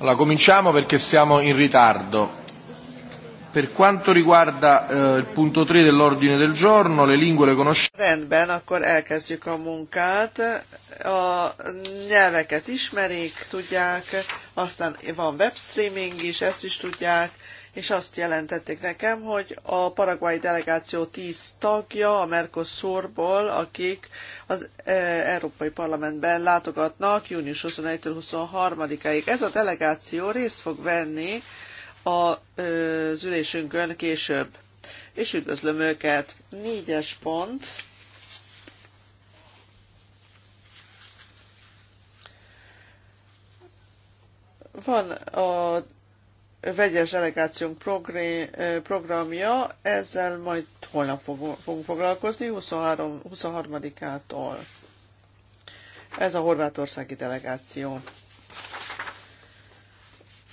Allora, cominciamo perché siamo in ritardo. Per quanto riguarda eh, il punto 3 dell'ordine del giorno, le lingue le conosciamo. Rendben, akkor elkezdjük a munkát. A nyelveket ismerik, tudják, aztán van webstreaming is, ezt is tudják és azt jelentették nekem, hogy a paraguai delegáció tíz tagja a Mercosurból, akik az e, Európai Parlamentben látogatnak június 21-től 23-áig. Ez a delegáció részt fog venni e, az ülésünkön később. És üdvözlöm őket. Négyes pont. Van a vegyes delegációnk eh, programja, ezzel majd holnap fogunk foglalkozni, 23, 23-ától. Ez a horvátországi delegáció.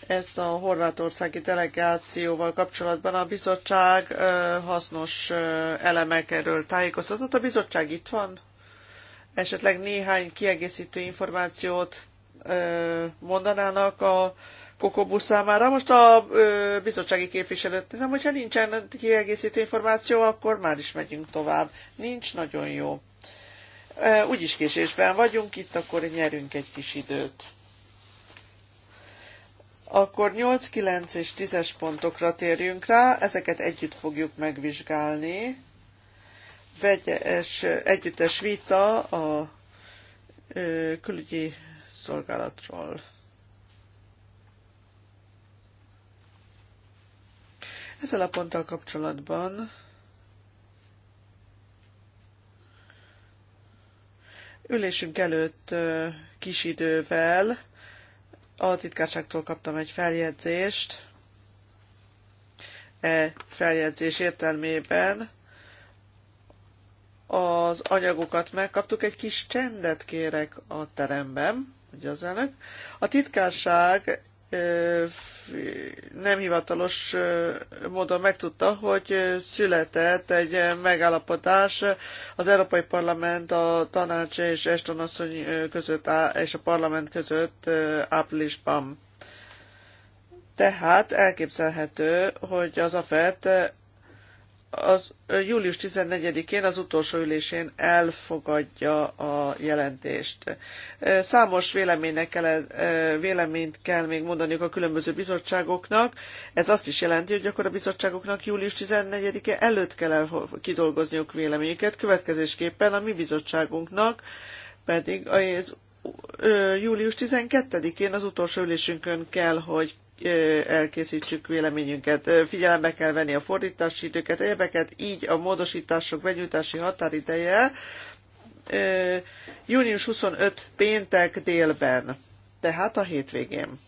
Ezt a horvátországi delegációval kapcsolatban a bizottság eh, hasznos eh, elemekről tájékoztatott. A bizottság itt van? Esetleg néhány kiegészítő információt mondanának a Kokobu számára. Most a ö, bizottsági képviselőt nézem, hogyha nincsen kiegészítő információ, akkor már is megyünk tovább. Nincs nagyon jó. E, úgyis késésben vagyunk, itt akkor nyerünk egy kis időt. Akkor 8, 9 és 10-es pontokra térjünk rá, ezeket együtt fogjuk megvizsgálni. Vegyes, együttes vita a ö, külügyi szolgálatról. Ezzel a ponttal kapcsolatban ülésünk előtt kis idővel a titkárságtól kaptam egy feljegyzést. E feljegyzés értelmében az anyagokat megkaptuk, egy kis csendet kérek a teremben, ugye az elnök. A titkárság nem hivatalos módon megtudta, hogy született egy megállapodás az Európai Parlament, a tanács és Eston asszony között és a parlament között áprilisban. Tehát elképzelhető, hogy az a FED az július 14-én az utolsó ülésén elfogadja a jelentést. Számos véleménynek kell, véleményt kell még mondaniuk a különböző bizottságoknak. Ez azt is jelenti, hogy akkor a bizottságoknak július 14-e előtt kell kidolgozniuk véleményüket. Következésképpen a mi bizottságunknak pedig az július 12-én az utolsó ülésünkön kell, hogy elkészítsük véleményünket. Figyelembe kell venni a fordítási időket, egyebeket, így a módosítások benyújtási határideje június 25 péntek délben, tehát a hétvégén.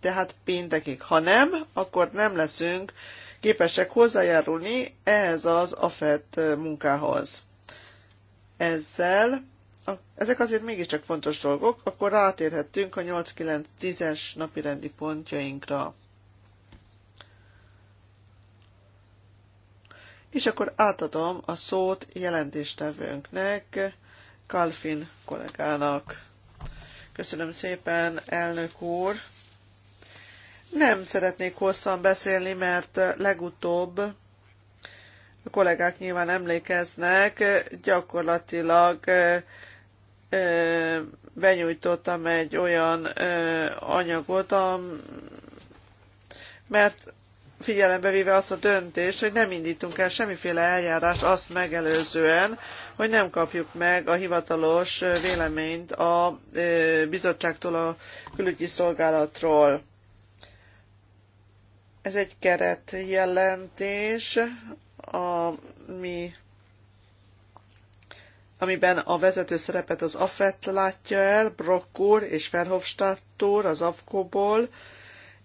Tehát péntekig. Ha nem, akkor nem leszünk képesek hozzájárulni ehhez az AFET munkához. Ezzel ezek azért mégiscsak fontos dolgok, akkor rátérhettünk a 8-9-10-es napirendi pontjainkra. És akkor átadom a szót jelentéstevőnknek, Kalfin kollégának. Köszönöm szépen, elnök úr! Nem szeretnék hosszan beszélni, mert legutóbb a kollégák nyilván emlékeznek, gyakorlatilag benyújtottam egy olyan anyagot, mert figyelembe véve azt a döntést, hogy nem indítunk el semmiféle eljárás azt megelőzően, hogy nem kapjuk meg a hivatalos véleményt a bizottságtól a külügyi szolgálatról. Ez egy keretjelentés, ami amiben a vezető szerepet az Affett látja el, Brock úr és Verhofstadt úr az afko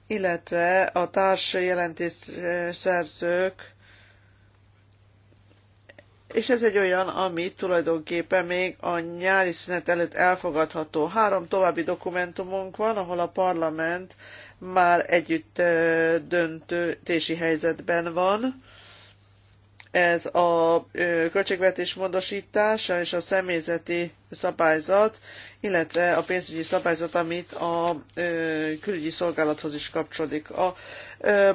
illetve a társ jelentésszerzők, és ez egy olyan, ami tulajdonképpen még a nyári szünet előtt elfogadható. Három további dokumentumunk van, ahol a parlament már együtt döntési helyzetben van ez a költségvetés módosítása és a személyzeti szabályzat, illetve a pénzügyi szabályzat, amit a külügyi szolgálathoz is kapcsolódik. A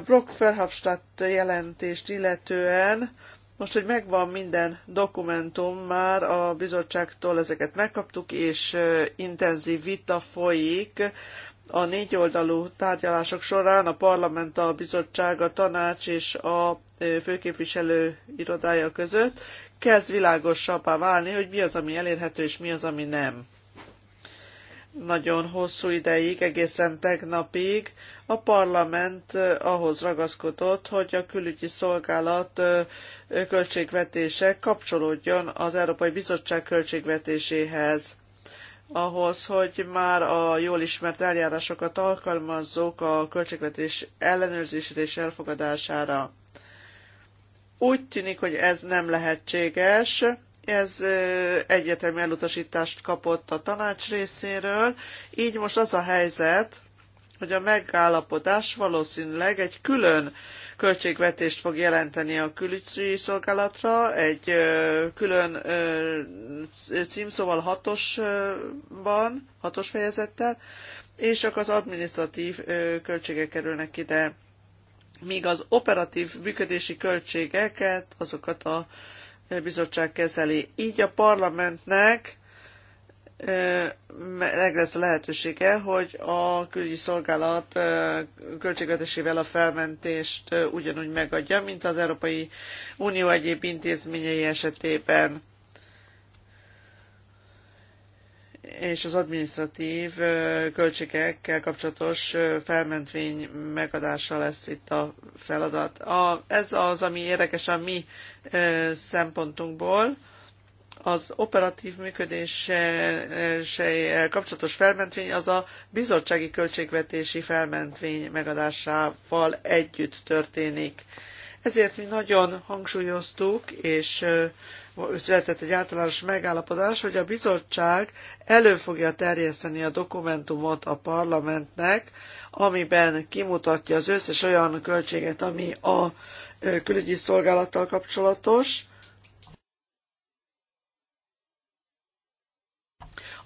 Brock-Verhofstadt jelentést illetően most, hogy megvan minden dokumentum, már a bizottságtól ezeket megkaptuk, és intenzív vita folyik a négy oldalú tárgyalások során a parlament, a bizottság, a tanács és a főképviselő irodája között kezd világosabbá válni, hogy mi az, ami elérhető, és mi az, ami nem. Nagyon hosszú ideig, egészen tegnapig a parlament ahhoz ragaszkodott, hogy a külügyi szolgálat költségvetése kapcsolódjon az Európai Bizottság költségvetéséhez ahhoz, hogy már a jól ismert eljárásokat alkalmazzuk a költségvetés ellenőrzésére és elfogadására. Úgy tűnik, hogy ez nem lehetséges, ez egyetemi elutasítást kapott a tanács részéről, így most az a helyzet, hogy a megállapodás valószínűleg egy külön költségvetést fog jelenteni a külügyi szolgálatra, egy külön címszóval hatosban, hatos fejezettel, és csak az administratív költségek kerülnek ide, míg az operatív működési költségeket, azokat a bizottság kezeli. Így a parlamentnek meg lesz a lehetősége, hogy a külügyi szolgálat költségvetésével a felmentést ugyanúgy megadja, mint az Európai Unió egyéb intézményei esetében. és az adminisztratív költségekkel kapcsolatos felmentvény megadása lesz itt a feladat. A, ez az, ami érdekes a mi szempontunkból, az operatív működéssel kapcsolatos felmentvény az a bizottsági költségvetési felmentvény megadásával együtt történik. Ezért mi nagyon hangsúlyoztuk, és született egy általános megállapodás, hogy a bizottság elő fogja terjeszteni a dokumentumot a parlamentnek, amiben kimutatja az összes olyan költséget, ami a külügyi szolgálattal kapcsolatos,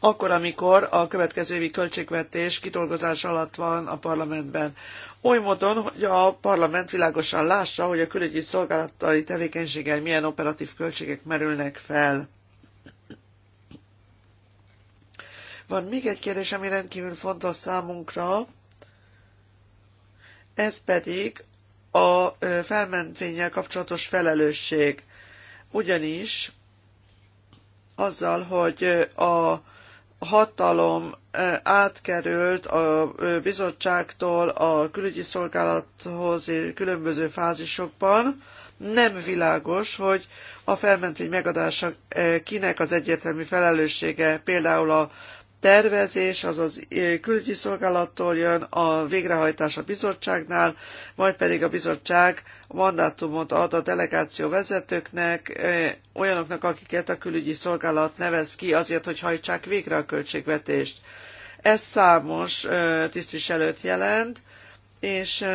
akkor, amikor a következő évi költségvetés kidolgozás alatt van a parlamentben. Oly módon, hogy a parlament világosan lássa, hogy a külügyi szolgálatai tevékenységgel milyen operatív költségek merülnek fel. Van még egy kérdés, ami rendkívül fontos számunkra, ez pedig a felmentvényel kapcsolatos felelősség. Ugyanis azzal, hogy a hatalom átkerült a bizottságtól a külügyi szolgálathoz különböző fázisokban, nem világos, hogy a felmentés megadása kinek az egyértelmű felelőssége, például a tervezés, az az külügyi szolgálattól jön, a végrehajtás a bizottságnál, majd pedig a bizottság mandátumot ad a delegáció vezetőknek, olyanoknak, akiket a külügyi szolgálat nevez ki azért, hogy hajtsák végre a költségvetést. Ez számos tisztviselőt jelent, és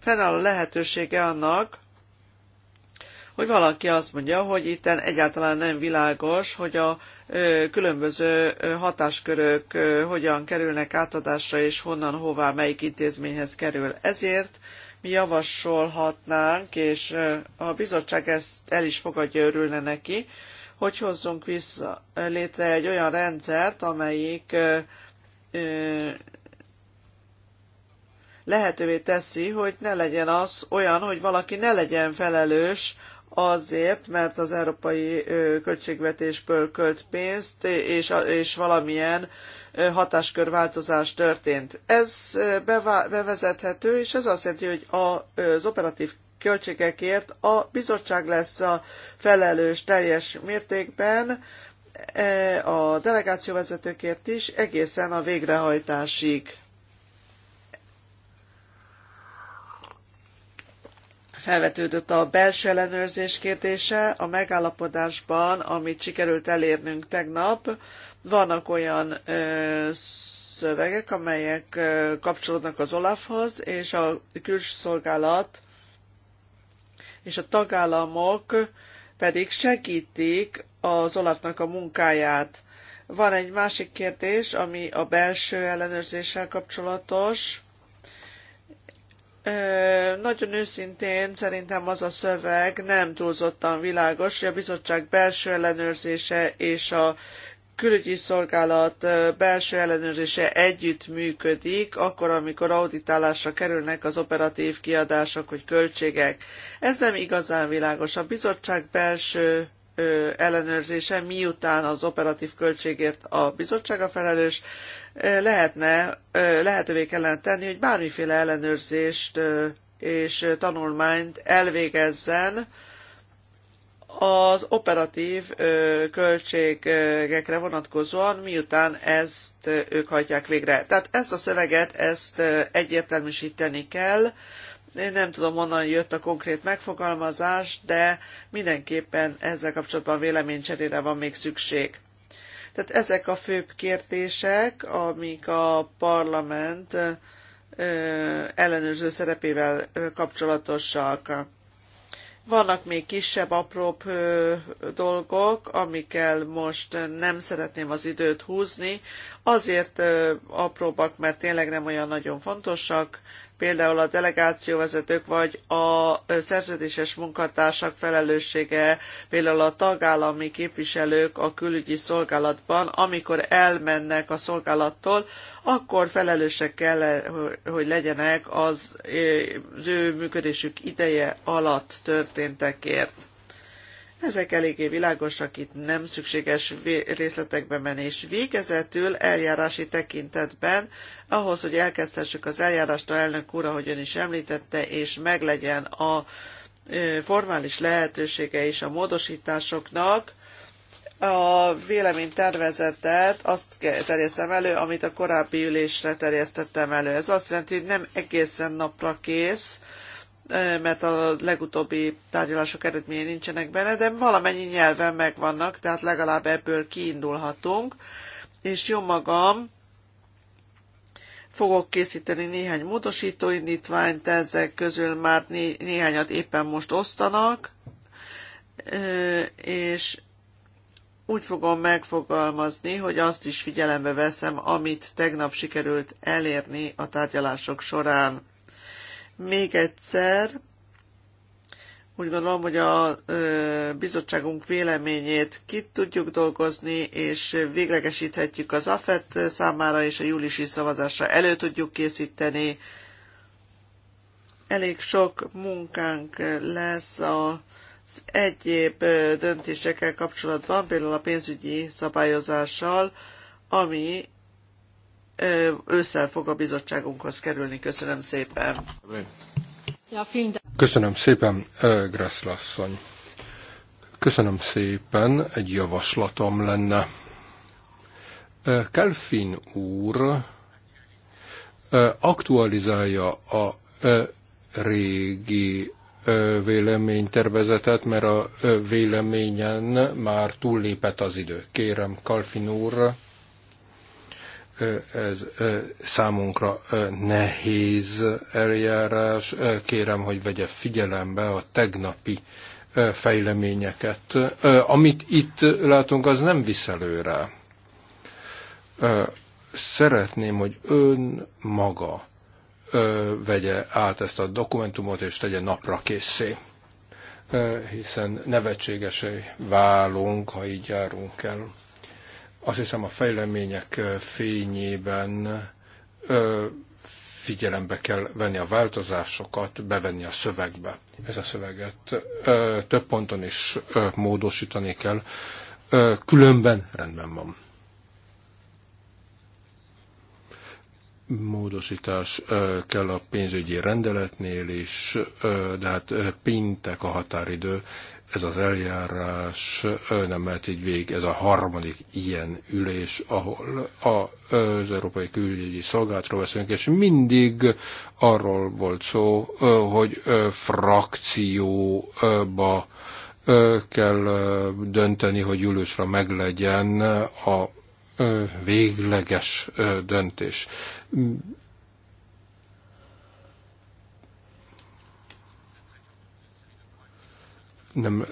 fennáll a lehetősége annak, hogy valaki azt mondja, hogy itten egyáltalán nem világos, hogy a különböző hatáskörök hogyan kerülnek átadásra, és honnan, hová, melyik intézményhez kerül. Ezért mi javasolhatnánk, és a bizottság ezt el is fogadja, örülne neki, hogy hozzunk vissza létre egy olyan rendszert, amelyik lehetővé teszi, hogy ne legyen az olyan, hogy valaki ne legyen felelős azért, mert az európai költségvetésből költ pénzt, és, és valamilyen hatáskörváltozás történt. Ez bevezethető, és ez azt jelenti, hogy az operatív költségekért a bizottság lesz a felelős teljes mértékben, e, a delegációvezetőkért is egészen a végrehajtásig. felvetődött a belső ellenőrzés kérdése. A megállapodásban, amit sikerült elérnünk tegnap, vannak olyan ö, szövegek, amelyek ö, kapcsolódnak az Olafhoz, és a külső szolgálat és a tagállamok pedig segítik az Olafnak a munkáját. Van egy másik kérdés, ami a belső ellenőrzéssel kapcsolatos nagyon őszintén szerintem az a szöveg nem túlzottan világos, hogy a bizottság belső ellenőrzése és a külügyi szolgálat belső ellenőrzése együtt működik, akkor, amikor auditálásra kerülnek az operatív kiadások vagy költségek. Ez nem igazán világos. A bizottság belső ellenőrzése, miután az operatív költségért a a felelős, lehetne, lehetővé kellene tenni, hogy bármiféle ellenőrzést és tanulmányt elvégezzen az operatív költségekre vonatkozóan, miután ezt ők hajtják végre. Tehát ezt a szöveget, ezt egyértelműsíteni kell, én nem tudom, honnan jött a konkrét megfogalmazás, de mindenképpen ezzel kapcsolatban véleménycserére van még szükség. Tehát ezek a főbb kérdések, amik a parlament ellenőrző szerepével kapcsolatosak. Vannak még kisebb, apróbb dolgok, amikkel most nem szeretném az időt húzni. Azért apróbbak, mert tényleg nem olyan nagyon fontosak, például a delegációvezetők vagy a szerződéses munkatársak felelőssége, például a tagállami képviselők a külügyi szolgálatban, amikor elmennek a szolgálattól, akkor felelősek kell, eh, hogy legyenek az, eh, az ő működésük ideje alatt történtekért. Ezek eléggé világosak, itt nem szükséges részletekbe menés. Végezetül eljárási tekintetben ahhoz, hogy elkezdhessük az eljárást a elnök úr, ahogy ön is említette, és meglegyen a formális lehetősége is a módosításoknak, a véleménytervezetet azt terjesztem elő, amit a korábbi ülésre terjesztettem elő. Ez azt jelenti, hogy nem egészen napra kész, mert a legutóbbi tárgyalások eredményei nincsenek benne, de valamennyi nyelven megvannak, tehát legalább ebből kiindulhatunk. És jó magam, Fogok készíteni néhány módosító indítványt, ezek közül már né- néhányat éppen most osztanak, és úgy fogom megfogalmazni, hogy azt is figyelembe veszem, amit tegnap sikerült elérni a tárgyalások során. Még egyszer úgy gondolom, hogy a bizottságunk véleményét ki tudjuk dolgozni, és véglegesíthetjük az AFET számára, és a júliusi szavazásra elő tudjuk készíteni. Elég sok munkánk lesz a az egyéb döntésekkel kapcsolatban, például a pénzügyi szabályozással, ami ősszel fog a bizottságunkhoz kerülni. Köszönöm szépen. Ja, Köszönöm szépen, Greszlasszony. Köszönöm szépen, egy javaslatom lenne. Kelfin úr aktualizálja a régi véleménytervezetet, mert a véleményen már túllépett az idő. Kérem, Kalfin úr, ez számunkra nehéz eljárás. Kérem, hogy vegye figyelembe a tegnapi fejleményeket. Amit itt látunk, az nem visz előre. Szeretném, hogy ön maga vegye át ezt a dokumentumot, és tegye napra készé. Hiszen nevetségesé válunk, ha így járunk el azt hiszem a fejlemények fényében figyelembe kell venni a változásokat, bevenni a szövegbe. Ez a szöveget több ponton is módosítani kell, különben rendben van. Módosítás kell a pénzügyi rendeletnél is, de hát péntek a határidő, ez az eljárás nem mehet így végig, ez a harmadik ilyen ülés, ahol az Európai Külügyi Szolgálatról beszélünk, és mindig arról volt szó, hogy frakcióba kell dönteni, hogy ülősre meglegyen a végleges döntés. nem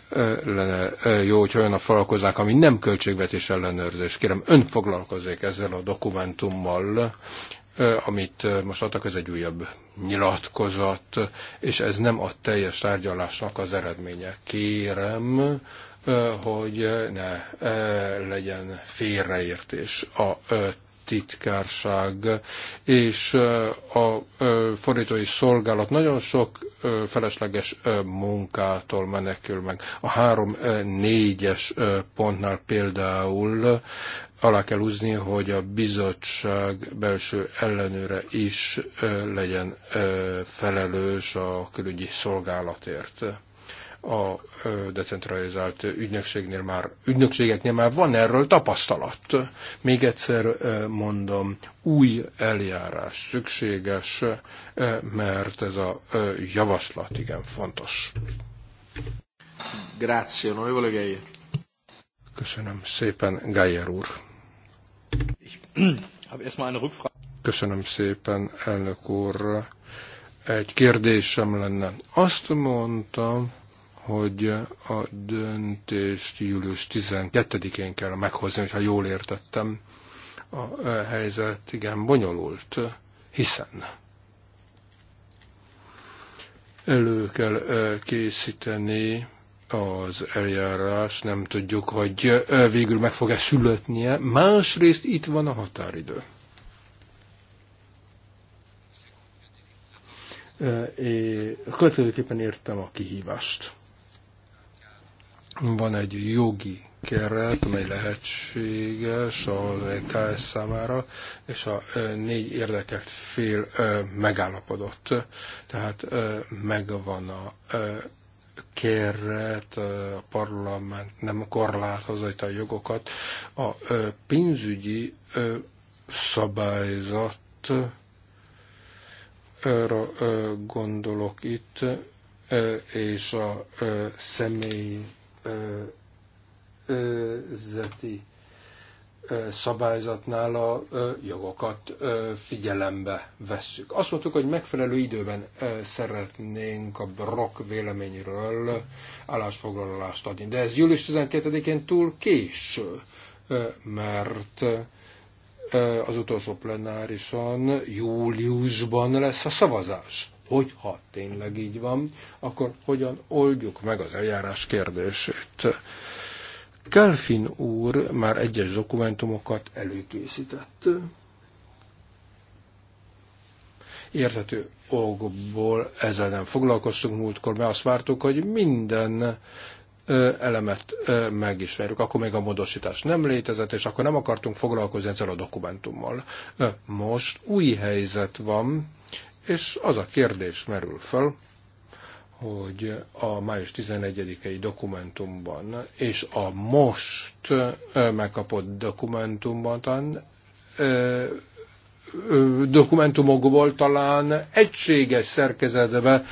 lenne jó, hogy olyan a foglalkoznánk, ami nem költségvetés ellenőrzés. Kérem, ön foglalkozik ezzel a dokumentummal, amit most adtak, ez egy újabb nyilatkozat, és ez nem a teljes tárgyalásnak az eredménye. Kérem, hogy ne legyen félreértés. A titkárság és a fordítói szolgálat nagyon sok felesleges munkától menekül meg. A három négyes pontnál például alá kell húzni, hogy a bizottság belső ellenőre is legyen felelős a külügyi szolgálatért a decentralizált ügynökségnél már, ügynökségeknél már van erről tapasztalat. Még egyszer mondom, új eljárás szükséges, mert ez a javaslat igen fontos. Grazie, onorevole Geyer. Köszönöm szépen, Geyer úr. Köszönöm szépen, elnök úr. Egy kérdésem lenne. Azt mondtam, hogy a döntést július 12-én kell meghozni, hogyha jól értettem. A eh, helyzet igen bonyolult, hiszen elő kell eh, készíteni az eljárás, nem tudjuk, hogy eh, végül meg fog-e születnie. Másrészt itt van a határidő. Következőképpen értem a kihívást. Van egy jogi keret, amely lehetséges a KS számára, és a négy érdekelt fél megállapodott. Tehát megvan a keret, a parlament nem korlátozza a jogokat. A pénzügyi szabályzat gondolok itt, és a személyi zeti szabályzatnál a jogokat figyelembe vesszük. Azt mondtuk, hogy megfelelő időben szeretnénk a Brock véleményről állásfoglalást adni. De ez július 12-én túl késő, mert az utolsó plenárison júliusban lesz a szavazás hogyha tényleg így van, akkor hogyan oldjuk meg az eljárás kérdését. Kelfin úr már egyes dokumentumokat előkészített. Érthető okból ezzel nem foglalkoztunk múltkor, mert azt vártuk, hogy minden elemet megismerjük. Akkor még a módosítás nem létezett, és akkor nem akartunk foglalkozni ezzel a dokumentummal. Most új helyzet van, és az a kérdés merül fel, hogy a május 11-i dokumentumban és a most megkapott dokumentumban talán dokumentumokból talán egységes szerkezetbe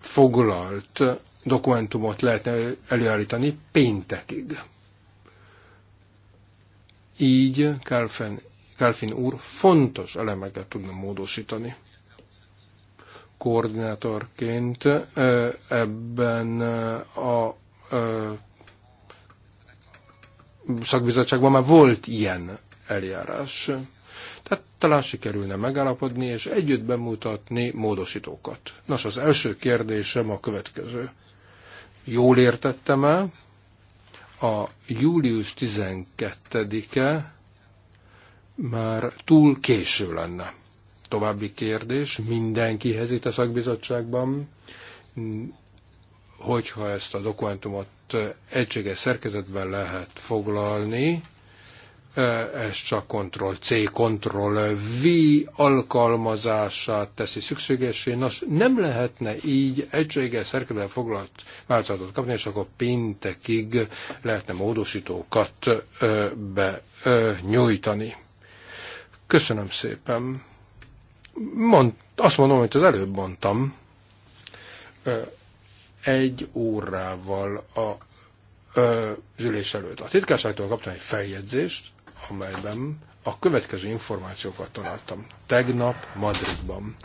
foglalt dokumentumot lehetne előállítani péntekig. Így fenni. Kálfin úr fontos elemeket tudna módosítani. Koordinátorként ebben a szakbizottságban már volt ilyen eljárás. Tehát talán sikerülne megállapodni és együtt bemutatni módosítókat. Nos, az első kérdésem a következő. Jól értettem-e a július 12-e már túl késő lenne. További kérdés mindenkihez itt a szakbizottságban, hogyha ezt a dokumentumot egységes szerkezetben lehet foglalni, e, ez csak Ctrl-C, Ctrl-V alkalmazását teszi szükségesé. Nos, nem lehetne így egységes szerkezetben foglalt változatot kapni, és akkor péntekig lehetne módosítókat e, be e, nyújtani. Köszönöm szépen. Mond, azt mondom, hogy az előbb mondtam. Egy órával a az ülés előtt. A titkárságtól kaptam egy feljegyzést, amelyben a következő információkat találtam. Tegnap Madridban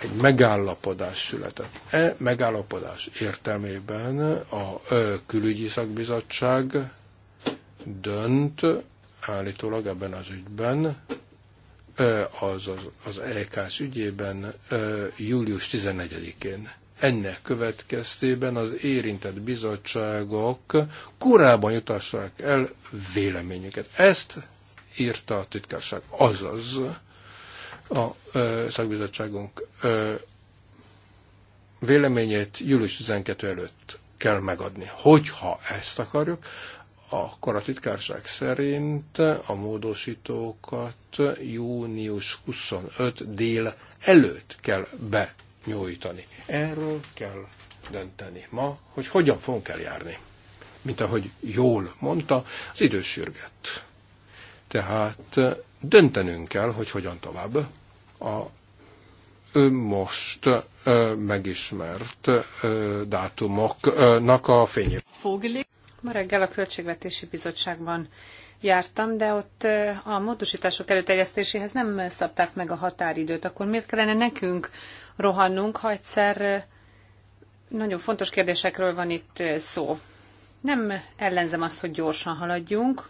egy megállapodás született. E megállapodás értelmében a külügyi szakbizottság dönt állítólag ebben az ügyben, az, az, az EKS ügyében július 14-én. Ennek következtében az érintett bizottságok korábban jutassák el véleményüket. Ezt írta a titkárság, azaz a szakbizottságunk véleményét július 12 előtt kell megadni. Hogyha ezt akarjuk, akkor a titkárság szerint a módosítókat június 25 dél előtt kell benyújtani. Erről kell dönteni ma, hogy hogyan fogunk eljárni. Mint ahogy jól mondta, az idősürget. Tehát döntenünk kell, hogy hogyan tovább. A most megismert dátumoknak a fényében. Ma reggel a Költségvetési Bizottságban jártam, de ott a módosítások előterjesztéséhez nem szabták meg a határidőt. Akkor miért kellene nekünk rohannunk, ha egyszer nagyon fontos kérdésekről van itt szó? Nem ellenzem azt, hogy gyorsan haladjunk,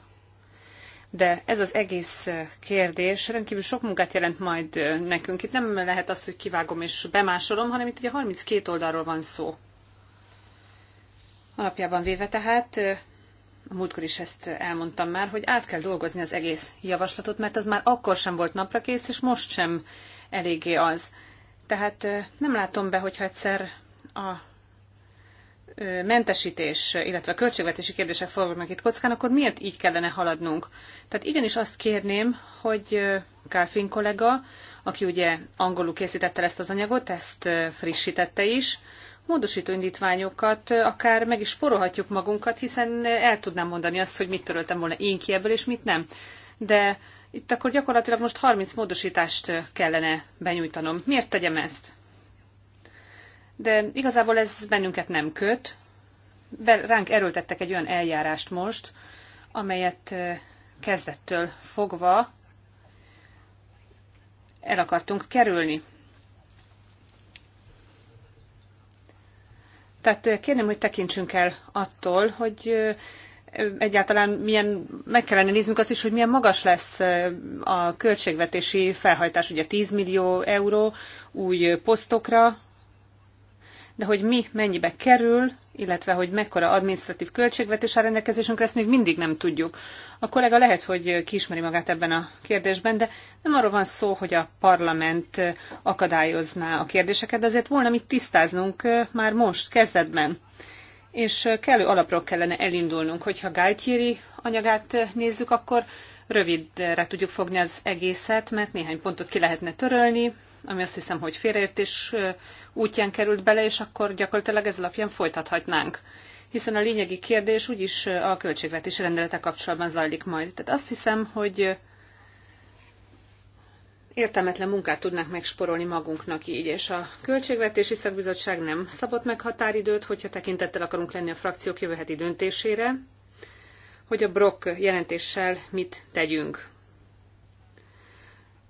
de ez az egész kérdés rendkívül sok munkát jelent majd nekünk. Itt nem lehet azt, hogy kivágom és bemásolom, hanem itt ugye 32 oldalról van szó. Alapjában véve tehát, a múltkor is ezt elmondtam már, hogy át kell dolgozni az egész javaslatot, mert az már akkor sem volt napra kész, és most sem eléggé az. Tehát nem látom be, hogyha egyszer a mentesítés, illetve a költségvetési kérdések forognak itt kockán, akkor miért így kellene haladnunk? Tehát igenis azt kérném, hogy Kálfin kollega, aki ugye angolul készítette ezt az anyagot, ezt frissítette is, módosító indítványokat akár meg is porolhatjuk magunkat, hiszen el tudnám mondani azt, hogy mit töröltem volna én ki ebből, és mit nem. De itt akkor gyakorlatilag most 30 módosítást kellene benyújtanom. Miért tegyem ezt? De igazából ez bennünket nem köt. ránk erőltettek egy olyan eljárást most, amelyet kezdettől fogva el akartunk kerülni. Tehát eh, kérném, hogy tekintsünk el attól, hogy eh, egyáltalán milyen, meg kellene néznünk azt is, hogy milyen magas lesz eh, a költségvetési felhajtás, ugye 10 millió euró új posztokra, de hogy mi mennyibe kerül, illetve hogy mekkora administratív költségvetés a rendelkezésünkre, ezt még mindig nem tudjuk. A kollega lehet, hogy kiismeri magát ebben a kérdésben, de nem arról van szó, hogy a parlament akadályozná a kérdéseket, de azért volna mit tisztáznunk már most, kezdetben. És kellő alapról kellene elindulnunk. Hogyha Gáltyéri anyagát nézzük, akkor rövidre tudjuk fogni az egészet, mert néhány pontot ki lehetne törölni, ami azt hiszem, hogy félreértés útján került bele, és akkor gyakorlatilag ez alapján folytathatnánk. Hiszen a lényegi kérdés úgyis a költségvetési rendelete kapcsolatban zajlik majd. Tehát azt hiszem, hogy értelmetlen munkát tudnánk megsporolni magunknak így, és a Költségvetési Szakbizottság nem szabott meg határidőt, hogyha tekintettel akarunk lenni a frakciók jövő heti döntésére, hogy a Brock jelentéssel mit tegyünk.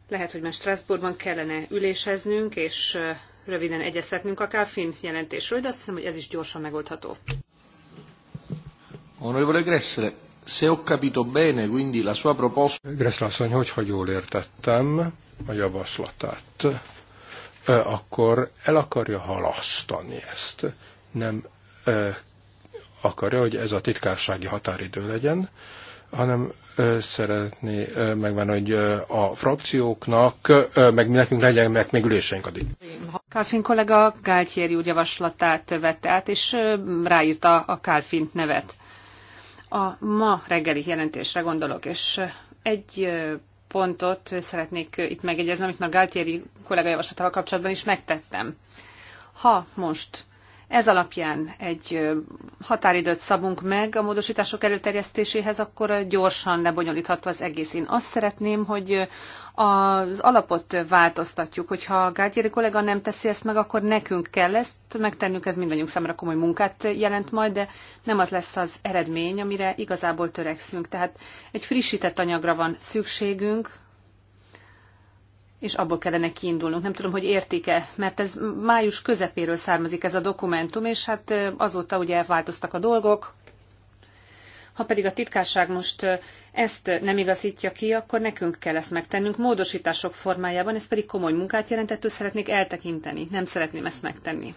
Lehet, hogy már Strasbourgban kellene üléseznünk, és röviden egyeztetnünk a Káfin jelentésről, de azt hiszem, hogy ez is gyorsan megoldható. Onorevole Gressle, se ho capito bene, quindi la sua proposta... Gressle asszony, hogyha jól értettem a javaslatát, akkor el akarja halasztani ezt. Nem akarja, hogy ez a titkársági határidő legyen, hanem szeretné megvan, hogy a frakcióknak, meg nekünk meg még üléseink addig. Kálfin kollega Gáltyéri úr javaslatát vette át, és ráírta a Kálfin nevet. A ma reggeli jelentésre gondolok, és egy pontot szeretnék itt megjegyezni, amit már Gáltyéri kollega javaslatával kapcsolatban is megtettem. Ha most ez alapján egy határidőt szabunk meg a módosítások előterjesztéséhez, akkor gyorsan lebonyolítható az egész. Én azt szeretném, hogy az alapot változtatjuk, hogyha a Gágyéri kollega nem teszi ezt meg, akkor nekünk kell ezt megtennünk, ez mindannyiunk számára komoly munkát jelent majd, de nem az lesz az eredmény, amire igazából törekszünk. Tehát egy frissített anyagra van szükségünk, és abból kellene kiindulnunk. Nem tudom, hogy értik-e, mert ez május közepéről származik ez a dokumentum, és hát azóta ugye változtak a dolgok. Ha pedig a titkárság most ezt nem igazítja ki, akkor nekünk kell ezt megtennünk módosítások formájában, ez pedig komoly munkát jelentettől szeretnék eltekinteni, nem szeretném ezt megtenni.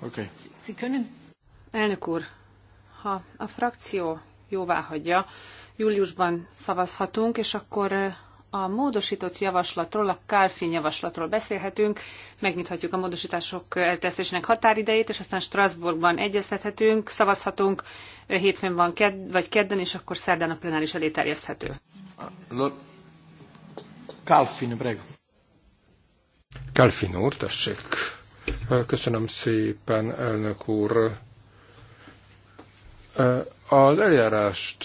Okay. Sie können... Elnök úr, ha a frakció jóvá hagyja, júliusban szavazhatunk, és akkor eh, a módosított javaslatról, a Kálfin javaslatról beszélhetünk, megnyithatjuk a módosítások elterjesztésének határidejét, és aztán Strasbourgban egyeztethetünk, szavazhatunk, eh, hétfőn van ked, vagy kedden, és akkor szerdán a plenáris elé terjeszthető. Uh, Kálfin, Kálfin úr, tessék. Köszönöm szépen, elnök úr. Az eljárást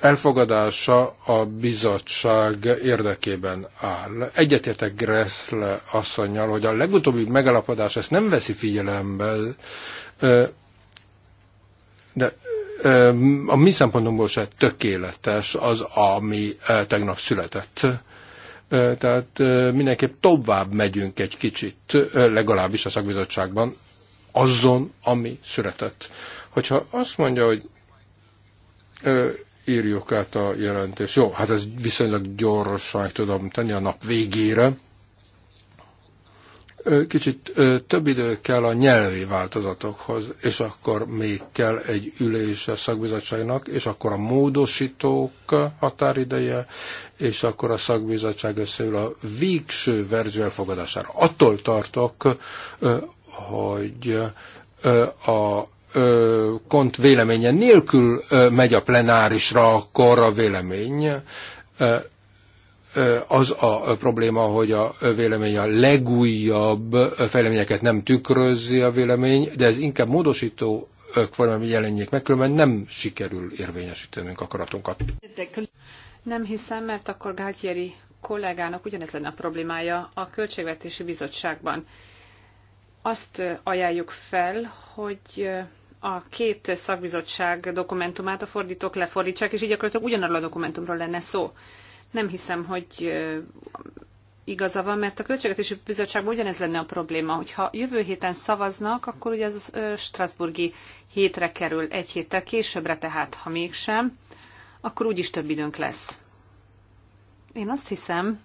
elfogadása a bizottság érdekében áll. Egyetértek Gressle asszonynal, hogy a legutóbbi megalapodás ezt nem veszi figyelembe, de a mi szempontunkból se tökéletes az, ami tegnap született. Tehát mindenképp tovább megyünk egy kicsit, legalábbis a szakbizottságban, azon, ami született. Hogyha azt mondja, hogy írjuk át a jelentést. Jó, hát ez viszonylag gyorsan meg tudom tenni a nap végére. Kicsit több idő kell a nyelvi változatokhoz, és akkor még kell egy ülés a szakbizottságnak, és akkor a módosítók határideje, és akkor a szakbizottság összeül a végső verzió elfogadására. Attól tartok, hogy a kont véleménye nélkül megy a plenárisra, akkor a vélemény az a probléma, hogy a vélemény a legújabb fejleményeket nem tükrözi a vélemény, de ez inkább módosító formában jelenjék meg, különben nem sikerül érvényesítenünk akaratunkat. Nem hiszem, mert akkor Gáltyeri kollégának ugyanez lenne a problémája a Költségvetési Bizottságban. Azt ajánljuk fel, hogy a két szakbizottság dokumentumát a fordítók lefordítsák, és így gyakorlatilag ugyanarról a dokumentumról lenne szó nem hiszem, hogy igaza van, mert a Költségvetési Bizottságban ugyanez lenne a probléma, hogyha jövő héten szavaznak, akkor ugye az Strasburgi hétre kerül, egy héttel későbbre, tehát ha mégsem, akkor úgyis több időnk lesz. Én azt hiszem,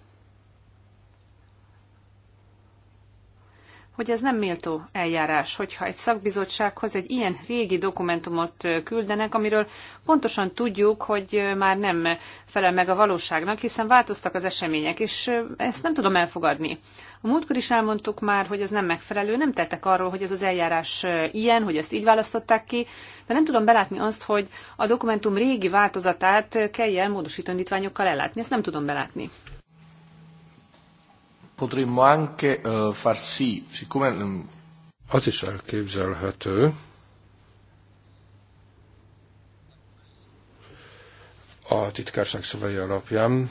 hogy ez nem méltó eljárás, hogyha egy szakbizottsághoz egy ilyen régi dokumentumot küldenek, amiről pontosan tudjuk, hogy már nem felel meg a valóságnak, hiszen változtak az események, és ezt nem tudom elfogadni. A múltkor is elmondtuk már, hogy ez nem megfelelő, nem tettek arról, hogy ez az eljárás ilyen, hogy ezt így választották ki, de nem tudom belátni azt, hogy a dokumentum régi változatát kell ilyen indítványokkal ellátni, ezt nem tudom belátni. Potremmo anche uh, far sì, siccome... Mm, Az is elképzelhető, a titkárság szövei alapján,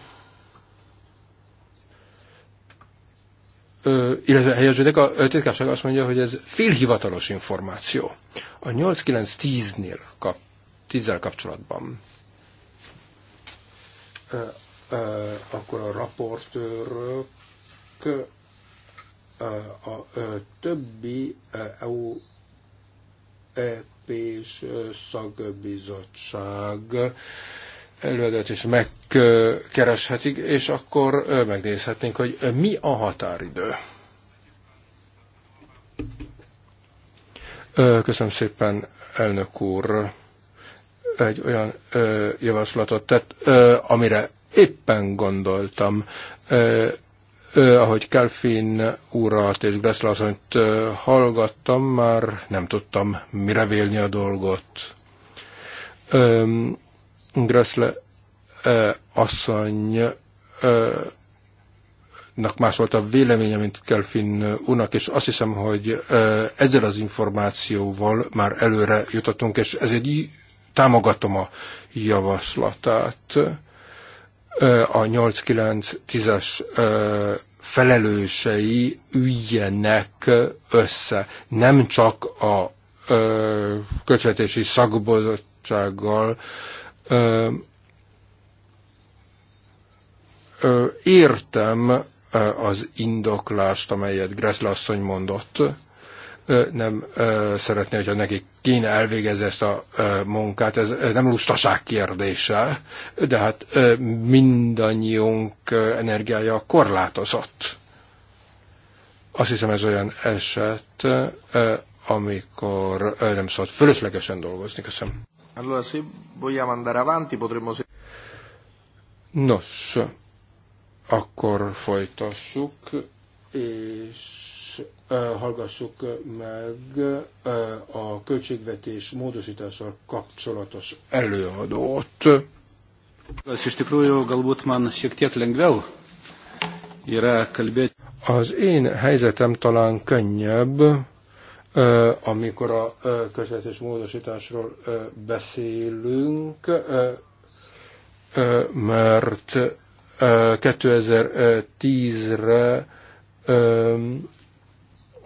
Ö, illetve helyezsődik, a titkárság azt mondja, hogy ez félhivatalos információ. A 8-9-10-nél kap, 10 kapcsolatban ö, ö, akkor a raportőrök a többi EU EP-s szakbizottság előadat is megkereshetik, és akkor megnézhetnénk, hogy mi a határidő. Köszönöm szépen, elnök úr. Egy olyan javaslatot tett, amire éppen gondoltam ahogy Kelfin urat és Gressler hallgattam, már nem tudtam mire vélni a dolgot. Gressle asszonynak más volt a véleménye, mint Kelfin úrnak, és azt hiszem, hogy ezzel az információval már előre jutottunk, és ezért támogatom a javaslatát a 8-9-10-es felelősei üljenek össze. Nem csak a köcsetési szakbozottsággal értem az indoklást, amelyet Gressle asszony mondott. Nem szeretné, hogyha nekik Kína elvégez ezt a munkát, ez nem lustaság kérdése, de hát mindannyiunk energiája korlátozott. Azt hiszem ez olyan eset, amikor nem szabad fölöslegesen dolgozni. Köszönöm. Allora, se vogliamo andare avanti, potremmo... Nos, akkor folytassuk, és hallgassuk meg eh, a költségvetés módosítással kapcsolatos előadót. Az én helyzetem talán könnyebb, eh, amikor a eh, közvetés módosításról beszélünk, mert 2010-re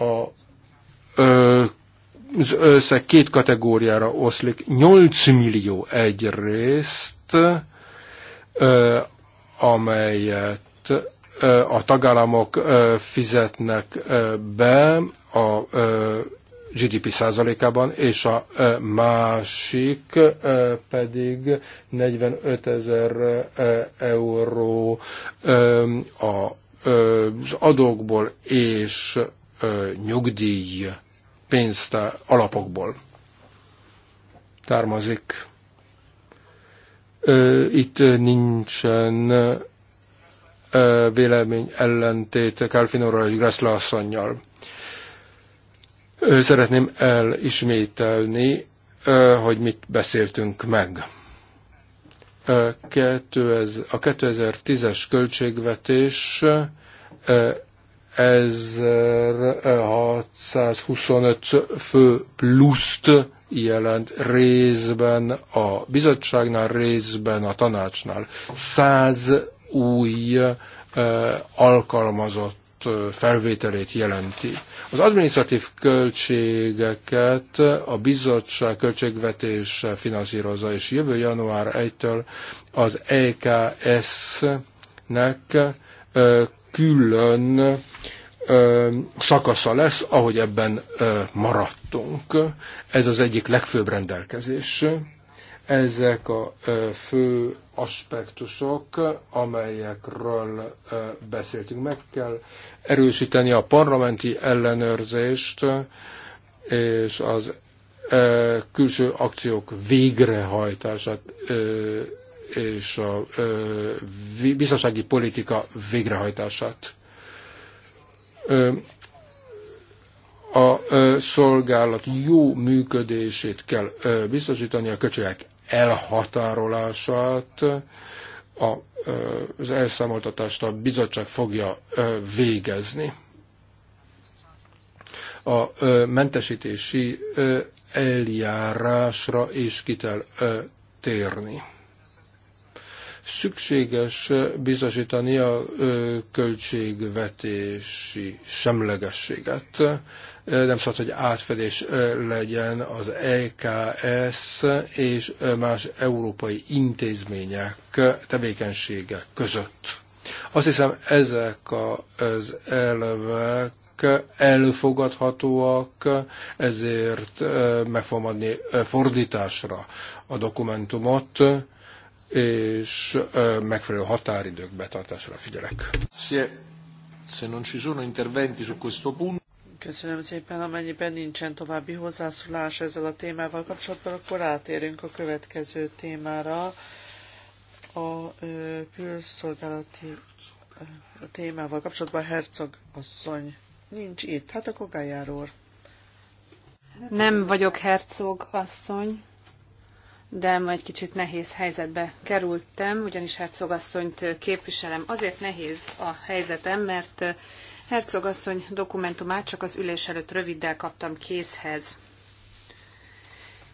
a ö, az összeg két kategóriára oszlik. 8 millió részt, ö, amelyet ö, a tagállamok ö, fizetnek ö, be a ö, GDP százalékában, és a másik pedig 45 ezer euró az adókból és nyugdíj pénzt alapokból származik. Itt nincsen vélemény ellentét Kelfinorral és Gressle asszonynal. Szeretném elismételni, hogy mit beszéltünk meg. A 2010-es költségvetés 1625 fő pluszt jelent részben a bizottságnál, részben a tanácsnál. 100 új alkalmazott felvételét jelenti. Az adminisztratív költségeket a bizottság költségvetése finanszírozza, és jövő január 1-től az EKS-nek külön szakasza lesz, ahogy ebben maradtunk. Ez az egyik legfőbb rendelkezés. Ezek a fő aspektusok, amelyekről beszéltünk. Meg kell erősíteni a parlamenti ellenőrzést és az külső akciók végrehajtását és a biztonsági politika végrehajtását. A szolgálat jó működését kell biztosítani, a költségek elhatárolását, a, az elszámoltatást a bizottság fogja végezni. A mentesítési eljárásra is kitel térni. Szükséges bizonyítani a költségvetési semlegességet. Nem szabad, hogy átfedés legyen az EKS és más európai intézmények tevékenysége között. Azt hiszem, ezek az elvek elfogadhatóak, ezért meg fogom adni fordításra a dokumentumot, és megfelelő határidők betartására figyelek. Köszönöm szépen, amennyiben nincsen további hozzászólás ezzel a témával kapcsolatban, akkor átérünk a következő témára, a ö, külszolgálati a témával kapcsolatban Herzog asszony nincs itt, hát a kogájáról. úr. Nem vagyok Herzog asszony de ma egy kicsit nehéz helyzetbe kerültem, ugyanis hercogasszonyt képviselem. Azért nehéz a helyzetem, mert hercogasszony dokumentumát csak az ülés előtt röviddel kaptam kézhez.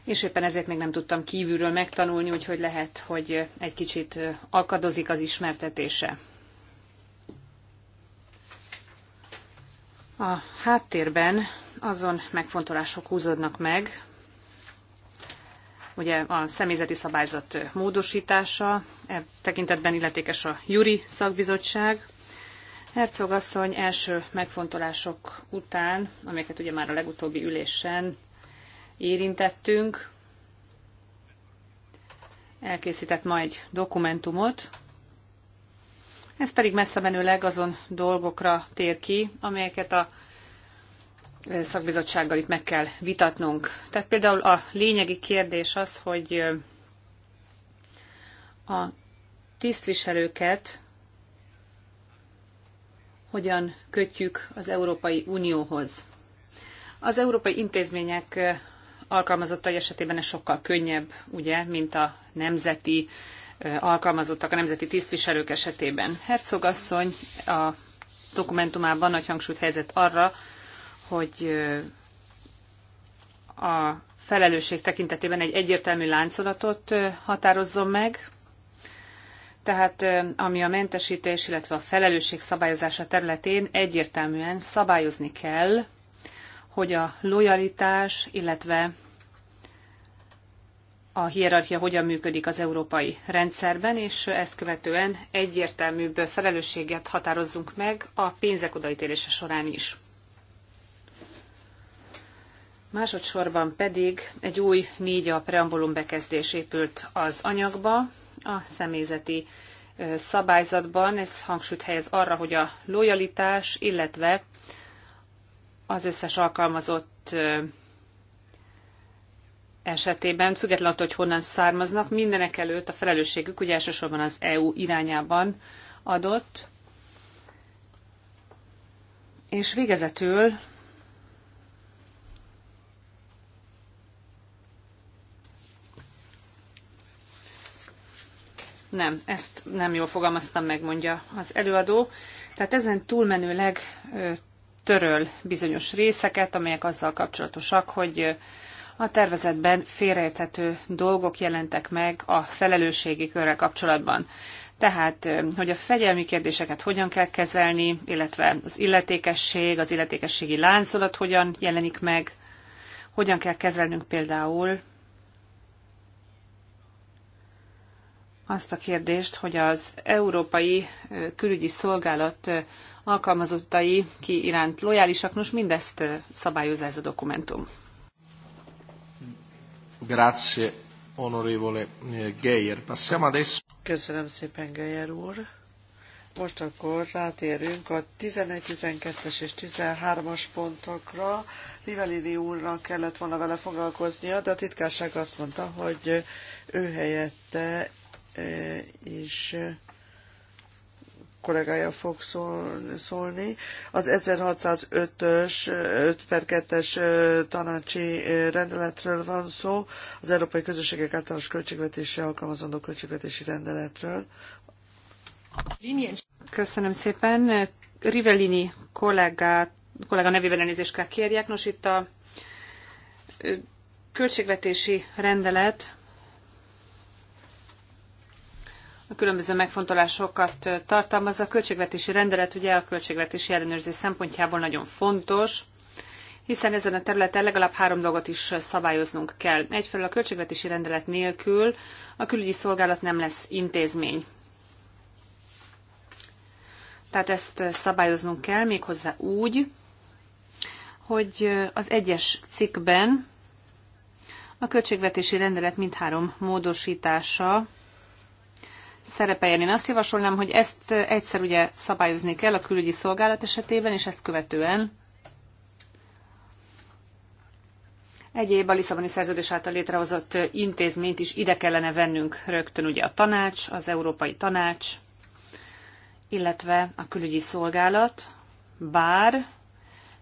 És éppen ezért még nem tudtam kívülről megtanulni, úgyhogy lehet, hogy egy kicsit akadozik az ismertetése. A háttérben azon megfontolások húzódnak meg, ugye a személyzeti szabályzat módosítása, e tekintetben illetékes a Juri szakbizottság. Herzog asszony első megfontolások után, amelyeket ugye már a legutóbbi ülésen érintettünk, elkészített ma egy dokumentumot, ez pedig messze menőleg azon dolgokra tér ki, amelyeket a szakbizottsággal itt meg kell vitatnunk. Tehát például a lényegi kérdés az, hogy a tisztviselőket hogyan kötjük az Európai Unióhoz. Az európai intézmények alkalmazottai esetében ez sokkal könnyebb, ugye, mint a nemzeti alkalmazottak, a nemzeti tisztviselők esetében. Herzog asszony a dokumentumában nagy hangsúlyt helyezett arra, hogy a felelősség tekintetében egy egyértelmű láncolatot határozzon meg, tehát ami a mentesítés, illetve a felelősség szabályozása területén egyértelműen szabályozni kell, hogy a lojalitás, illetve a hierarchia hogyan működik az európai rendszerben, és ezt követően egyértelműbb felelősséget határozzunk meg a pénzek odaítélése során is. Másodszorban pedig egy új négy a preambulum bekezdés épült az anyagba, a személyzeti szabályzatban. Ez hangsúlyt helyez arra, hogy a lojalitás, illetve az összes alkalmazott esetében, függetlenül attól, hogy honnan származnak, mindenek előtt a felelősségük ugye elsősorban az EU irányában adott. És végezetül Nem, ezt nem jól fogalmaztam meg, mondja az előadó. Tehát ezen túlmenőleg töröl bizonyos részeket, amelyek azzal kapcsolatosak, hogy a tervezetben félreérthető dolgok jelentek meg a felelősségi körrel kapcsolatban. Tehát, hogy a fegyelmi kérdéseket hogyan kell kezelni, illetve az illetékesség, az illetékességi láncolat hogyan jelenik meg, hogyan kell kezelnünk például azt a kérdést, hogy az Európai Külügyi Szolgálat alkalmazottai ki iránt lojálisak. Nos, mindezt szabályozza ez a dokumentum. Grazie, onorevole eh, Geyer. Passiamo adesso. Köszönöm szépen, Geyer úr. Most akkor rátérünk a 11, 12-es és 13-as pontokra. Rivellini úrnak kellett volna vele foglalkoznia, de a titkárság azt mondta, hogy ő helyette is kollégája fog szólni. Az 1605-ös 5 per 2-es tanácsi rendeletről van szó, az Európai Közösségek általános költségvetésre alkalmazandó költségvetési rendeletről. Köszönöm szépen. Rivellini kollégát, kollega nevében elnézést kell kérjek. Nos, itt a költségvetési rendelet a különböző megfontolásokat tartalmaz. A költségvetési rendelet ugye a költségvetési ellenőrzés szempontjából nagyon fontos, hiszen ezen a területen legalább három dolgot is szabályoznunk kell. Egyfelől a költségvetési rendelet nélkül a külügyi szolgálat nem lesz intézmény. Tehát ezt szabályoznunk kell méghozzá úgy, hogy az egyes cikkben a költségvetési rendelet mindhárom módosítása szerepeljen. Én azt javasolnám, hogy ezt egyszer ugye szabályozni kell a külügyi szolgálat esetében, és ezt követően egyéb a Lisszaboni szerződés által létrehozott intézményt is ide kellene vennünk rögtön, ugye a tanács, az Európai Tanács, illetve a külügyi szolgálat, bár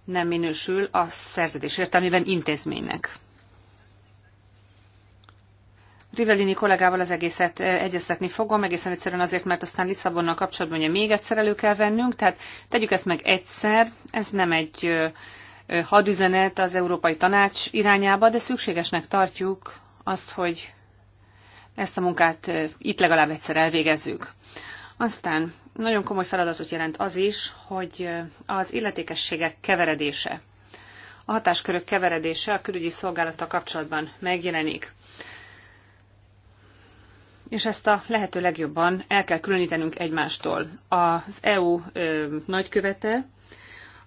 nem minősül a szerződés értelmében intézménynek. Rivellini kollégával az egészet egyeztetni fogom, egészen egyszerűen azért, mert aztán Lisszabonnal kapcsolatban ugye még egyszer elő kell vennünk, tehát tegyük ezt meg egyszer, ez nem egy hadüzenet az Európai Tanács irányába, de szükségesnek tartjuk azt, hogy ezt a munkát itt legalább egyszer elvégezzük. Aztán nagyon komoly feladatot jelent az is, hogy az illetékességek keveredése, a hatáskörök keveredése a külügyi szolgálattal kapcsolatban megjelenik és ezt a lehető legjobban el kell különítenünk egymástól. Az EU nagykövete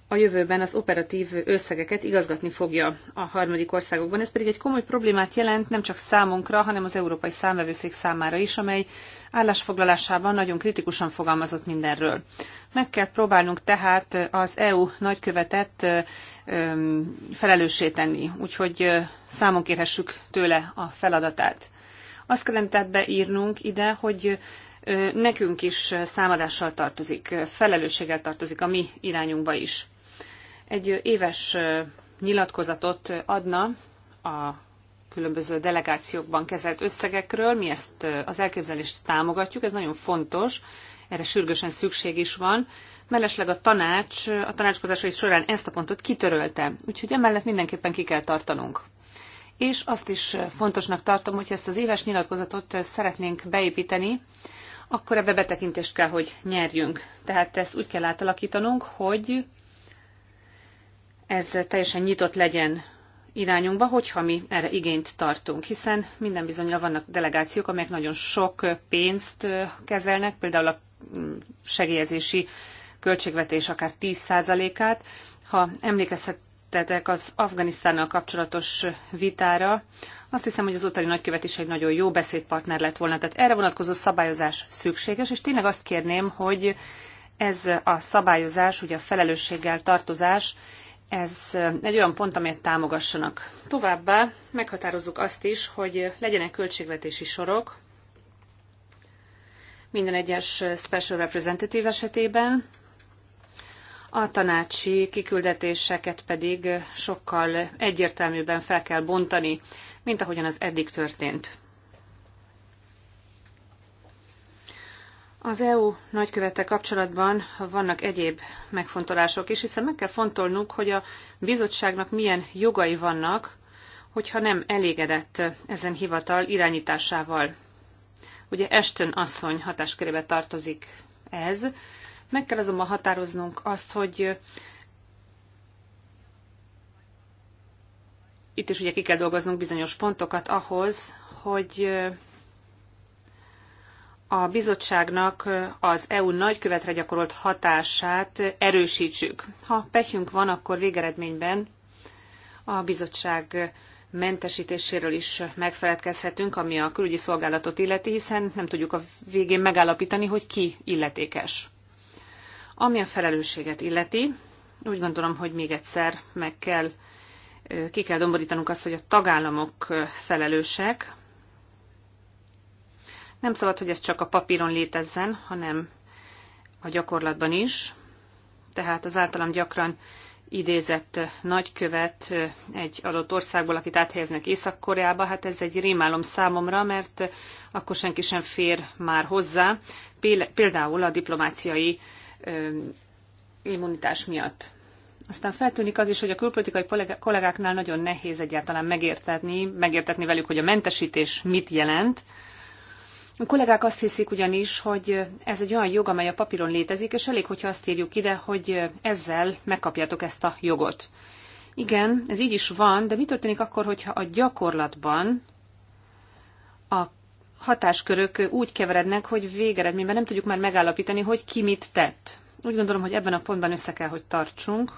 a jövőben az operatív összegeket igazgatni fogja a harmadik országokban. Ez pedig egy komoly problémát jelent nem csak számunkra, hanem az Európai Számvevőszék számára is, amely állásfoglalásában nagyon kritikusan fogalmazott mindenről. Meg kell próbálnunk tehát az EU nagykövetet felelőssé tenni, úgyhogy számon kérhessük tőle a feladatát. Azt kellene tehát beírnunk ide, hogy nekünk is számadással tartozik, felelősséggel tartozik a mi irányunkba is. Egy éves nyilatkozatot adna a különböző delegációkban kezelt összegekről. Mi ezt az elképzelést támogatjuk, ez nagyon fontos, erre sürgősen szükség is van. Mellesleg a tanács a tanácskozásai során ezt a pontot kitörölte, úgyhogy emellett mindenképpen ki kell tartanunk és azt is fontosnak tartom, hogy ezt az éves nyilatkozatot szeretnénk beépíteni, akkor ebbe betekintést kell, hogy nyerjünk. Tehát ezt úgy kell átalakítanunk, hogy ez teljesen nyitott legyen irányunkba, hogyha mi erre igényt tartunk, hiszen minden bizonyal vannak delegációk, amelyek nagyon sok pénzt kezelnek, például a segélyezési költségvetés akár 10%-át. Ha emlékezhet, tettetek az Afganisztánnal kapcsolatos vitára. Azt hiszem, hogy az ottani nagykövet is egy nagyon jó beszédpartner lett volna. Tehát erre vonatkozó szabályozás szükséges, és tényleg azt kérném, hogy ez a szabályozás, ugye a felelősséggel tartozás, ez egy olyan pont, amelyet támogassanak. Továbbá meghatározzuk azt is, hogy legyenek költségvetési sorok minden egyes special representative esetében, a tanácsi kiküldetéseket pedig sokkal egyértelműbben fel kell bontani, mint ahogyan az eddig történt. Az EU nagykövete kapcsolatban vannak egyéb megfontolások is, hiszen meg kell fontolnunk, hogy a bizottságnak milyen jogai vannak, hogyha nem elégedett ezen hivatal irányításával. Ugye Eston asszony hatáskörébe tartozik ez, meg kell azonban határoznunk azt, hogy itt is ugye ki kell dolgoznunk bizonyos pontokat ahhoz, hogy a bizottságnak az EU nagykövetre gyakorolt hatását erősítsük. Ha pehjünk van, akkor végeredményben a bizottság mentesítéséről is megfeledkezhetünk, ami a külügyi szolgálatot illeti, hiszen nem tudjuk a végén megállapítani, hogy ki illetékes. Ami a felelősséget illeti, úgy gondolom, hogy még egyszer meg kell, ki kell domborítanunk azt, hogy a tagállamok felelősek. Nem szabad, hogy ez csak a papíron létezzen, hanem a gyakorlatban is. Tehát az általam gyakran idézett nagykövet egy adott országból, akit áthelyeznek Észak-Koreába, hát ez egy rémálom számomra, mert akkor senki sem fér már hozzá. Például a diplomáciai immunitás miatt. Aztán feltűnik az is, hogy a külpolitikai kollégáknál nagyon nehéz egyáltalán megértetni, megértetni velük, hogy a mentesítés mit jelent. A kollégák azt hiszik ugyanis, hogy ez egy olyan jog, amely a papíron létezik, és elég, hogyha azt írjuk ide, hogy ezzel megkapjátok ezt a jogot. Igen, ez így is van, de mi történik akkor, hogyha a gyakorlatban a hatáskörök úgy keverednek, hogy végeredményben nem tudjuk már megállapítani, hogy ki mit tett. Úgy gondolom, hogy ebben a pontban össze kell, hogy tartsunk,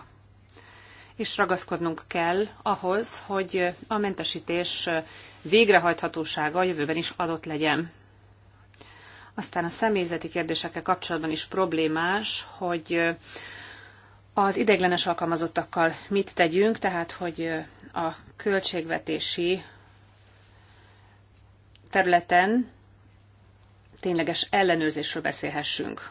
és ragaszkodnunk kell ahhoz, hogy a mentesítés végrehajthatósága a jövőben is adott legyen. Aztán a személyzeti kérdésekkel kapcsolatban is problémás, hogy az ideiglenes alkalmazottakkal mit tegyünk, tehát hogy a költségvetési területen tényleges ellenőrzésről beszélhessünk.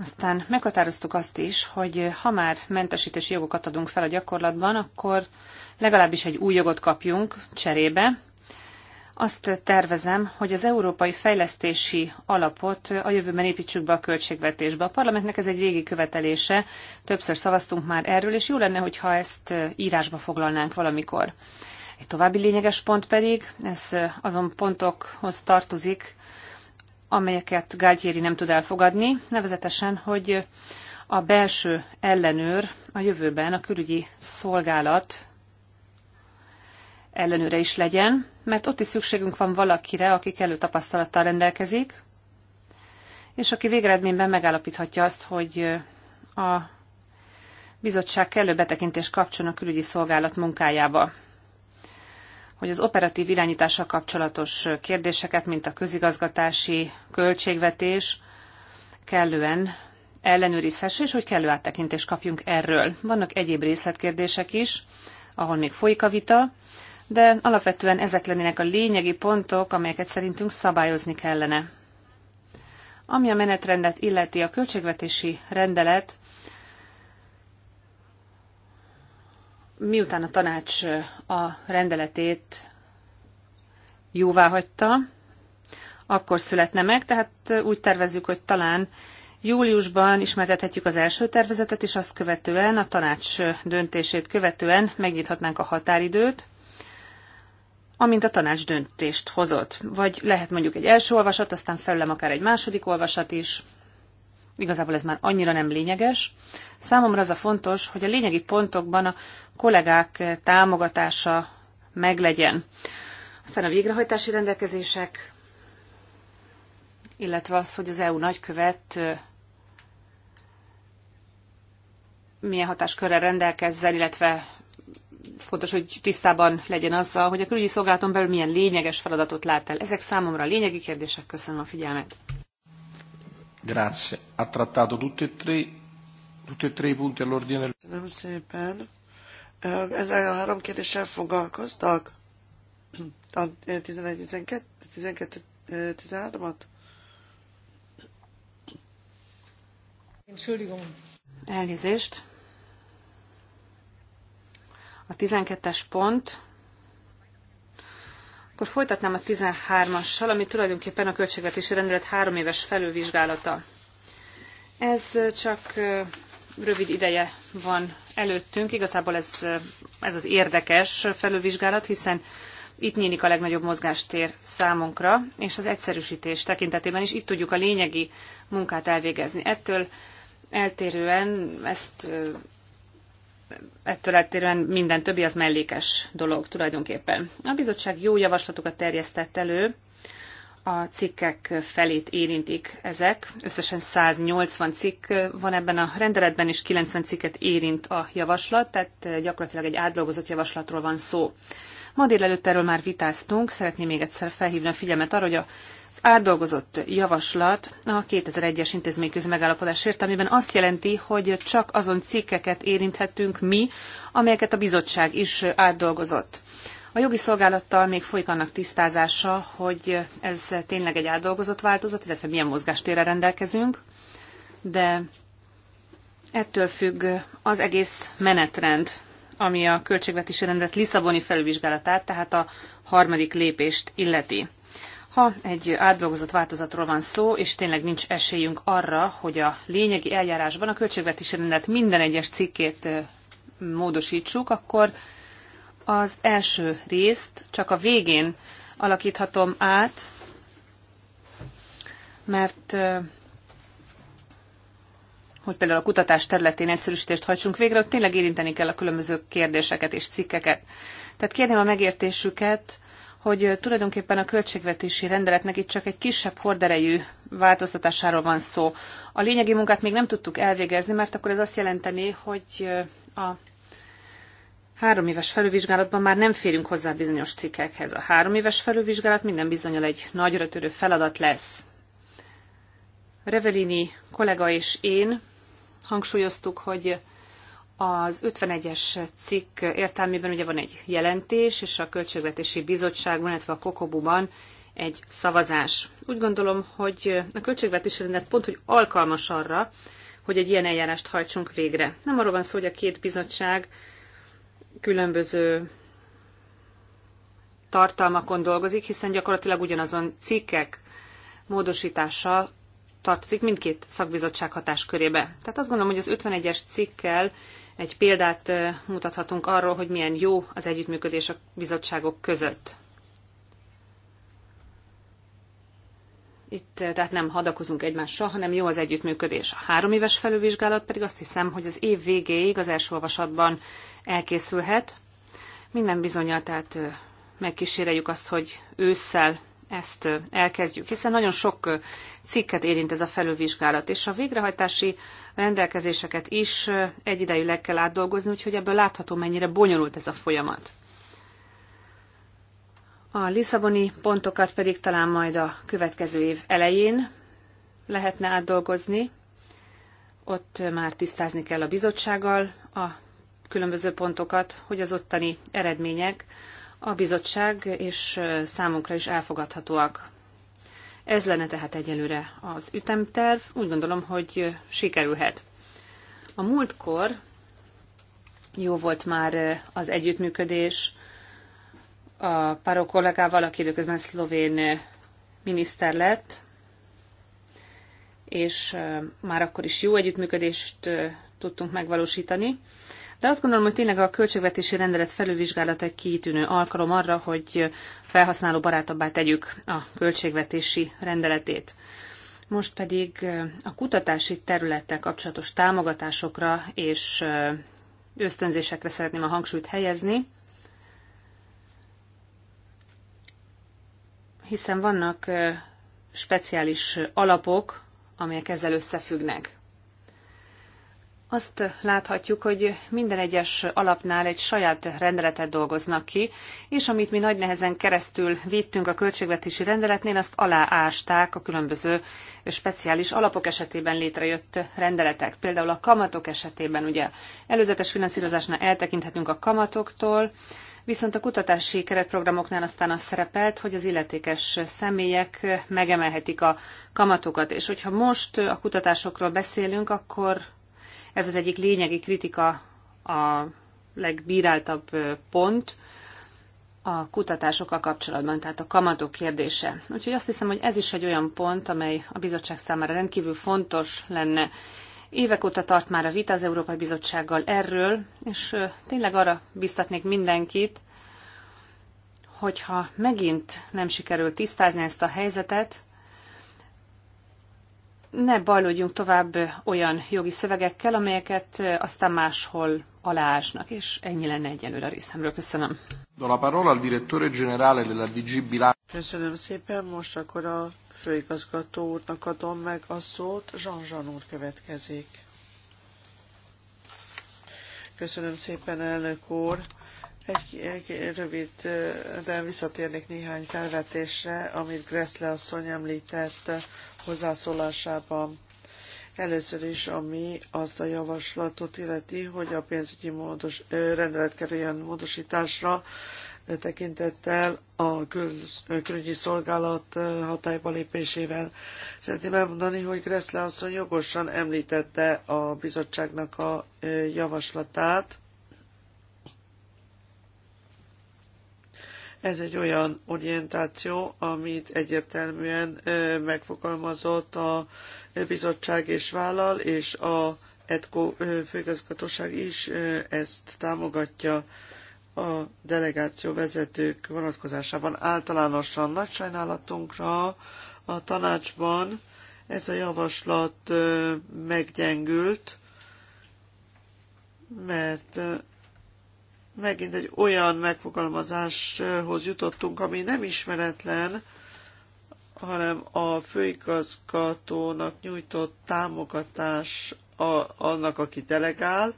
Aztán meghatároztuk azt is, hogy ha már mentesítési jogokat adunk fel a gyakorlatban, akkor legalábbis egy új jogot kapjunk cserébe. Azt tervezem, hogy az Európai Fejlesztési Alapot a jövőben építsük be a költségvetésbe. A parlamentnek ez egy régi követelése, többször szavaztunk már erről, és jó lenne, hogyha ezt írásba foglalnánk valamikor. Egy további lényeges pont pedig, ez azon pontokhoz tartozik, amelyeket Galtieri nem tud elfogadni, nevezetesen, hogy a belső ellenőr a jövőben a külügyi szolgálat ellenőre is legyen, mert ott is szükségünk van valakire, aki kellő tapasztalattal rendelkezik, és aki végeredményben megállapíthatja azt, hogy a bizottság kellő betekintést kapcsoljon a külügyi szolgálat munkájába hogy az operatív irányítással kapcsolatos kérdéseket, mint a közigazgatási költségvetés kellően ellenőrizhesse, és hogy kellő áttekintést kapjunk erről. Vannak egyéb részletkérdések is, ahol még folyik a vita, de alapvetően ezek lennének a lényegi pontok, amelyeket szerintünk szabályozni kellene. Ami a menetrendet illeti a költségvetési rendelet, miután a tanács a rendeletét jóvá hagyta, akkor születne meg, tehát úgy tervezzük, hogy talán júliusban ismertethetjük az első tervezetet, és azt követően, a tanács döntését követően megnyithatnánk a határidőt, amint a tanács döntést hozott. Vagy lehet mondjuk egy első olvasat, aztán felülem akár egy második olvasat is, Igazából ez már annyira nem lényeges. Számomra az a fontos, hogy a lényegi pontokban a kollégák támogatása meglegyen. Aztán a végrehajtási rendelkezések, illetve az, hogy az EU nagykövet milyen hatáskörrel rendelkezzen, illetve fontos, hogy tisztában legyen azzal, hogy a külügyi szolgálaton belül milyen lényeges feladatot lát el. Ezek számomra a lényegi kérdések. Köszönöm a figyelmet. Grazie. Ha trattato tutti e tre, tutti e tre i punti all'ordine. Köszönöm szépen. Ezzel a három kérdéssel foglalkoztak? A 11, 12, 13-at? Elnézést. A 12-es pont akkor folytatnám a 13-assal, ami tulajdonképpen a költségvetési rendelet három éves felülvizsgálata. Ez csak rövid ideje van előttünk. Igazából ez, ez az érdekes felülvizsgálat, hiszen itt nyílik a legnagyobb mozgástér számunkra, és az egyszerűsítés tekintetében is itt tudjuk a lényegi munkát elvégezni. Ettől eltérően ezt ettől eltérően minden többi az mellékes dolog tulajdonképpen. A bizottság jó javaslatokat terjesztett elő, a cikkek felét érintik ezek. Összesen 180 cikk van ebben a rendeletben, és 90 cikket érint a javaslat, tehát gyakorlatilag egy átdolgozott javaslatról van szó. Ma délelőtt erről már vitáztunk, szeretném még egyszer felhívni a figyelmet arra, hogy a átdolgozott javaslat a 2001-es intézményközi megállapodásért, amiben azt jelenti, hogy csak azon cikkeket érinthetünk mi, amelyeket a bizottság is átdolgozott. A jogi szolgálattal még folyik annak tisztázása, hogy ez tényleg egy átdolgozott változat, illetve milyen mozgástérre rendelkezünk, de ettől függ az egész menetrend, ami a költségvetési rendet Lisszaboni felülvizsgálatát, tehát a harmadik lépést illeti. Ha egy átdolgozott változatról van szó, és tényleg nincs esélyünk arra, hogy a lényegi eljárásban a költségvetési rendelet minden egyes cikkét módosítsuk, akkor az első részt csak a végén alakíthatom át, mert hogy például a kutatás területén egyszerűsítést hajtsunk végre, ott tényleg érinteni kell a különböző kérdéseket és cikkeket. Tehát kérném a megértésüket, hogy tulajdonképpen a költségvetési rendeletnek itt csak egy kisebb horderejű változtatásáról van szó. A lényegi munkát még nem tudtuk elvégezni, mert akkor ez azt jelenteni, hogy a három éves felülvizsgálatban már nem férünk hozzá bizonyos cikkekhez. A három éves felülvizsgálat minden bizonyal egy nagyra törő feladat lesz. Revelini kollega és én hangsúlyoztuk, hogy az 51-es cikk értelmében ugye van egy jelentés, és a Költségvetési Bizottságban, illetve a Kokobuban egy szavazás. Úgy gondolom, hogy a költségvetési rendet pont, hogy alkalmas arra, hogy egy ilyen eljárást hajtsunk végre. Nem arról van szó, hogy a két bizottság különböző tartalmakon dolgozik, hiszen gyakorlatilag ugyanazon cikkek módosítása tartozik mindkét szakbizottság hatáskörébe. Tehát azt gondolom, hogy az 51-es cikkkel egy példát mutathatunk arról, hogy milyen jó az együttműködés a bizottságok között. Itt tehát nem hadakozunk egymással, hanem jó az együttműködés. A három éves felülvizsgálat pedig azt hiszem, hogy az év végéig az első olvasatban elkészülhet. Minden bizonyal, tehát megkíséreljük azt, hogy ősszel ezt elkezdjük, hiszen nagyon sok cikket érint ez a felülvizsgálat, és a végrehajtási rendelkezéseket is egyidejűleg kell átdolgozni, úgyhogy ebből látható, mennyire bonyolult ez a folyamat. A Lisszaboni pontokat pedig talán majd a következő év elején lehetne átdolgozni. Ott már tisztázni kell a bizottsággal a különböző pontokat, hogy az ottani eredmények a bizottság és számunkra is elfogadhatóak. Ez lenne tehát egyelőre az ütemterv. Úgy gondolom, hogy sikerülhet. A múltkor jó volt már az együttműködés a Paró kollégával, aki időközben szlovén miniszter lett, és már akkor is jó együttműködést tudtunk megvalósítani. De azt gondolom, hogy tényleg a költségvetési rendelet felülvizsgálata egy kitűnő alkalom arra, hogy felhasználó barátabbá tegyük a költségvetési rendeletét. Most pedig eh, a kutatási területtel kapcsolatos támogatásokra és eh, ösztönzésekre szeretném a hangsúlyt helyezni, hiszen vannak eh, speciális alapok, amelyek ezzel összefüggnek azt láthatjuk, hogy minden egyes alapnál egy saját rendeletet dolgoznak ki, és amit mi nagy nehezen keresztül vittünk a költségvetési rendeletnél, azt aláásták a különböző speciális alapok esetében létrejött rendeletek. Például a kamatok esetében ugye előzetes finanszírozásnál eltekinthetünk a kamatoktól, Viszont a kutatási keretprogramoknál aztán az szerepelt, hogy az illetékes személyek megemelhetik a kamatokat, és hogyha most a kutatásokról beszélünk, akkor ez az egyik lényegi kritika, a legbíráltabb pont a kutatásokkal kapcsolatban, tehát a kamatok kérdése. Úgyhogy azt hiszem, hogy ez is egy olyan pont, amely a bizottság számára rendkívül fontos lenne. Évek óta tart már a vita az Európai Bizottsággal erről, és tényleg arra biztatnék mindenkit, hogyha megint nem sikerül tisztázni ezt a helyzetet, ne bajlódjunk tovább olyan jogi szövegekkel, amelyeket aztán máshol aláásnak, és ennyi lenne egyelőre a részemről. Köszönöm. Köszönöm szépen, most akkor a főigazgató úrnak adom meg a szót, Jean-Jean úr következik. Köszönöm szépen, elnök úr. Egy, egy rövid, de visszatérnék néhány felvetésre, amit Gressle asszony említett hozzászólásában. Először is, ami azt a javaslatot illeti, hogy a pénzügyi módos, rendelet kerüljön módosításra tekintettel a kül, külügyi szolgálat hatályba lépésével. Szeretném elmondani, hogy Gressle asszony jogosan említette a bizottságnak a javaslatát, Ez egy olyan orientáció, amit egyértelműen megfogalmazott a bizottság és vállal, és a ETKO főigazgatóság is ezt támogatja a delegáció vezetők vonatkozásában. Általánosan nagy sajnálatunkra a tanácsban ez a javaslat meggyengült, mert megint egy olyan megfogalmazáshoz jutottunk, ami nem ismeretlen, hanem a főigazgatónak nyújtott támogatás a, annak, aki delegál,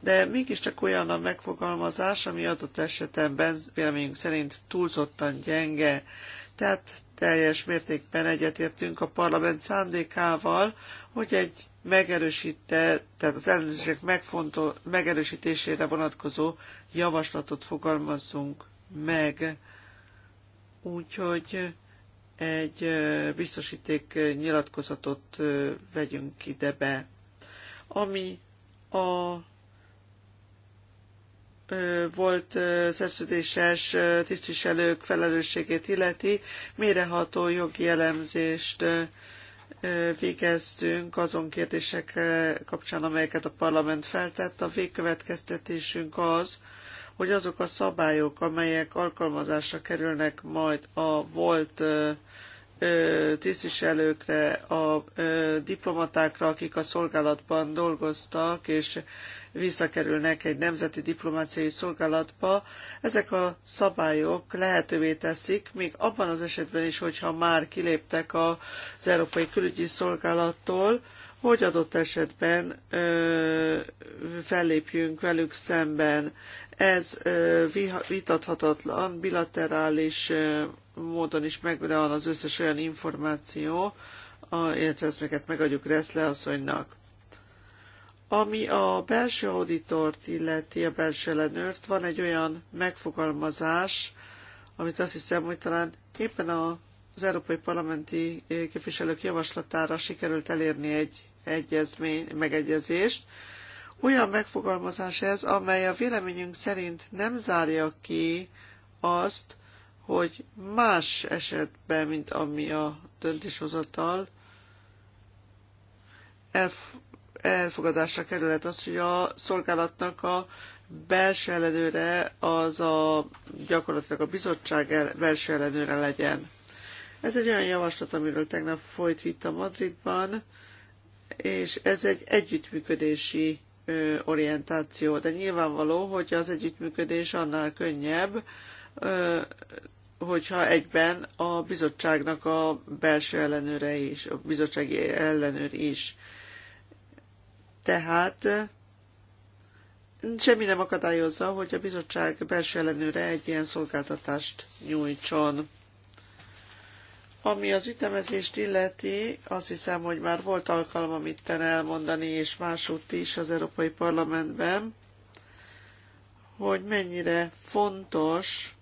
de mégiscsak olyan a megfogalmazás, ami adott esetben, véleményünk szerint túlzottan gyenge. Tehát teljes mértékben egyetértünk a parlament szándékával, hogy egy megerősítette, tehát az ellenőrzések megfontol, megerősítésére vonatkozó javaslatot fogalmazzunk meg. Úgyhogy egy biztosíték nyilatkozatot vegyünk ide be. Ami a volt szerződéses tisztviselők felelősségét illeti, méreható jogi elemzést végeztünk azon kérdések kapcsán, amelyeket a parlament feltett. A végkövetkeztetésünk az, hogy azok a szabályok, amelyek alkalmazásra kerülnek majd a volt tisztviselőkre, a diplomatákra, akik a szolgálatban dolgoztak, és visszakerülnek egy nemzeti diplomáciai szolgálatba. Ezek a szabályok lehetővé teszik, még abban az esetben is, hogyha már kiléptek az Európai Külügyi Szolgálattól, hogy adott esetben ö, fellépjünk velük szemben. Ez ö, vitathatatlan, bilaterális ö, módon is megvan az összes olyan információ, a, illetve ezt hát megadjuk Reszle asszonynak. Ami a belső auditort illeti, a belső ellenőrt, van egy olyan megfogalmazás, amit azt hiszem, hogy talán éppen a, az európai parlamenti eh, képviselők javaslatára sikerült elérni egy egyezmény, megegyezést. Olyan megfogalmazás ez, amely a véleményünk szerint nem zárja ki azt, hogy más esetben, mint ami a döntéshozatal, elf- elfogadásra kerülhet az, hogy a szolgálatnak a belső ellenőre az a gyakorlatilag a bizottság el, belső ellenőre legyen. Ez egy olyan javaslat, amiről tegnap folyt vita Madridban, és ez egy együttműködési ö, orientáció, de nyilvánvaló, hogy az együttműködés annál könnyebb, ö, hogyha egyben a bizottságnak a belső ellenőre is, a bizottsági ellenőr is. Tehát eh, semmi nem akadályozza, hogy a bizottság belső ellenőre egy ilyen szolgáltatást nyújtson. Ami az ütemezést illeti, azt hiszem, hogy már volt alkalmam itten elmondani, és másútt is az Európai Parlamentben, hogy mennyire fontos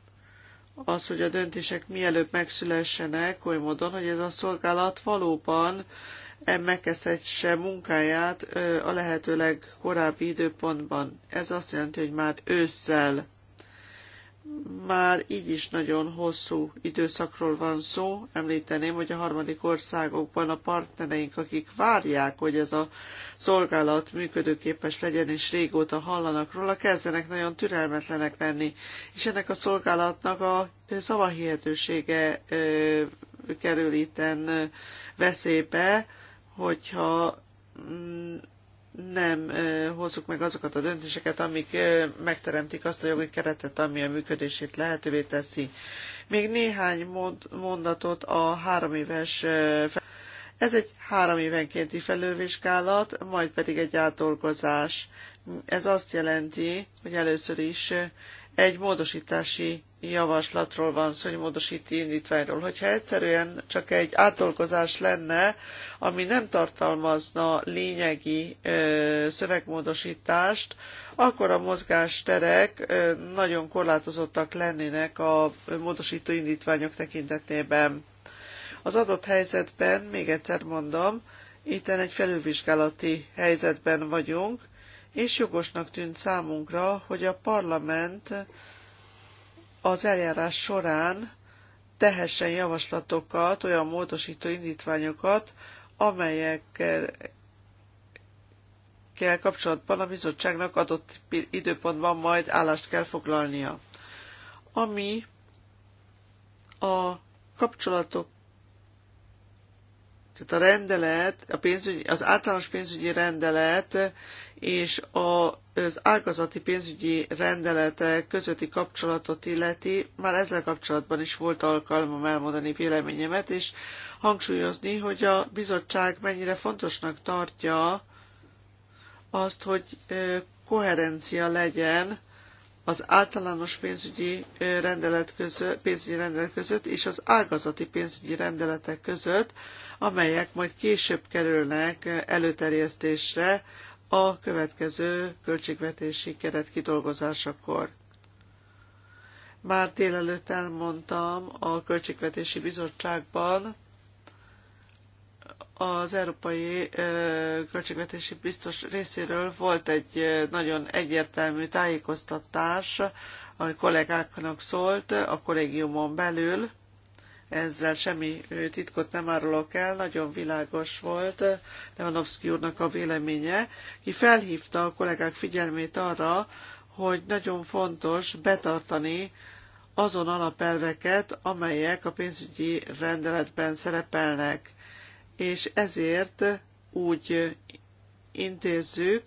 az, hogy a döntések mielőbb megszülessenek, oly módon, hogy ez a szolgálat valóban megkezdhesse munkáját a lehető legkorábbi időpontban. Ez azt jelenti, hogy már ősszel már így is nagyon hosszú időszakról van szó. Említeném, hogy a harmadik országokban a partnereink, akik várják, hogy ez a szolgálat működőképes legyen, és régóta hallanak róla, kezdenek nagyon türelmetlenek lenni. És ennek a szolgálatnak a szavahihetősége kerül itten veszélybe, hogyha mm, nem hozzuk meg azokat a döntéseket, amik megteremtik azt a jogi keretet, ami a működését lehetővé teszi. Még néhány mondatot a három éves ez egy három évenkénti felülvizsgálat, majd pedig egy átdolgozás. Ez azt jelenti, hogy először is egy módosítási javaslatról van szó, hogy módosíti indítványról. Hogyha egyszerűen csak egy átdolgozás lenne, ami nem tartalmazna lényegi ö, szövegmódosítást, akkor a mozgásterek ö, nagyon korlátozottak lennének a módosító indítványok tekintetében. Az adott helyzetben, még egyszer mondom, itten egy felülvizsgálati helyzetben vagyunk, és jogosnak tűnt számunkra, hogy a parlament az eljárás során tehessen javaslatokat, olyan módosító indítványokat, amelyekkel kapcsolatban a bizottságnak adott időpontban majd állást kell foglalnia. Ami a kapcsolatok tehát a rendelet, a pénzügy, az általános pénzügyi rendelet és a az ágazati pénzügyi rendeletek közötti kapcsolatot illeti, már ezzel kapcsolatban is volt alkalmam elmondani véleményemet, és hangsúlyozni, hogy a bizottság mennyire fontosnak tartja azt, hogy koherencia legyen az általános pénzügyi rendelet között, pénzügyi rendelet között és az ágazati pénzügyi rendeletek között, amelyek majd később kerülnek előterjesztésre a következő költségvetési keret kidolgozásakor. Már délelőtt elmondtam a Költségvetési Bizottságban, az Európai Költségvetési Biztos részéről volt egy nagyon egyértelmű tájékoztatás, ami kollégáknak szólt a kollégiumon belül, ezzel semmi titkot nem árulok el, nagyon világos volt Leonovszki úrnak a véleménye, ki felhívta a kollégák figyelmét arra, hogy nagyon fontos betartani azon alapelveket, amelyek a pénzügyi rendeletben szerepelnek, és ezért úgy intézzük,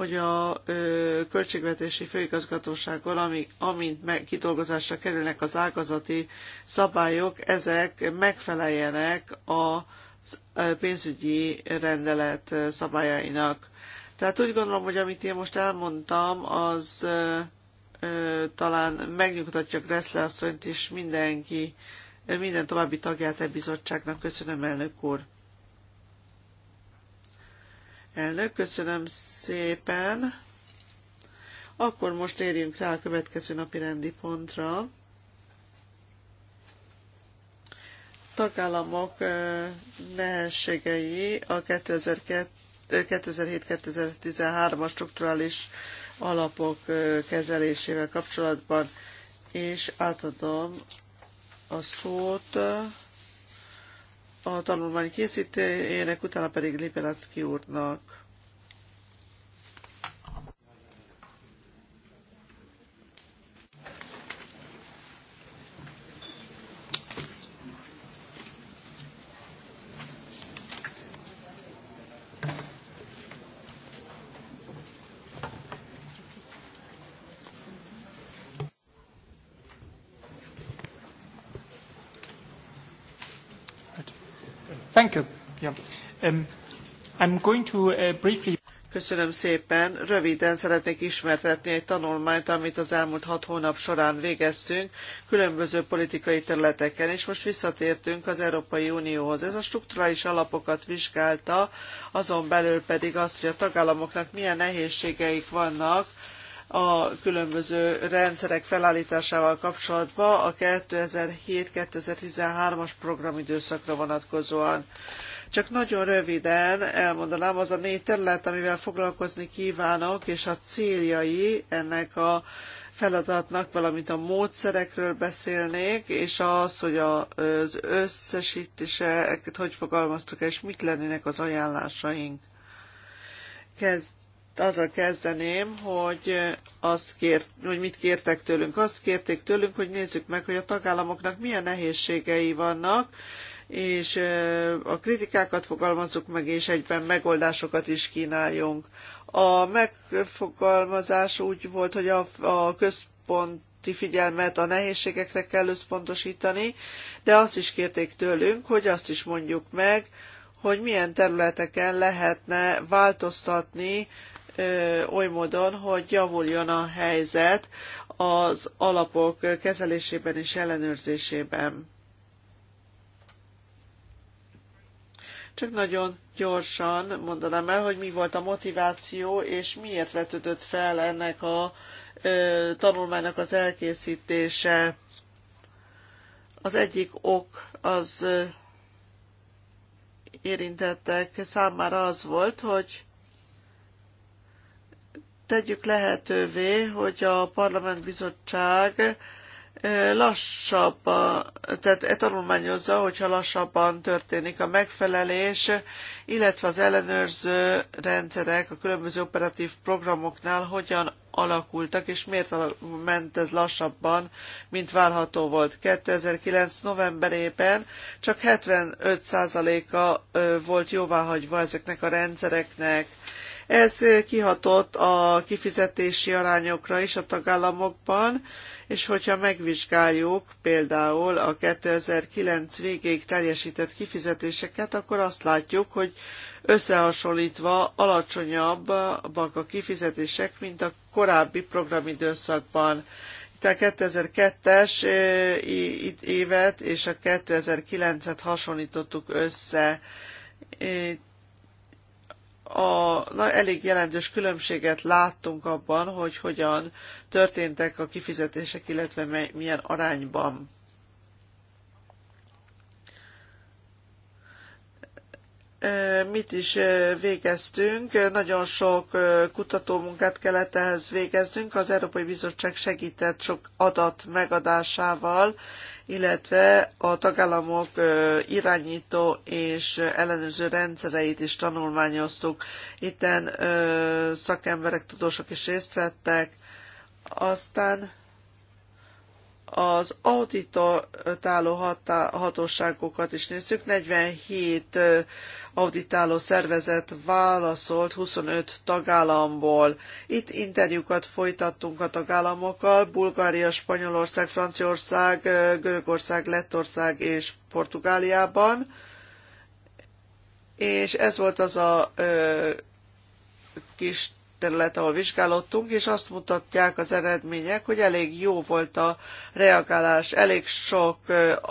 hogy a ö, költségvetési főigazgatóságon, ami, amint meg, kidolgozásra kerülnek az ágazati szabályok, ezek megfeleljenek a pénzügyi rendelet szabályainak. Tehát úgy gondolom, hogy amit én most elmondtam, az ö, ö, talán megnyugtatja Gressle asszonyt és mindenki, minden további tagját e bizottságnak. Köszönöm, elnök úr! Elnök, köszönöm szépen. Akkor most érjünk rá a következő napi rendi pontra. Tagállamok nehézségei a 2007-2013-as strukturális alapok kezelésével kapcsolatban, és átadom a szót a tanulmány készítőjének, utána pedig Liberacki úrnak. Thank you. Yeah. Um, I'm going to uh, briefly... Köszönöm szépen. Röviden szeretnék ismertetni egy tanulmányt, amit az elmúlt hat hónap során végeztünk különböző politikai területeken, és most visszatértünk az Európai Unióhoz. Ez a strukturális alapokat vizsgálta, azon belül pedig azt, hogy a tagállamoknak milyen nehézségeik vannak, a különböző rendszerek felállításával kapcsolatban a 2007-2013-as programidőszakra vonatkozóan. Csak nagyon röviden elmondanám, az a négy terület, amivel foglalkozni kívánok, és a céljai ennek a feladatnak, valamint a módszerekről beszélnék, és az, hogy az összesítéseket hogy fogalmaztuk, és mit lennének az ajánlásaink. Kezd, azzal kezdeném, hogy, azt kért, hogy mit kértek tőlünk. Azt kérték tőlünk, hogy nézzük meg, hogy a tagállamoknak milyen nehézségei vannak, és a kritikákat fogalmazzuk meg, és egyben megoldásokat is kínáljunk. A megfogalmazás úgy volt, hogy a, a központ központi figyelmet a nehézségekre kell összpontosítani, de azt is kérték tőlünk, hogy azt is mondjuk meg, hogy milyen területeken lehetne változtatni oly módon, hogy javuljon a helyzet az alapok kezelésében és ellenőrzésében. Csak nagyon gyorsan mondanám el, hogy mi volt a motiváció, és miért vetődött fel ennek a ö, tanulmánynak az elkészítése. Az egyik ok az ö, érintettek számára az volt, hogy tegyük lehetővé, hogy a parlament bizottság lassabban, tehát e tanulmányozza, hogyha lassabban történik a megfelelés, illetve az ellenőrző rendszerek a különböző operatív programoknál hogyan alakultak, és miért ment ez lassabban, mint várható volt. 2009. novemberében csak 75%-a volt jóváhagyva ezeknek a rendszereknek ez kihatott a kifizetési arányokra is a tagállamokban, és hogyha megvizsgáljuk például a 2009 végéig teljesített kifizetéseket, akkor azt látjuk, hogy összehasonlítva alacsonyabbak a kifizetések, mint a korábbi programidőszakban. Itt a 2002-es évet és a 2009-et hasonlítottuk össze. Itt a, na, elég jelentős különbséget láttunk abban, hogy hogyan történtek a kifizetések, illetve milyen arányban. E, mit is e, végeztünk? Nagyon sok e, kutatómunkát kellett ehhez végeznünk. Az Európai Bizottság segített sok adat megadásával, illetve a tagállamok irányító és ellenőrző rendszereit is tanulmányoztuk. Itten szakemberek, tudósok is részt vettek. Aztán az auditáló hatóságokat is nézzük, 47 auditáló szervezet válaszolt 25 tagállamból. Itt interjúkat folytattunk a tagállamokkal, Bulgária, Spanyolország, Franciaország, Görögország, Lettország és Portugáliában, és ez volt az a ö, kis terület, ahol vizsgálódtunk, és azt mutatják az eredmények, hogy elég jó volt a reagálás, elég sok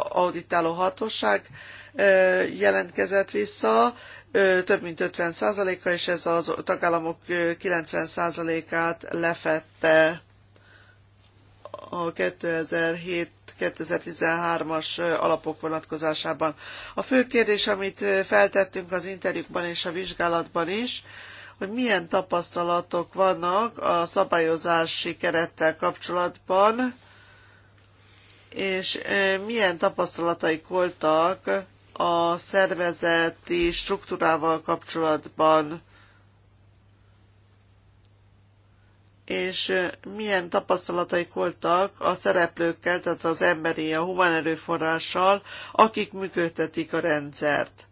auditáló hatóság jelentkezett vissza, több mint 50 százaléka és ez a tagállamok 90%-át lefette a 2007 2013-as alapok vonatkozásában. A fő kérdés, amit feltettünk az interjúkban és a vizsgálatban is, hogy milyen tapasztalatok vannak a szabályozási kerettel kapcsolatban, és milyen tapasztalataik voltak a szervezeti struktúrával kapcsolatban, és milyen tapasztalataik voltak a szereplőkkel, tehát az emberi, a humán erőforrással, akik működtetik a rendszert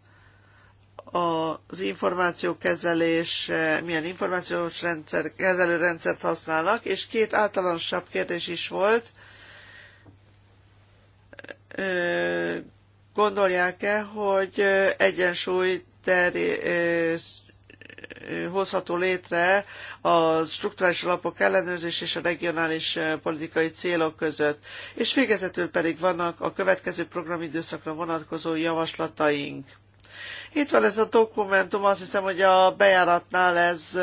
az információkezelés, milyen információs rendszer, kezelő rendszert használnak, és két általánosabb kérdés is volt gondolják-e, hogy egyensúly teré, hozható létre a strukturális alapok ellenőrzés és a regionális politikai célok között. És végezetül pedig vannak a következő programidőszakra vonatkozó javaslataink. Itt van ez a dokumentum, azt hiszem, hogy a bejáratnál ez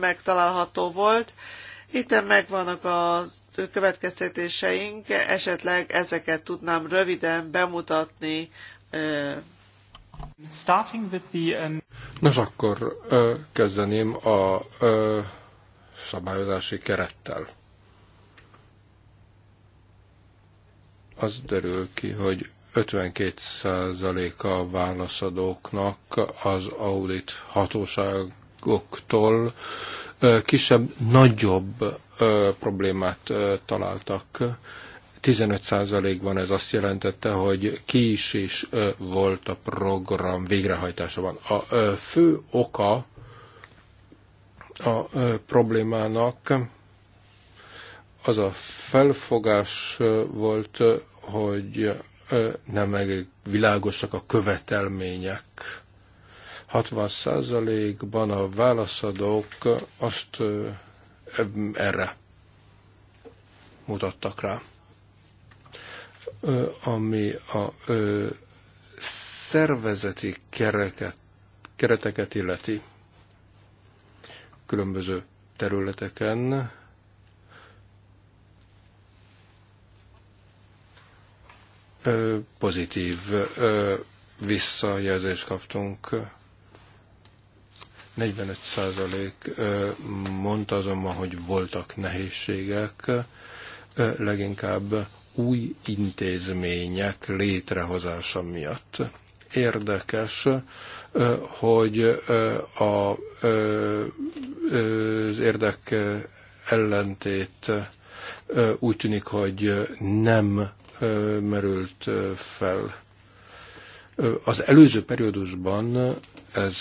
megtalálható volt. Itt megvannak az következtetéseink, esetleg ezeket tudnám röviden bemutatni. Starting with the, um, Nos, akkor kezdeném a szabályozási kerettel. Az derül ki, hogy 52% a válaszadóknak az audit hatóságoktól kisebb-nagyobb problémát találtak. 15 van ez azt jelentette, hogy ki is is volt a program végrehajtása van. A fő oka a problémának az a felfogás volt, hogy nem elég világosak a követelmények 60%-ban a válaszadók azt erre mutattak rá. Ami a szervezeti kereket, kereteket illeti különböző területeken, pozitív visszajelzést kaptunk 45 százalék mondta azonban, hogy voltak nehézségek, leginkább új intézmények létrehozása miatt. Érdekes, hogy a, az érdek ellentét úgy tűnik, hogy nem merült fel. Az előző periódusban ez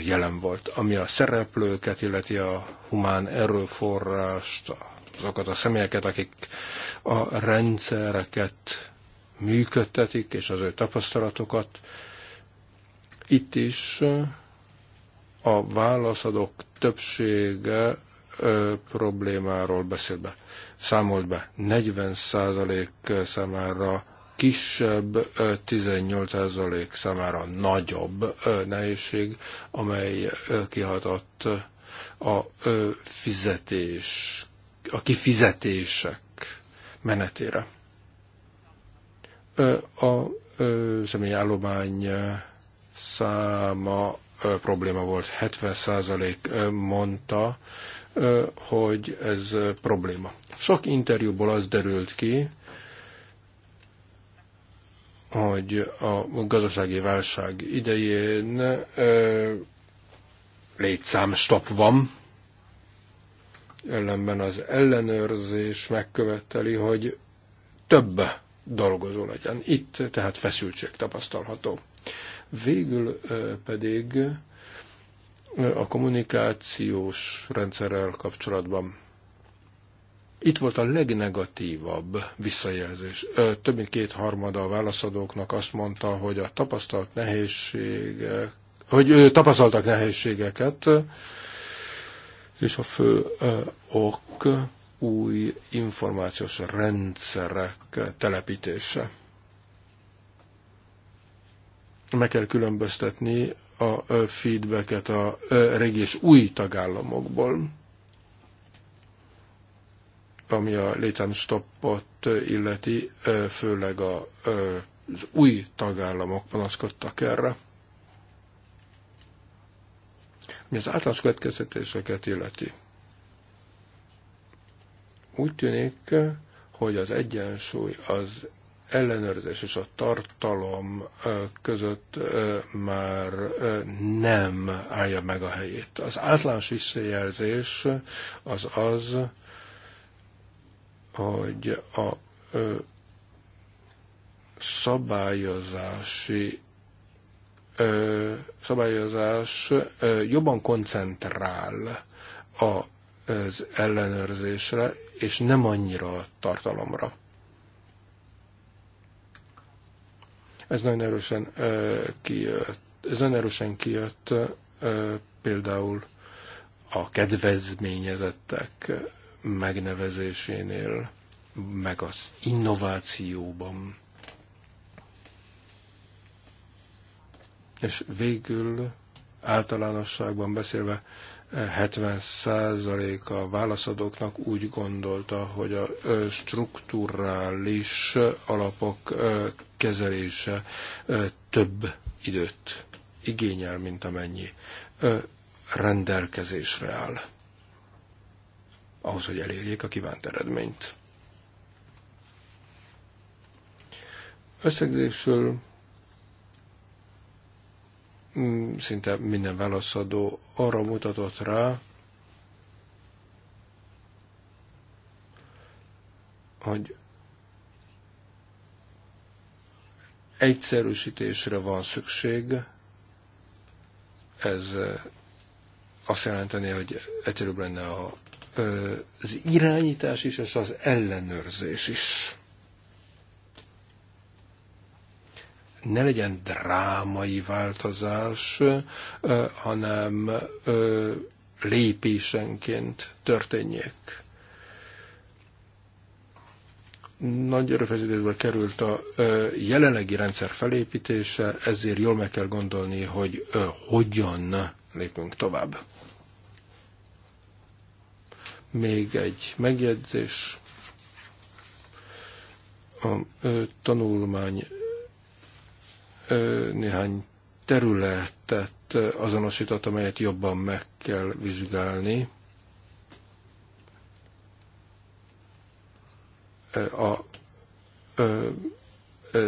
jelen volt. Ami a szereplőket, illeti a humán erőforrást, azokat a személyeket, akik a rendszereket működtetik, és az ő tapasztalatokat. Itt is a válaszadók többsége ö, problémáról beszél be. Számolt be 40% számára kisebb 18% számára nagyobb nehézség, amely kihatott a fizetés, a kifizetések menetére. A állomány száma probléma volt. 70% mondta, hogy ez probléma. Sok interjúból az derült ki, hogy a gazdasági válság idején létszámstop van, ellenben az ellenőrzés megköveteli, hogy több dolgozó legyen. Itt tehát feszültség tapasztalható. Végül pedig a kommunikációs rendszerrel kapcsolatban itt volt a legnegatívabb visszajelzés. Több mint kétharmada a válaszadóknak azt mondta, hogy a tapasztalt nehézségek, hogy ő tapasztaltak nehézségeket, és a fő ok új információs rendszerek telepítése. Meg kell különböztetni a feedbacket a régi és új tagállamokból ami a létszámstoppot illeti, főleg a, az új tagállamok panaszkodtak erre. Ami az általános következtetéseket illeti. Úgy tűnik, hogy az egyensúly az ellenőrzés és a tartalom között már nem állja meg a helyét. Az általános visszajelzés az az, hogy a szabályozási szabályozás jobban koncentrál az ellenőrzésre, és nem annyira a tartalomra. Ez nagyon erősen kijött. Ez nagyon erősen kijött például a kedvezményezettek megnevezésénél, meg az innovációban. És végül általánosságban beszélve 70% a válaszadóknak úgy gondolta, hogy a strukturális alapok kezelése több időt igényel, mint amennyi rendelkezésre áll ahhoz, hogy elérjék a kívánt eredményt. Összegzésről mm, szinte minden válaszadó arra mutatott rá, hogy egyszerűsítésre van szükség, ez eh, azt jelenteni, hogy egyszerűbb lenne a az irányítás is, és az ellenőrzés is. Ne legyen drámai változás, hanem lépésenként történjék nagy erőfeszítésből került a jelenlegi rendszer felépítése, ezért jól meg kell gondolni, hogy hogyan lépünk tovább. Még egy megjegyzés. A tanulmány néhány területet azonosított, amelyet jobban meg kell vizsgálni. A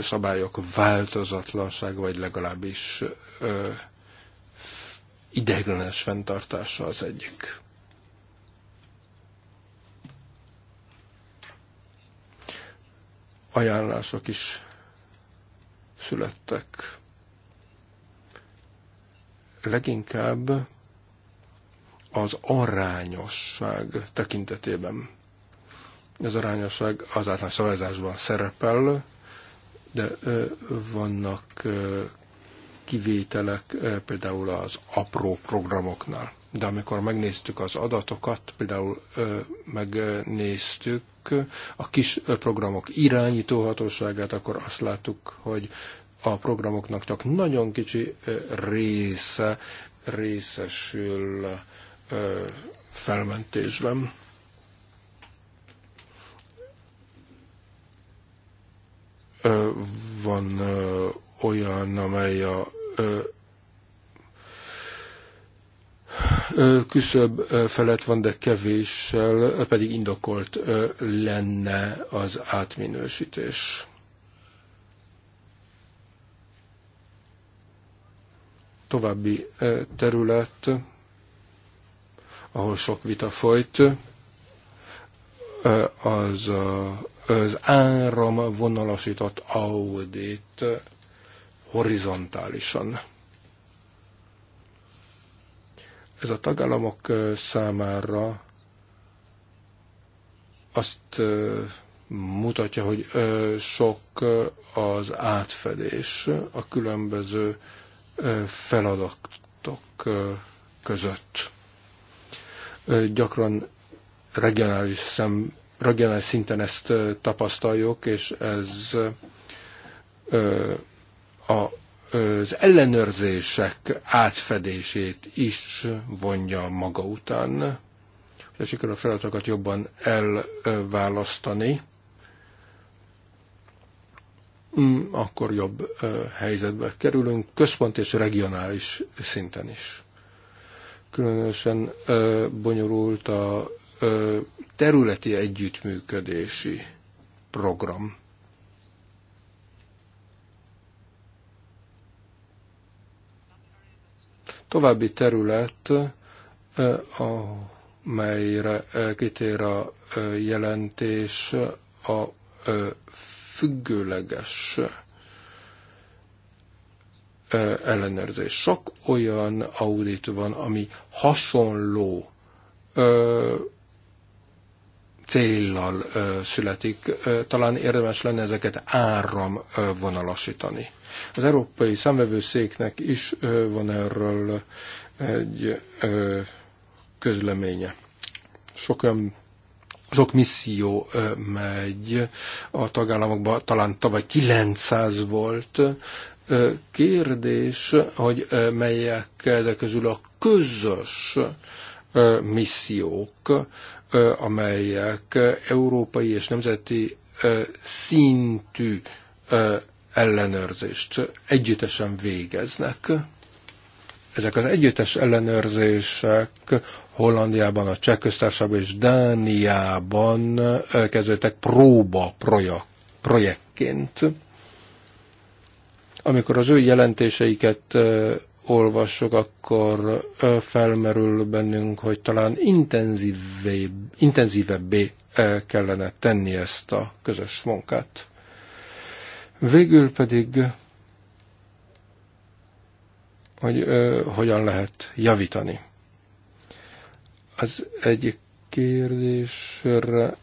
szabályok változatlansága, vagy legalábbis ideiglenes fenntartása az egyik. ajánlások is születtek. Leginkább az arányosság tekintetében. Az arányosság az általános szavazásban szerepel, de vannak kivételek például az apró programoknál. De amikor megnéztük az adatokat, például megnéztük a kis programok irányítóhatóságát, akkor azt láttuk, hogy a programoknak csak nagyon kicsi része részesül felmentésben. Van olyan, amely a küszöb felett van, de kevéssel pedig indokolt lenne az átminősítés. További terület, ahol sok vita folyt, az az áram vonalasított audit horizontálisan. Ez a tagállamok számára azt mutatja, hogy sok az átfedés a különböző feladatok között. Gyakran regionális, szem, regionális szinten ezt tapasztaljuk, és ez a az ellenőrzések átfedését is vonja maga után, hogy sikerül a feladatokat jobban elválasztani, mm, akkor jobb helyzetbe kerülünk, központ és regionális szinten is. Különösen bonyolult a területi együttműködési program További terület, eh, amelyre eh, kitér a eh, jelentés, a függőleges ellenőrzés. Sok olyan audit van, ami hasonló céllal születik. Talán érdemes lenne ezeket áramvonalasítani. Az Európai Számvevőszéknek is van erről egy közleménye. Sok olyan sok misszió megy a tagállamokba, talán tavaly 900 volt. Kérdés, hogy melyek ezek közül a közös missziók, amelyek európai és nemzeti szintű ellenőrzést együttesen végeznek. Ezek az együttes ellenőrzések Hollandiában, a Cseh köztársaságban és Dániában kezdődtek próba projektként. Amikor az ő jelentéseiket olvassuk, akkor felmerül bennünk, hogy talán intenzívebbé kellene tenni ezt a közös munkát. Végül pedig, hogy ö, hogyan lehet javítani. Az egyik kérdésre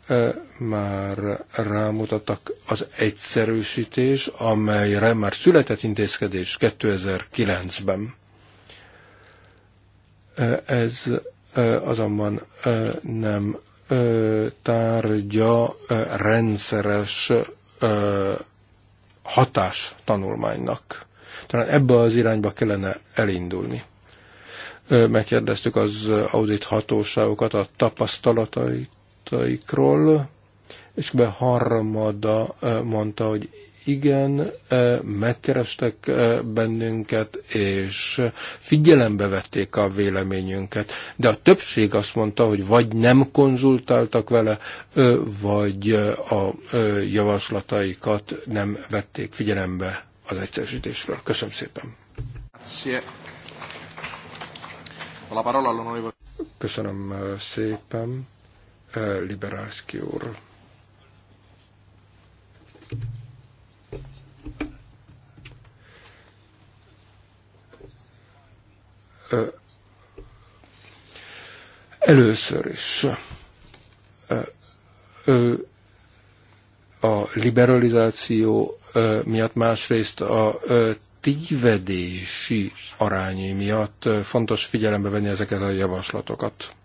már rámutattak az egyszerűsítés, amelyre már született intézkedés 2009-ben. Ez azonban nem tárgya rendszeres hatás tanulmánynak. Talán ebbe az irányba kellene elindulni. Megkérdeztük az audit hatóságokat a tapasztalataikról, és kb. harmada mondta, hogy igen, megkerestek bennünket, és figyelembe vették a véleményünket. De a többség azt mondta, hogy vagy nem konzultáltak vele, vagy a javaslataikat nem vették figyelembe az egyszerűsítésről. Köszönöm szépen. Köszönöm szépen, Liberálszki úr. Először is a liberalizáció miatt, másrészt a tévedési arányi miatt fontos figyelembe venni ezeket a javaslatokat.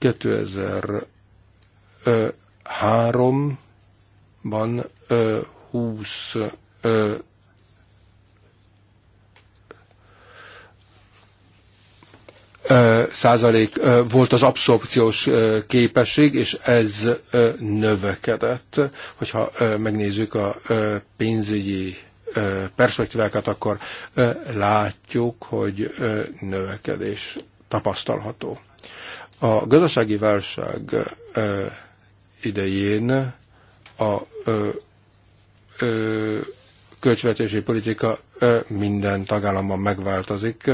2003-ban 20 százalék volt az abszorpciós képesség, és ez növekedett. Hogyha megnézzük a pénzügyi perspektívákat, akkor látjuk, hogy növekedés tapasztalható. A gazdasági válság idején a költségvetési politika minden tagállamban megváltozik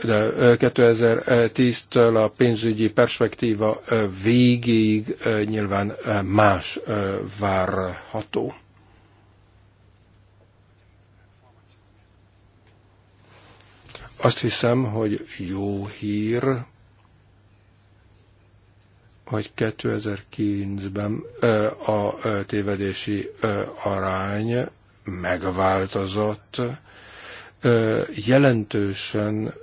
2010-től a pénzügyi perspektíva végéig nyilván más várható. Azt hiszem, hogy jó hír, hogy 2009-ben a tévedési arány megváltozott, jelentősen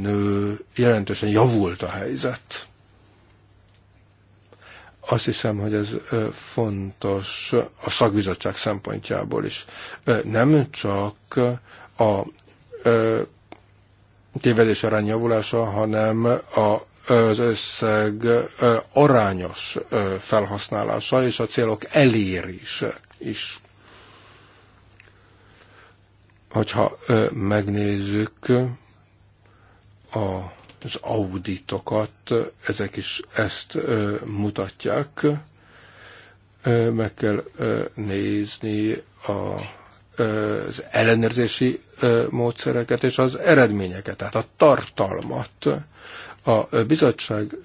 nő, jelentősen javult a helyzet. Azt hiszem, hogy ez fontos a szakbizottság szempontjából is. Nem csak a tévedés arány javulása, hanem a az összeg arányos felhasználása és a célok elérése is Hogyha megnézzük a az auditokat, ezek is ezt mutatják. Meg kell nézni a az ellenőrzési módszereket és az eredményeket, tehát a tartalmat. A bizottság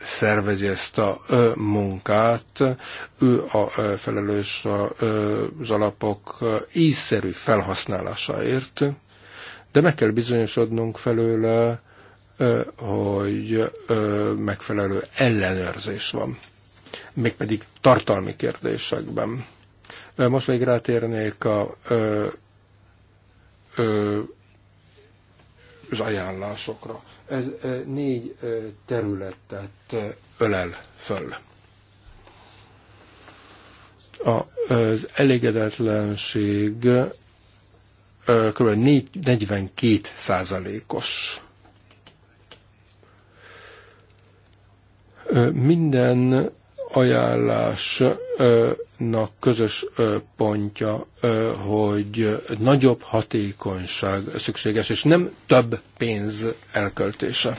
szervezi ezt a munkát, ő a felelős az alapok ízszerű felhasználásáért, de meg kell bizonyosodnunk felőle, hogy megfelelő ellenőrzés van, mégpedig tartalmi kérdésekben. Most még rátérnék a, az ajánlásokra. Ez négy területet ölel föl. Az elégedetlenség kb. 42 százalékos. Minden ajánlásnak közös pontja, hogy nagyobb hatékonyság szükséges, és nem több pénz elköltése.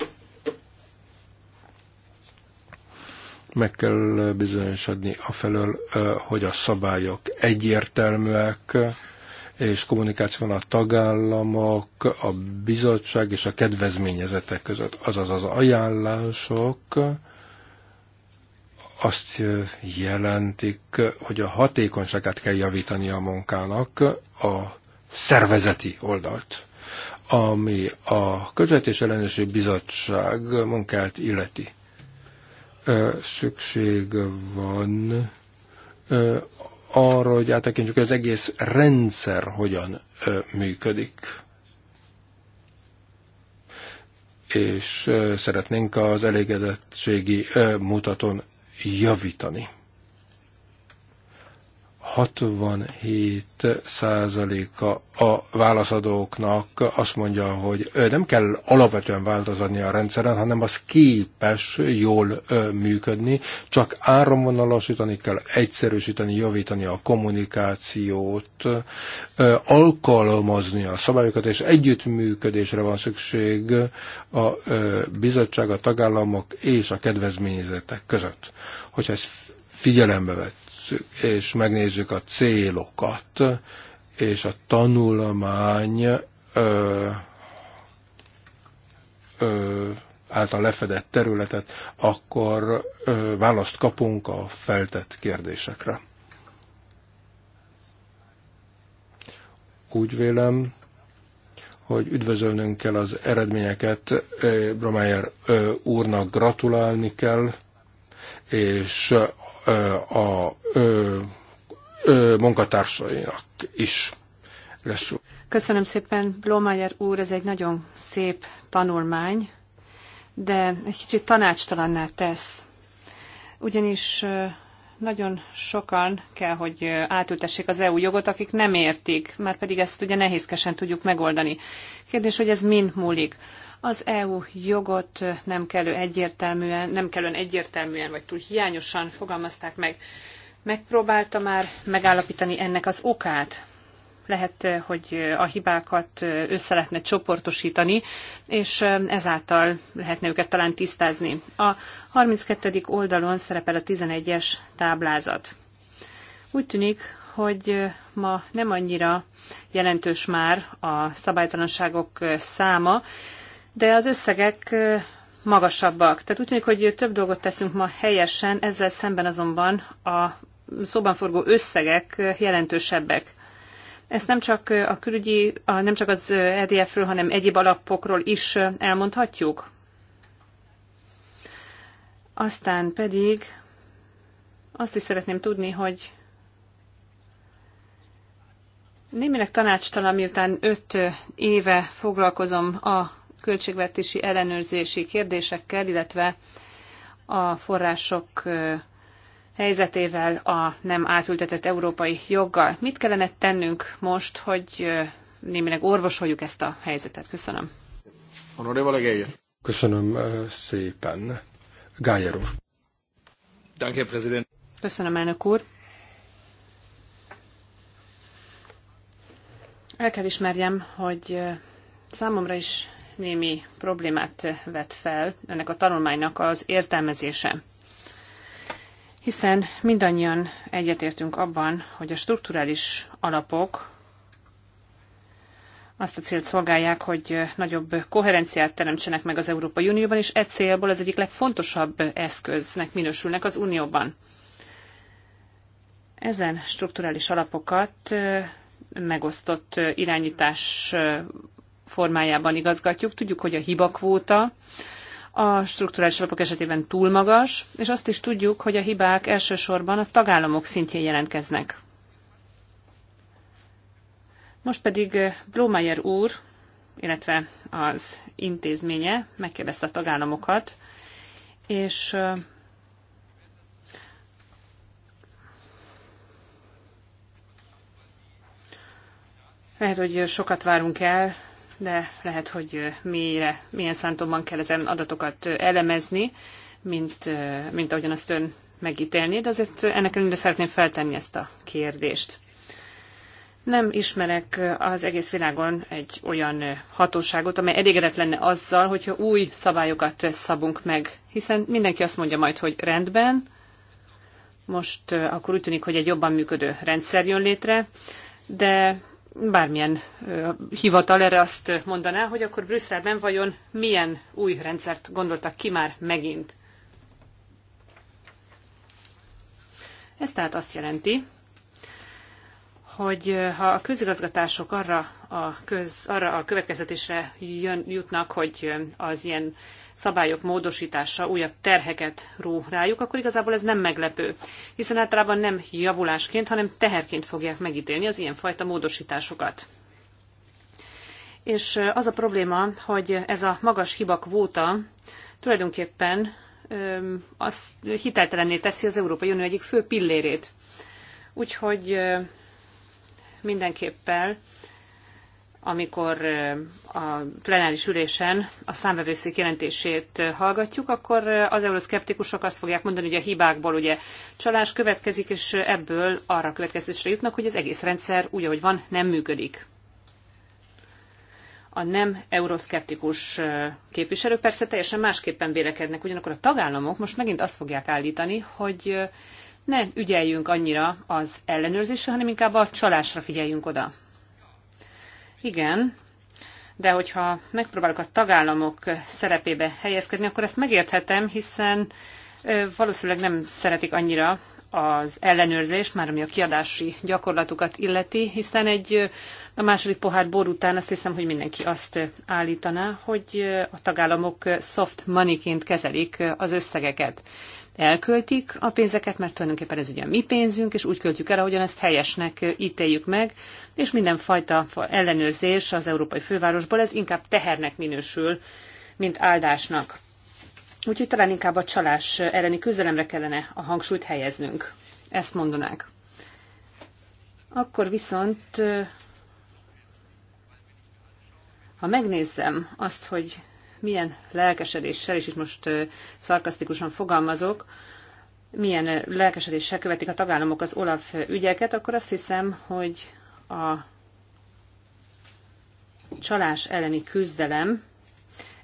Meg kell bizonyosodni afelől, hogy a szabályok egyértelműek, és kommunikáció van a tagállamok, a bizottság és a kedvezményezetek között, azaz az ajánlások, azt jelentik, hogy a hatékonyságát kell javítani a munkának, a szervezeti oldalt, ami a Közvetés Ellenőrző Bizottság munkát illeti. Szükség van arra, hogy áttekintsük, hogy az egész rendszer hogyan működik. És szeretnénk az elégedettségi mutatón javítani. 67 százaléka a válaszadóknak azt mondja, hogy nem kell alapvetően változni a rendszeren, hanem az képes jól működni, csak áramvonalasítani kell, egyszerűsíteni, javítani a kommunikációt, alkalmazni a szabályokat, és együttműködésre van szükség a bizottság, a tagállamok és a kedvezményezettek között. Hogyha ezt figyelembe vett megnézzük, és megnézzük a célokat, és a tanulmány ö, ö, által lefedett területet, akkor ö, választ kapunk a feltett kérdésekre. Úgy vélem, hogy üdvözölnünk kell az eredményeket, Bromeyer úrnak gratulálni kell, és a munkatársainak is lesz. Köszönöm szépen, Blomayer úr, ez egy nagyon szép tanulmány, de egy kicsit tanácstalanná tesz. Ugyanis nagyon sokan kell, hogy átültessék az EU jogot, akik nem értik, mert pedig ezt ugye nehézkesen tudjuk megoldani. Kérdés, hogy ez mind múlik. Az EU jogot nem kellő egyértelműen, nem kellően egyértelműen, vagy túl hiányosan fogalmazták meg. Megpróbálta már megállapítani ennek az okát, lehet, eh, hogy eh, a hibákat eh, össze lehetne csoportosítani, és ezáltal lehetne őket talán tisztázni. A 32. oldalon szerepel a 11-es táblázat. Úgy tűnik, hogy ma nem annyira jelentős már a szabálytalanságok száma, de az összegek magasabbak. Tehát úgy tűnik, hogy több dolgot teszünk ma helyesen, ezzel szemben azonban a szóban forgó összegek jelentősebbek. Ezt nem csak a külügyi, nem csak az EDF-ről, hanem egyéb alapokról is elmondhatjuk. Aztán pedig azt is szeretném tudni, hogy némileg tanácstalan, miután öt éve foglalkozom a költségvetési ellenőrzési kérdésekkel, illetve a források helyzetével, a nem átültetett európai joggal. Mit kellene tennünk most, hogy némileg orvosoljuk ezt a helyzetet? Köszönöm. Köszönöm szépen. Gájer úr. Köszönöm, elnök úr. El kell ismerjem, hogy számomra is némi problémát vet fel ennek a tanulmánynak az értelmezése. Hiszen mindannyian egyetértünk abban, hogy a strukturális alapok azt a célt szolgálják, hogy nagyobb koherenciát teremtsenek meg az Európai Unióban, és e célból az egyik legfontosabb eszköznek minősülnek az Unióban. Ezen strukturális alapokat megosztott irányítás formájában igazgatjuk. Tudjuk, hogy a hibakvóta a strukturális alapok esetében túl magas, és azt is tudjuk, hogy a hibák elsősorban a tagállamok szintjén jelentkeznek. Most pedig eh, Blomeyer úr, illetve az intézménye megkérdezte a tagállamokat, és eh, lehet, hogy sokat várunk el de lehet, hogy mélyre, milyen szántóban kell ezen adatokat elemezni, mint, mint ahogyan azt ön megítélni, de azért ennek ellenére szeretném feltenni ezt a kérdést. Nem ismerek az egész világon egy olyan hatóságot, amely elégedett lenne azzal, hogyha új szabályokat szabunk meg, hiszen mindenki azt mondja majd, hogy rendben, most akkor úgy tűnik, hogy egy jobban működő rendszer jön létre, de bármilyen hivatal erre azt mondaná, hogy akkor Brüsszelben vajon milyen új rendszert gondoltak ki már megint. Ez tehát azt jelenti, hogy ha a közigazgatások arra a köz, arra a következtetésre jön, jutnak, hogy az ilyen szabályok módosítása újabb terheket ró rájuk, akkor igazából ez nem meglepő, hiszen általában nem javulásként, hanem teherként fogják megítélni az ilyenfajta módosításokat. És az a probléma, hogy ez a magas hibakvóta tulajdonképpen azt hiteltelenné teszi az Európai Unió egyik fő pillérét. Úgyhogy mindenképpen amikor a plenáris ülésen a számvevőszék jelentését hallgatjuk, akkor az euroszkeptikusok azt fogják mondani, hogy a hibákból ugye csalás következik, és ebből arra következtésre jutnak, hogy az egész rendszer úgy, ahogy van, nem működik. A nem euroszkeptikus képviselők persze teljesen másképpen vélekednek, ugyanakkor a tagállamok most megint azt fogják állítani, hogy ne ügyeljünk annyira az ellenőrzésre, hanem inkább a csalásra figyeljünk oda. Igen, de hogyha megpróbálok a tagállamok szerepébe helyezkedni, akkor ezt megérthetem, hiszen valószínűleg nem szeretik annyira az ellenőrzést, már ami a kiadási gyakorlatukat illeti, hiszen egy a második pohár bor után azt hiszem, hogy mindenki azt állítaná, hogy a tagállamok soft moneyként kezelik az összegeket. Elköltik a pénzeket, mert tulajdonképpen ez ugye a mi pénzünk, és úgy költjük el, ahogyan ezt helyesnek ítéljük meg, és mindenfajta ellenőrzés az európai fővárosból, ez inkább tehernek minősül, mint áldásnak. Úgyhogy talán inkább a csalás elleni küzdelemre kellene a hangsúlyt helyeznünk. Ezt mondanák. Akkor viszont, ha megnézzem azt, hogy milyen lelkesedéssel, és itt most szarkasztikusan fogalmazok, milyen lelkesedéssel követik a tagállamok az Olaf ügyeket, akkor azt hiszem, hogy a csalás elleni küzdelem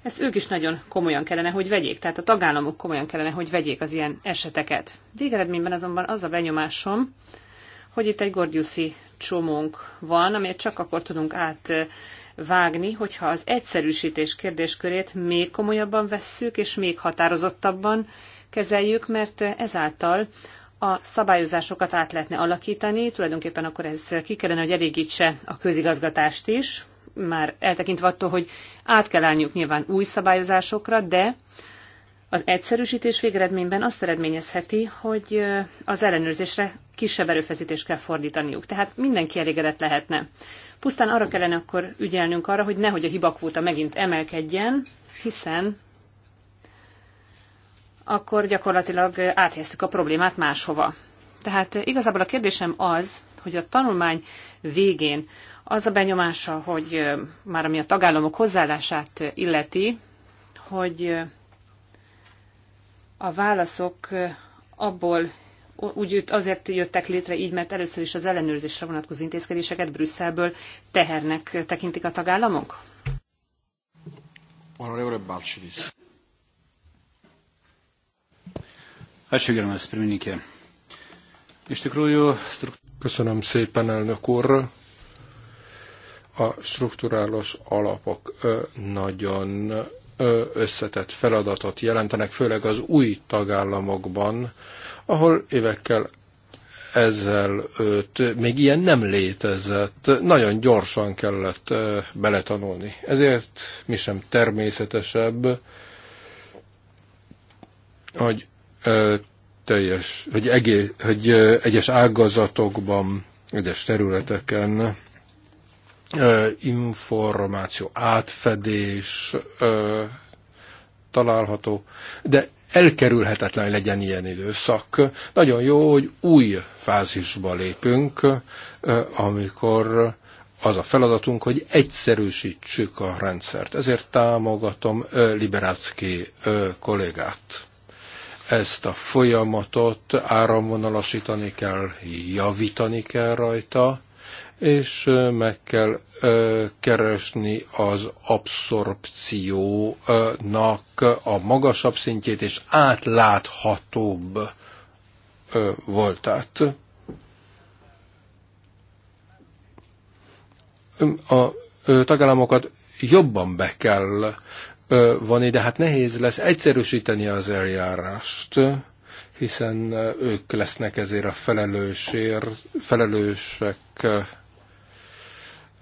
ezt ők is nagyon komolyan kellene, hogy vegyék, tehát a tagállamok komolyan kellene, hogy vegyék az ilyen eseteket. Végeredményben azonban az a benyomásom, hogy itt egy gordiuszi csomónk van, amelyet csak akkor tudunk átvágni, hogyha az egyszerűsítés kérdéskörét még komolyabban vesszük, és még határozottabban kezeljük, mert ezáltal a szabályozásokat át lehetne alakítani, tulajdonképpen akkor ez ki kellene, hogy elégítse a közigazgatást is, már eltekintve attól, hogy át kell állniuk nyilván új szabályozásokra, de az egyszerűsítés végeredményben azt eredményezheti, hogy az ellenőrzésre kisebb erőfeszítést kell fordítaniuk. Tehát mindenki elégedett lehetne. Pusztán arra kellene akkor ügyelnünk arra, hogy nehogy a hibakvóta megint emelkedjen, hiszen akkor gyakorlatilag áthelyeztük a problémát máshova. Tehát igazából a kérdésem az, hogy a tanulmány végén az a benyomása, hogy már ami a tagállamok hozzáállását illeti, hogy a válaszok abból úgy azért jöttek létre így, mert először is az ellenőrzésre vonatkozó intézkedéseket Brüsszelből tehernek tekintik a tagállamok? Honorable Balcsidis. Ačiū gerbiamas Köszönöm szépen, elnök úr. A strukturálos alapok nagyon összetett feladatot jelentenek, főleg az új tagállamokban, ahol évekkel ezelőtt még ilyen nem létezett, nagyon gyorsan kellett beletanulni. Ezért mi sem természetesebb, hogy teljes, hogy, egész, hogy egyes ágazatokban, egyes területeken információ átfedés található, de elkerülhetetlen legyen ilyen időszak. Nagyon jó, hogy új fázisba lépünk, amikor az a feladatunk, hogy egyszerűsítsük a rendszert. Ezért támogatom Liberácki kollégát. Ezt a folyamatot áramvonalasítani kell, javítani kell rajta, és meg kell ö, keresni az abszorpciónak a magasabb szintjét és átláthatóbb ö, voltát. A ö, tagállamokat jobban be kell van ide, hát nehéz lesz egyszerűsíteni az eljárást, hiszen ők lesznek ezért a felelősér, felelősek.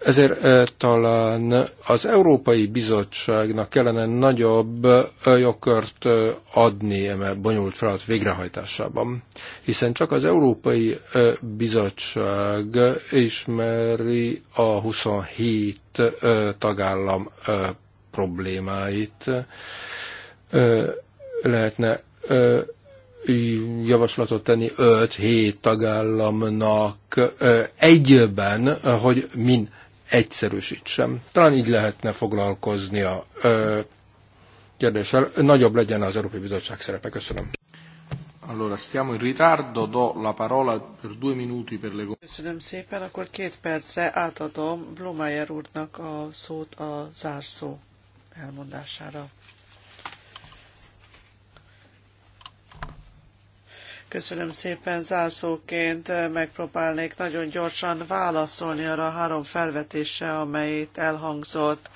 Ezért talán az Európai Bizottságnak kellene nagyobb jogkört adni eme bonyolult feladat végrehajtásában, hiszen csak az Európai Bizottság ismeri a 27 tagállam problémáit. Lehetne javaslatot tenni 5-7 tagállamnak egyben, hogy min egyszerűsítsem. Talán így lehetne foglalkozni a kérdéssel. Nagyobb legyen az Európai Bizottság szerepe. Köszönöm. Allora, stiamo in ritardo, do la parola per due minuti per le... Köszönöm szépen, akkor két percre átadom Blumeyer úrnak a szót a zárszó elmondására. Köszönöm szépen. Zászóként megpróbálnék nagyon gyorsan válaszolni arra a három felvetésre, amelyet elhangzott.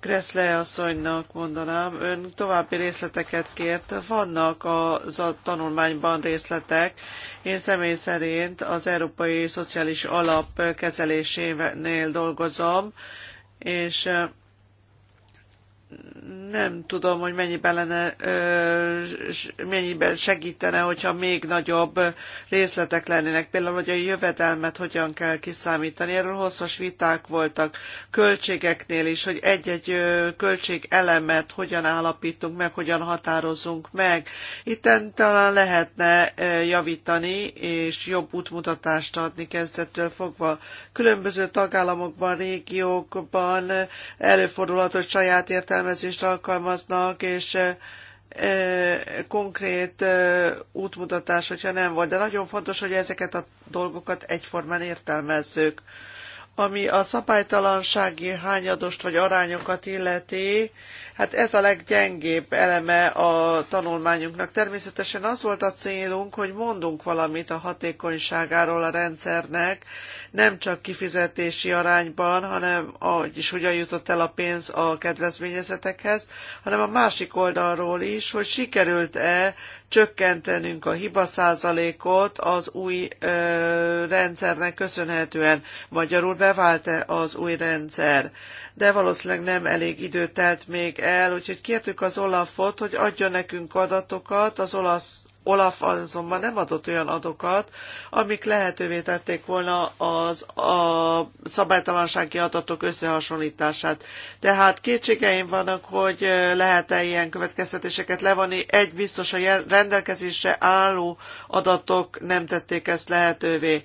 Kreszle asszonynak mondanám, ön további részleteket kért. Vannak a, a tanulmányban részletek. Én személy szerint az Európai Szociális Alap kezelésénél dolgozom, és nem tudom, hogy mennyiben, lenne, mennyiben segítene, hogyha még nagyobb részletek lennének. Például, hogy a jövedelmet hogyan kell kiszámítani. Erről hosszas viták voltak költségeknél is, hogy egy-egy költségelemet hogyan állapítunk meg, hogyan határozunk meg. Itten talán lehetne javítani és jobb útmutatást adni kezdettől fogva. Különböző tagállamokban, régiókban előfordulhat, hogy saját értelme értelmezést alkalmaznak, és konkrét útmutatás, hogyha nem volt, de nagyon fontos, hogy ezeket a dolgokat egyformán értelmezzük. Ami a szabálytalansági hányadost vagy arányokat illeti, Hát ez a leggyengébb eleme a tanulmányunknak. Természetesen az volt a célunk, hogy mondunk valamit a hatékonyságáról a rendszernek, nem csak kifizetési arányban, hanem ahogy is hogyan jutott el a pénz a kedvezményezetekhez, hanem a másik oldalról is, hogy sikerült-e csökkentenünk a hiba százalékot az új ö, rendszernek köszönhetően. Magyarul bevált-e az új rendszer? de valószínűleg nem elég idő telt még el, úgyhogy kértük az Olafot, hogy adja nekünk adatokat, az olasz Olaf azonban nem adott olyan adokat, amik lehetővé tették volna az, a szabálytalansági adatok összehasonlítását. Tehát kétségeim vannak, hogy lehet-e ilyen következtetéseket levonni. Egy biztos a rendelkezésre álló adatok nem tették ezt lehetővé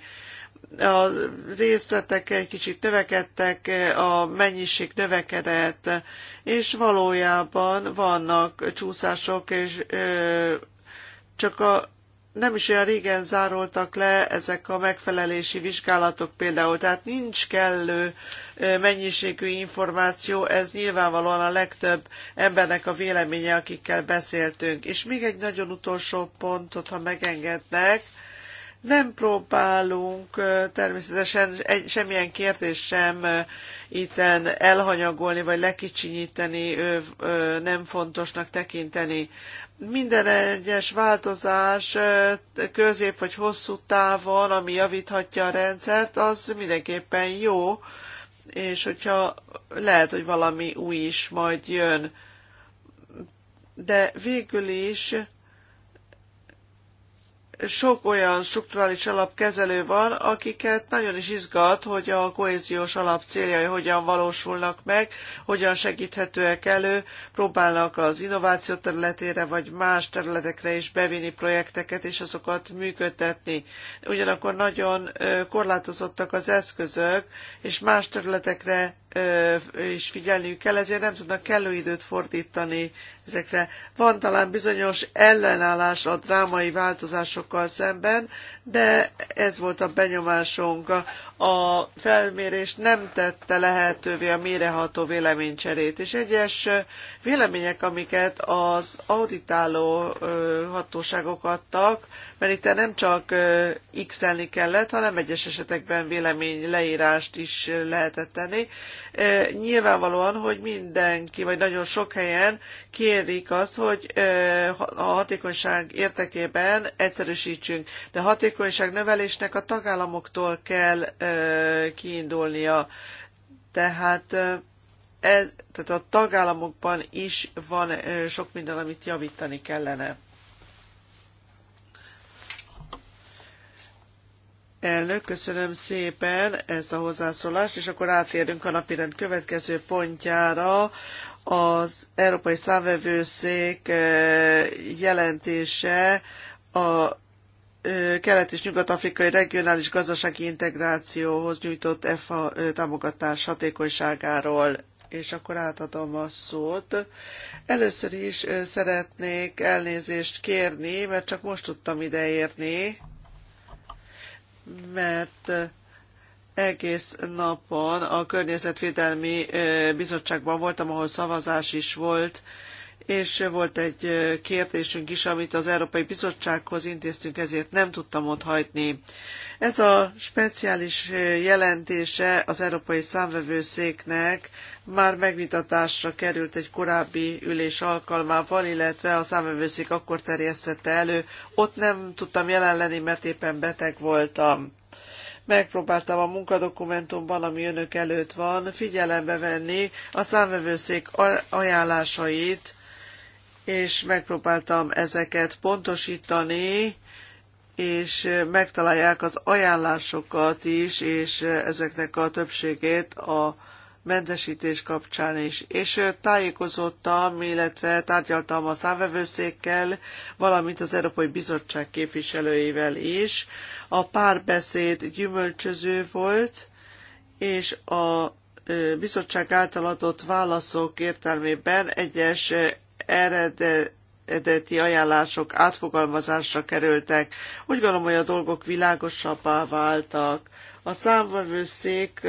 a részletek egy kicsit növekedtek, a mennyiség növekedett, és valójában vannak csúszások, és csak a nem is olyan régen zároltak le ezek a megfelelési vizsgálatok például, tehát nincs kellő mennyiségű információ, ez nyilvánvalóan a legtöbb embernek a véleménye, akikkel beszéltünk. És még egy nagyon utolsó pontot, ha megengednek, nem próbálunk természetesen semmilyen kérdést sem itten elhanyagolni, vagy lekicsinyíteni, nem fontosnak tekinteni. Minden egyes változás közép vagy hosszú távon, ami javíthatja a rendszert, az mindenképpen jó, és hogyha lehet, hogy valami új is majd jön. De végül is sok olyan strukturális alapkezelő van, akiket nagyon is izgat, hogy a kohéziós alap céljai hogyan valósulnak meg, hogyan segíthetőek elő, próbálnak az innováció területére vagy más területekre is bevinni projekteket és azokat működtetni. Ugyanakkor nagyon korlátozottak az eszközök, és más területekre is figyelniük kell, ezért nem tudnak kellő időt fordítani ezekre. Van talán bizonyos ellenállás a drámai változásokkal szemben, de ez volt a benyomásunk. A felmérés nem tette lehetővé a méreható véleménycserét, és egyes vélemények, amiket az auditáló hatóságok adtak, mert itt nem csak x-elni kellett, hanem egyes esetekben vélemény leírást is lehetett tenni. Nyilvánvalóan, hogy mindenki, vagy nagyon sok helyen kér engedik azt, hogy a hatékonyság érdekében egyszerűsítsünk, de hatékonyság növelésnek a tagállamoktól kell kiindulnia. Tehát ez, tehát a tagállamokban is van sok minden, amit javítani kellene. Elnök, köszönöm szépen ezt a hozzászólást, és akkor átérünk a napirend következő pontjára, az Európai Számvevőszék jelentése a kelet- és nyugat-afrikai regionális gazdasági integrációhoz nyújtott EFA támogatás hatékonyságáról és akkor átadom a szót. Először is szeretnék elnézést kérni, mert csak most tudtam ideérni, mert egész napon a Környezetvédelmi Bizottságban voltam, ahol szavazás is volt, és volt egy kérdésünk is, amit az Európai Bizottsághoz intéztünk, ezért nem tudtam ott hagyni. Ez a speciális jelentése az Európai Számvevőszéknek már megvitatásra került egy korábbi ülés alkalmával, illetve a számvevőszék akkor terjesztette elő. Ott nem tudtam jelen lenni, mert éppen beteg voltam megpróbáltam a munkadokumentumban, ami önök előtt van, figyelembe venni a számvevőszék ajánlásait, és megpróbáltam ezeket pontosítani, és megtalálják az ajánlásokat is, és ezeknek a többségét a mentesítés kapcsán is. És tájékozottam, illetve tárgyaltam a számvevőszékkel, valamint az Európai Bizottság képviselőivel is. A párbeszéd gyümölcsöző volt, és a bizottság által adott válaszok értelmében egyes eredet eredeti ajánlások átfogalmazásra kerültek. Úgy gondolom, hogy a dolgok világosabbá váltak. A számvevőszék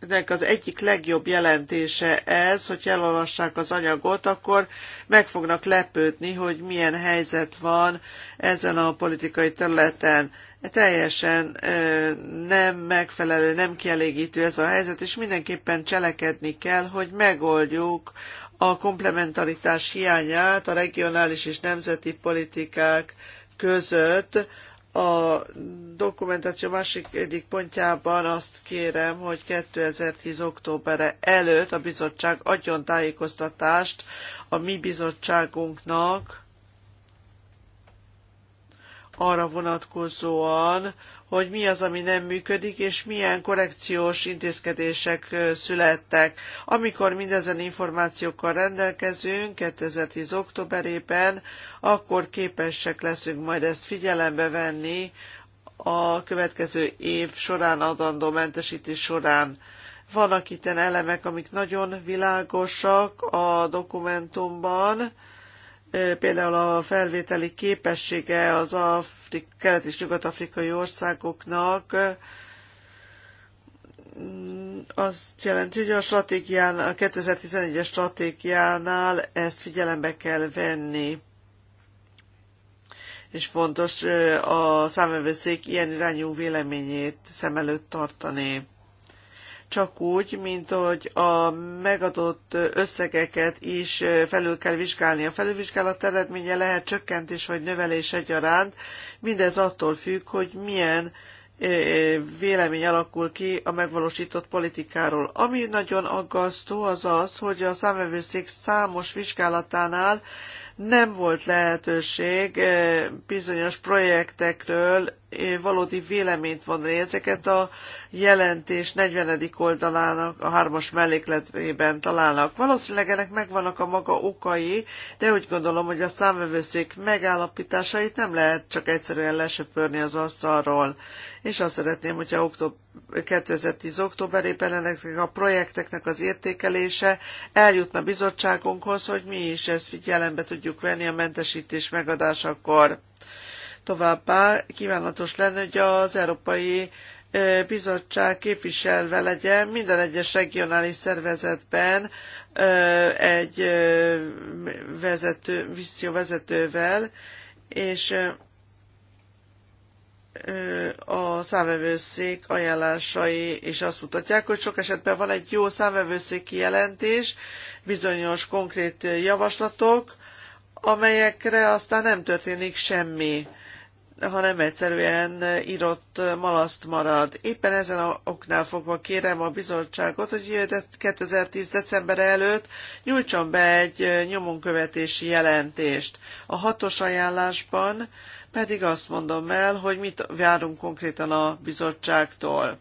ennek az egyik legjobb jelentése ez, hogy elolvassák az anyagot, akkor meg fognak lepődni, hogy milyen helyzet van ezen a politikai területen. Teljesen nem megfelelő, nem kielégítő ez a helyzet, és mindenképpen cselekedni kell, hogy megoldjuk a komplementaritás hiányát a regionális és nemzeti politikák között, a dokumentáció másik egyik pontjában azt kérem, hogy 2010. októberre előtt a bizottság adjon tájékoztatást a mi bizottságunknak, arra vonatkozóan, hogy mi az, ami nem működik, és milyen korrekciós intézkedések születtek. Amikor mindezen információkkal rendelkezünk, 2010. októberében, akkor képesek leszünk majd ezt figyelembe venni a következő év során adandó mentesítés során. Vannak itt elemek, amik nagyon világosak a dokumentumban, például a felvételi képessége az Afrik, kelet- és nyugat-afrikai országoknak mm, azt jelenti, hogy a stratégián, a 2011-es stratégiánál ezt figyelembe kell venni. És fontos a számvevőszék ilyen irányú véleményét szem előtt tartani csak úgy, mint hogy a megadott összegeket is felül kell vizsgálni. A felülvizsgálat eredménye lehet csökkentés vagy növelés egyaránt, mindez attól függ, hogy milyen eh, vélemény alakul ki a megvalósított politikáról. Ami nagyon aggasztó az az, hogy a számvevőszék számos vizsgálatánál nem volt lehetőség eh, bizonyos projektekről valódi véleményt mondani. Ezeket a jelentés 40. oldalának a hármas mellékletében találnak. Valószínűleg ennek megvannak a maga okai, de úgy gondolom, hogy a számvevőszék megállapításait nem lehet csak egyszerűen lesöpörni az asztalról. És azt szeretném, hogyha október 2010. októberében ennek a projekteknek az értékelése eljutna bizottságunkhoz, hogy mi is ezt figyelembe tudjuk venni a mentesítés megadásakor Továbbá kívánatos lenne, hogy az Európai Bizottság képviselve legyen minden egyes regionális szervezetben egy vezető, vezetővel, és a számvevőszék ajánlásai is azt mutatják, hogy sok esetben van egy jó számvevőszéki jelentés, bizonyos konkrét javaslatok, amelyekre aztán nem történik semmi hanem egyszerűen írott malaszt marad. Éppen ezen a oknál fogva kérem a bizottságot, hogy 2010. december előtt nyújtson be egy nyomonkövetési jelentést. A hatos ajánlásban pedig azt mondom el, hogy mit várunk konkrétan a bizottságtól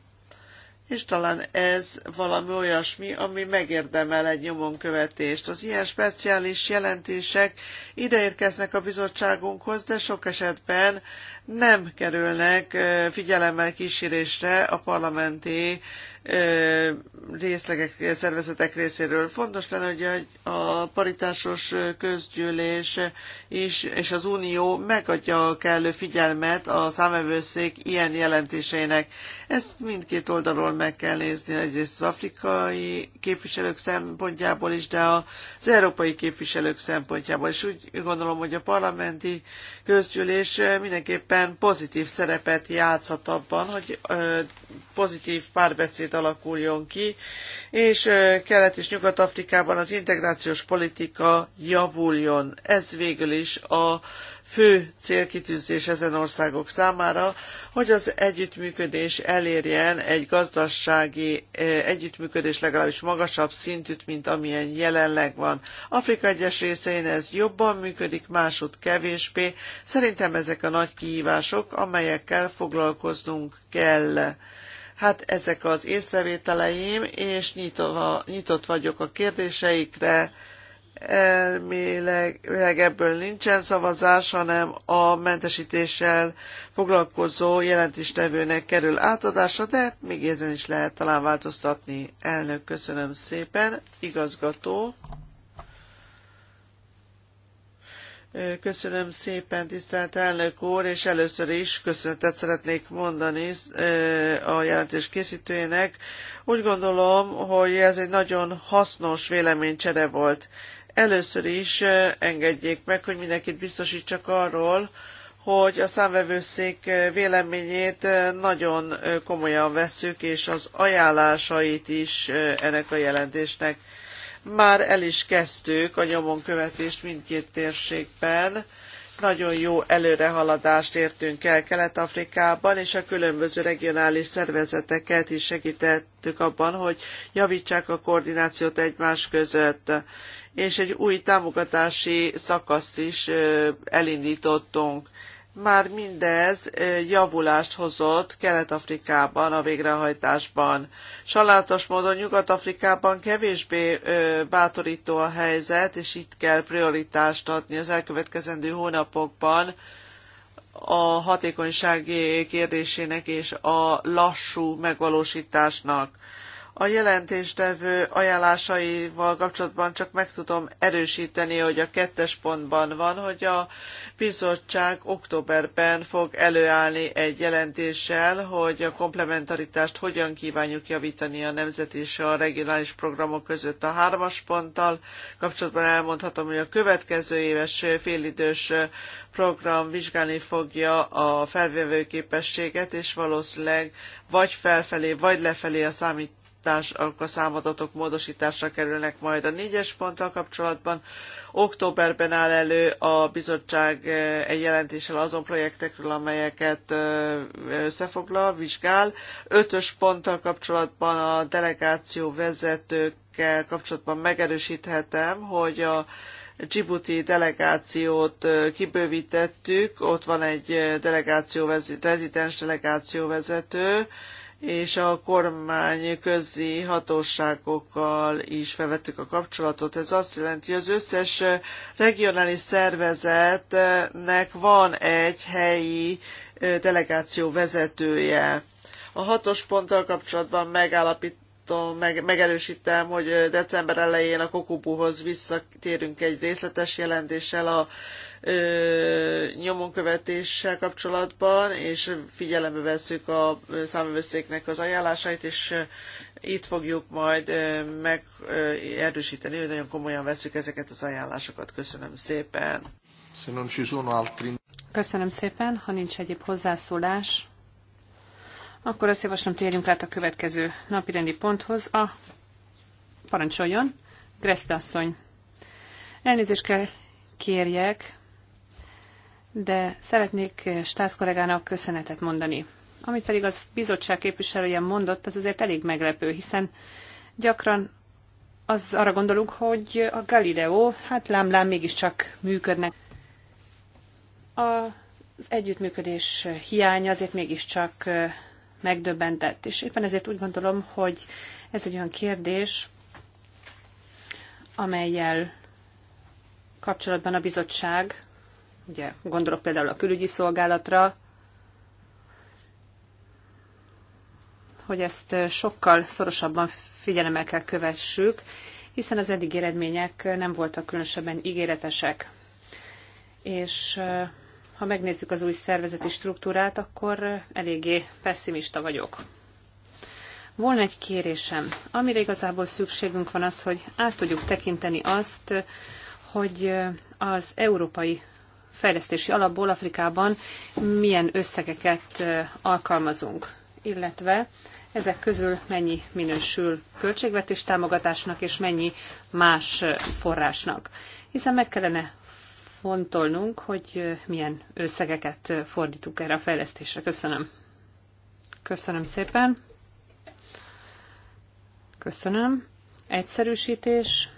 és talán ez valami olyasmi, ami megérdemel egy nyomonkövetést. Az ilyen speciális jelentések ideérkeznek a bizottságunkhoz, de sok esetben nem kerülnek figyelemmel kísérésre a parlamenti részlegek, szervezetek részéről. Fontos lenne, hogy a paritásos közgyűlés is, és az Unió megadja a kellő figyelmet a számevőszék ilyen jelentésének. Ezt mindkét oldalról meg kell nézni, egyrészt az afrikai képviselők szempontjából is, de az európai képviselők szempontjából is. Úgy gondolom, hogy a parlamenti közgyűlés mindenképpen mindenképpen pozitív szerepet játszhat abban, hogy pozitív párbeszéd alakuljon ki, és Kelet- és Nyugat-Afrikában az integrációs politika javuljon. Ez végül is a fő célkitűzés ezen országok számára, hogy az együttműködés elérjen egy gazdasági eh, együttműködés legalábbis magasabb szintűt, mint amilyen jelenleg van. Afrika egyes részein ez jobban működik, másod kevésbé. Szerintem ezek a nagy kihívások, amelyekkel foglalkoznunk kell. Hát ezek az észrevételeim, és nyitott vagyok a kérdéseikre elméleg ebből nincsen szavazás, hanem a mentesítéssel foglalkozó jelentéstevőnek kerül átadásra, de még ezen is lehet talán változtatni. Elnök, köszönöm szépen. Igazgató. Köszönöm szépen, tisztelt elnök úr, és először is köszönetet szeretnék mondani a jelentés készítőjének. Úgy gondolom, hogy ez egy nagyon hasznos véleménycsere volt. Először is engedjék meg, hogy mindenkit biztosítsak arról, hogy a számvevőszék véleményét nagyon komolyan vesszük, és az ajánlásait is ennek a jelentésnek. Már el is kezdtük a nyomon követést mindkét térségben. Nagyon jó előrehaladást értünk el Kelet-Afrikában, és a különböző regionális szervezeteket is segítettük abban, hogy javítsák a koordinációt egymás között és egy új támogatási szakaszt is elindítottunk. Már mindez javulást hozott Kelet-Afrikában a végrehajtásban. Salátos módon Nyugat-Afrikában kevésbé bátorító a helyzet, és itt kell prioritást adni az elkövetkezendő hónapokban a hatékonysági kérdésének és a lassú megvalósításnak. A jelentéstevő ajánlásaival kapcsolatban csak meg tudom erősíteni, hogy a kettes pontban van, hogy a bizottság októberben fog előállni egy jelentéssel, hogy a komplementaritást hogyan kívánjuk javítani a nemzeti és a regionális programok között a hármas ponttal. Kapcsolatban elmondhatom, hogy a következő éves félidős program vizsgálni fogja a felvevőképességet, és valószínűleg vagy felfelé, vagy lefelé a számít akkor a számadatok módosításra kerülnek majd a négyes ponttal kapcsolatban. Októberben áll elő a bizottság eh, egy jelentéssel azon projektekről, amelyeket eh, összefoglal, vizsgál. Ötös ponttal kapcsolatban a delegáció vezetőkkel kapcsolatban megerősíthetem, hogy a Djibouti delegációt eh, kibővítettük, ott van egy delegáció, rezidens delegációvezető, és a kormány közi hatóságokkal is felvettük a kapcsolatot. Ez azt jelenti, hogy az összes regionális szervezetnek van egy helyi delegáció vezetője. A hatos ponttal kapcsolatban megállapít, tudom, meg, megerősítem, hogy december elején a Kokubuhoz visszatérünk egy részletes jelentéssel a ö, nyomonkövetéssel kapcsolatban, és figyelembe veszük a számövőszéknek az ajánlásait, és itt fogjuk majd megerősíteni, hogy nagyon komolyan veszük ezeket az ajánlásokat. Köszönöm szépen! Köszönöm szépen, ha nincs egyéb hozzászólás, akkor azt javaslom, térjünk át a következő napirendi ponthoz. A parancsoljon, Greszte asszony. Elnézést kell kérjek, de szeretnék Stász kollégának köszönetet mondani. Amit pedig az bizottság képviselője mondott, az azért elég meglepő, hiszen gyakran az arra gondolunk, hogy a Galileo, hát lámlám mégiscsak működnek. Az együttműködés hiánya azért mégiscsak megdöbbentett. És éppen ezért úgy gondolom, hogy ez egy olyan kérdés, amelyel kapcsolatban a bizottság, ugye gondolok például a külügyi szolgálatra, hogy ezt sokkal szorosabban figyelemmel kell kövessük, hiszen az eddig eredmények nem voltak különösebben ígéretesek. És ha megnézzük az új szervezeti struktúrát, akkor eléggé pessimista vagyok. Volna egy kérésem, amire igazából szükségünk van az, hogy át tudjuk tekinteni azt, hogy az európai fejlesztési alapból Afrikában milyen összegeket alkalmazunk, illetve ezek közül mennyi minősül költségvetés támogatásnak és mennyi más forrásnak. Hiszen meg kellene fontolnunk, hogy milyen összegeket fordítunk erre a fejlesztésre. Köszönöm. Köszönöm szépen. Köszönöm. Egyszerűsítés.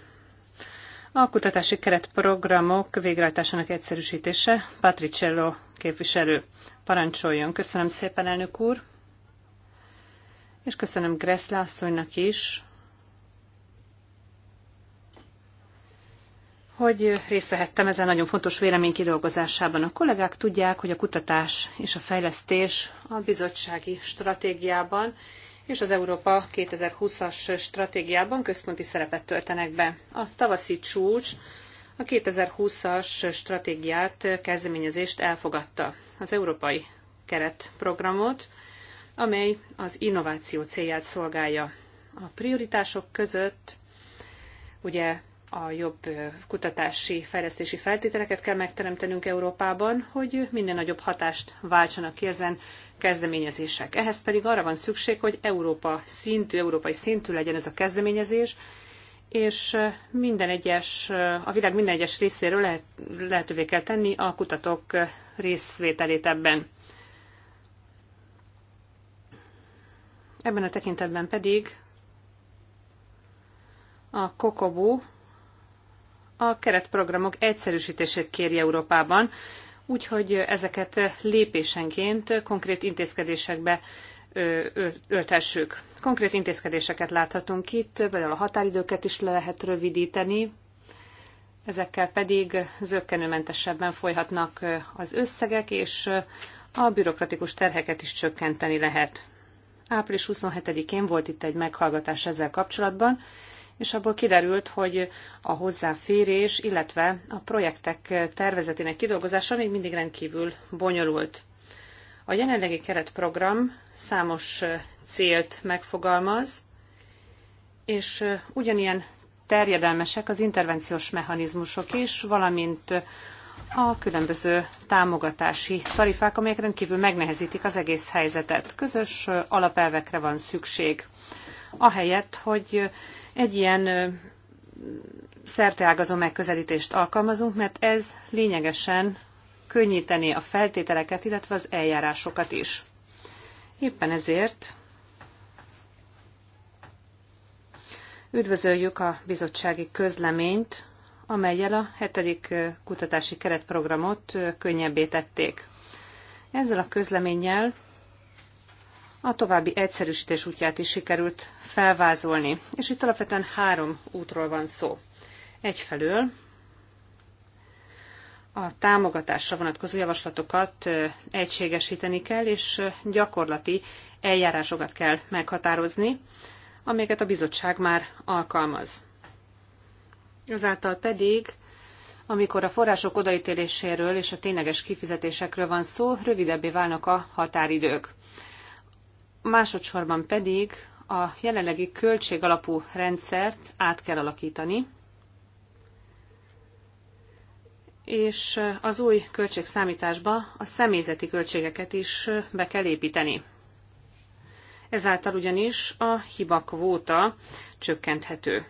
A kutatási keretprogramok végrehajtásának egyszerűsítése. Patricello képviselő, parancsoljon. Köszönöm szépen, elnök úr. És köszönöm Greszle asszonynak is hogy részt vehettem ezen nagyon fontos vélemény kidolgozásában. A kollégák tudják, hogy a kutatás és a fejlesztés a bizottsági stratégiában és az Európa 2020-as stratégiában központi szerepet töltenek be. A tavaszi csúcs a 2020-as stratégiát, kezdeményezést elfogadta. Az Európai Keretprogramot, amely az innováció célját szolgálja. A prioritások között ugye a jobb kutatási, fejlesztési feltételeket kell megteremtenünk Európában, hogy minden nagyobb hatást váltsanak ki ezen kezdeményezések. Ehhez pedig arra van szükség, hogy Európa szintű, európai szintű legyen ez a kezdeményezés, és minden egyes, a világ minden egyes részéről lehet, lehetővé kell tenni a kutatók részvételét ebben. Ebben a tekintetben pedig a Kokobu a keretprogramok egyszerűsítését kéri Európában, úgyhogy ezeket lépésenként konkrét intézkedésekbe öltessük. Konkrét intézkedéseket láthatunk itt, például a határidőket is le lehet rövidíteni, ezekkel pedig zöggenőmentesebben folyhatnak az összegek, és a bürokratikus terheket is csökkenteni lehet. Április 27-én volt itt egy meghallgatás ezzel kapcsolatban, és abból kiderült, hogy a hozzáférés, illetve a projektek tervezetének kidolgozása még mindig rendkívül bonyolult. A jelenlegi keretprogram számos célt megfogalmaz, és ugyanilyen terjedelmesek az intervenciós mechanizmusok is, valamint a különböző támogatási tarifák, amelyek rendkívül megnehezítik az egész helyzetet. Közös alapelvekre van szükség ahelyett, hogy egy ilyen szerteágazó megközelítést alkalmazunk, mert ez lényegesen könnyíteni a feltételeket, illetve az eljárásokat is. Éppen ezért üdvözöljük a bizottsági közleményt, amelyel a hetedik kutatási keretprogramot könnyebbé tették. Ezzel a közleménnyel a további egyszerűsítés útját is sikerült felvázolni. És itt alapvetően három útról van szó. Egyfelől a támogatásra vonatkozó javaslatokat egységesíteni kell, és gyakorlati eljárásokat kell meghatározni, amelyeket a bizottság már alkalmaz. Ezáltal pedig, amikor a források odaítéléséről és a tényleges kifizetésekről van szó, rövidebbé válnak a határidők másodszorban pedig a jelenlegi költségalapú rendszert át kell alakítani, és az új költségszámításba a személyzeti költségeket is be kell építeni. Ezáltal ugyanis a hibakvóta csökkenthető.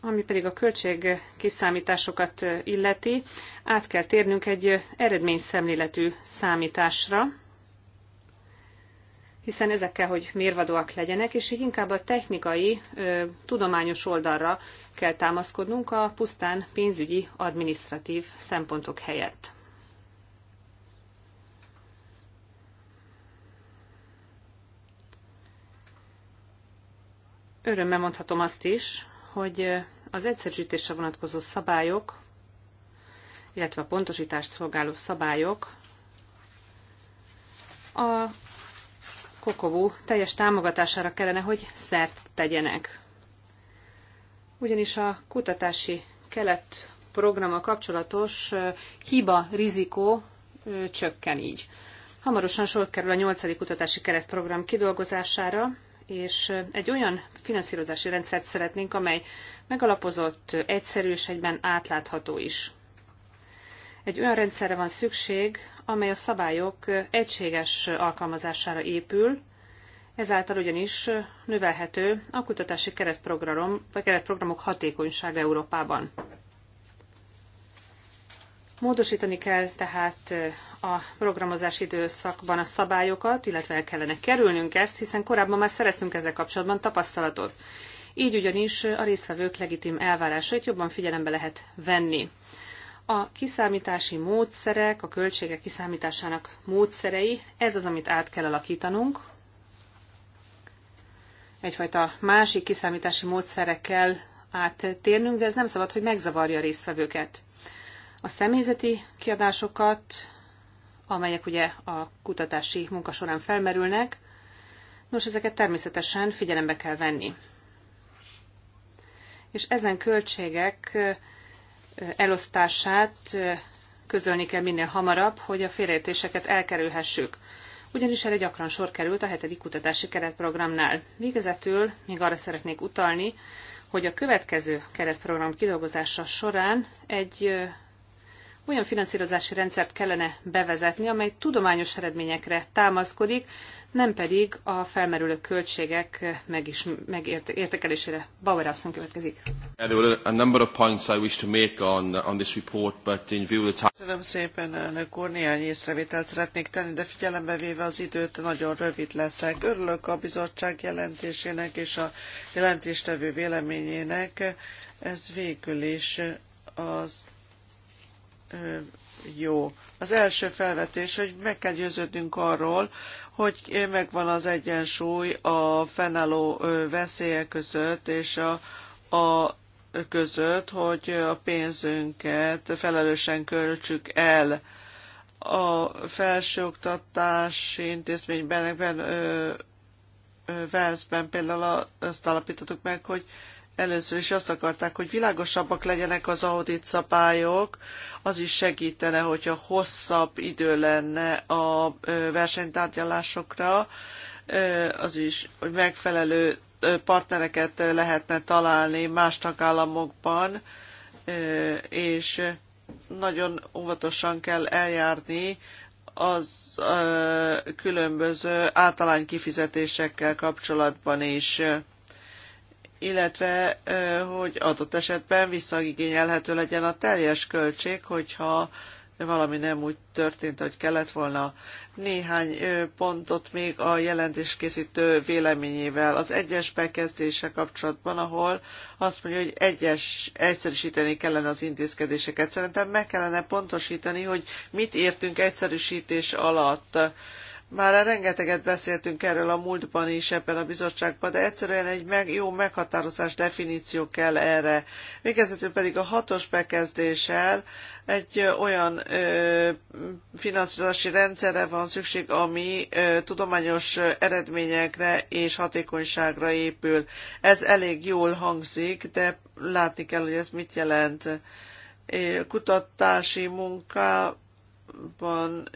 ami pedig a költség kiszámításokat illeti, át kell térnünk egy eredményszemléletű számításra, hiszen ezek kell, hogy mérvadóak legyenek, és így inkább a technikai, tudományos oldalra kell támaszkodnunk a pusztán pénzügyi, administratív szempontok helyett. Örömmel mondhatom azt is, hogy az egyszerűsítésre vonatkozó szabályok, illetve a pontosítást szolgáló szabályok a Kokovú teljes támogatására kellene, hogy szert tegyenek. Ugyanis a kutatási kelet programa kapcsolatos hiba rizikó csökken így. Hamarosan sor kerül a 8. kutatási keretprogram kidolgozására, és egy olyan finanszírozási rendszert szeretnénk, amely megalapozott, egyszerű és egyben átlátható is. Egy olyan rendszerre van szükség, amely a szabályok egységes alkalmazására épül, ezáltal ugyanis növelhető a kutatási keretprogram, keretprogramok hatékonysága Európában. Módosítani kell tehát a programozási időszakban a szabályokat, illetve el kellene kerülnünk ezt, hiszen korábban már szereztünk ezzel kapcsolatban tapasztalatot. Így ugyanis a résztvevők legitim elvárásait jobban figyelembe lehet venni. A kiszámítási módszerek, a költségek kiszámításának módszerei, ez az, amit át kell alakítanunk. Egyfajta másik kiszámítási módszerekkel áttérnünk, de ez nem szabad, hogy megzavarja a résztvevőket a személyzeti kiadásokat, amelyek ugye a kutatási munka során felmerülnek. Nos, ezeket természetesen figyelembe kell venni. És ezen költségek elosztását közölni kell minél hamarabb, hogy a félreértéseket elkerülhessük. Ugyanis erre gyakran sor került a hetedik kutatási keretprogramnál. Végezetül még arra szeretnék utalni, hogy a következő keretprogram kidolgozása során egy olyan finanszírozási rendszert kellene bevezetni, amely tudományos eredményekre támaszkodik, nem pedig a felmerülő költségek megis, megértékelésére. Bauer asszony következik. Köszönöm szépen, elnök úr, néhány észrevételt szeretnék tenni, de figyelembe véve az időt, nagyon rövid leszek. Örülök a bizottság jelentésének és a jelentéstevő véleményének. Ez végül is az jó. Az első felvetés, hogy meg kell győződnünk arról, hogy megvan az egyensúly a fennálló veszélyek között és a, a között, hogy a pénzünket felelősen költsük el a felsőoktatási intézményben, Velszben például azt állapítottuk meg, hogy először is azt akarták, hogy világosabbak legyenek az audit szabályok, az is segítene, hogyha hosszabb idő lenne a versenytárgyalásokra, az is, hogy megfelelő partnereket lehetne találni más tagállamokban, és nagyon óvatosan kell eljárni az különböző általány kifizetésekkel kapcsolatban is illetve hogy adott esetben visszaigényelhető legyen a teljes költség, hogyha valami nem úgy történt, hogy kellett volna. Néhány pontot még a jelentéskészítő véleményével. Az egyes bekezdése kapcsolatban, ahol azt mondja, hogy egyes, egyszerűsíteni kellene az intézkedéseket. Szerintem meg kellene pontosítani, hogy mit értünk egyszerűsítés alatt már rengeteget beszéltünk erről a múltban is ebben a bizottságban, de egyszerűen egy meg, jó meghatározás definíció kell erre. Végezetül pedig a hatos bekezdéssel egy olyan ö, finanszírozási rendszerre van szükség, ami ö, tudományos eredményekre és hatékonyságra épül. Ez elég jól hangzik, de látni kell, hogy ez mit jelent. Kutatási munkában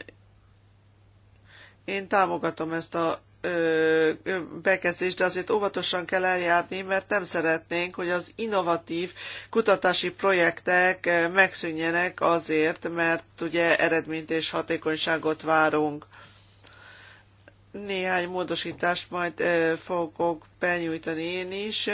én támogatom ezt a bekezdést, de azért óvatosan kell eljárni, mert nem szeretnénk, hogy az innovatív kutatási projektek megszűnjenek azért, mert ugye eredményt és hatékonyságot várunk. Néhány módosítást majd fogok benyújtani én is,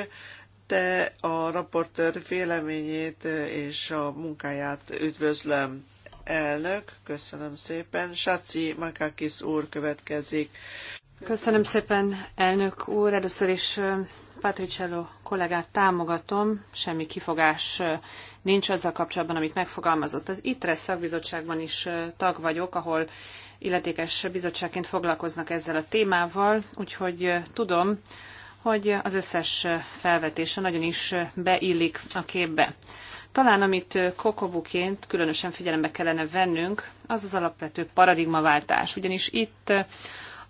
de a raportőr véleményét és a munkáját üdvözlöm elnök, köszönöm szépen. Saci Makakis úr következik. Köszönöm szépen, elnök úr. Először is Patricello kollégát támogatom, semmi kifogás nincs azzal kapcsolatban, amit megfogalmazott. Az ITRE szakbizottságban is tag vagyok, ahol illetékes bizottságként foglalkoznak ezzel a témával, úgyhogy tudom, hogy az összes felvetése nagyon is beillik a képbe. Talán amit kokobuként különösen figyelembe kellene vennünk, az az alapvető paradigmaváltás, ugyanis itt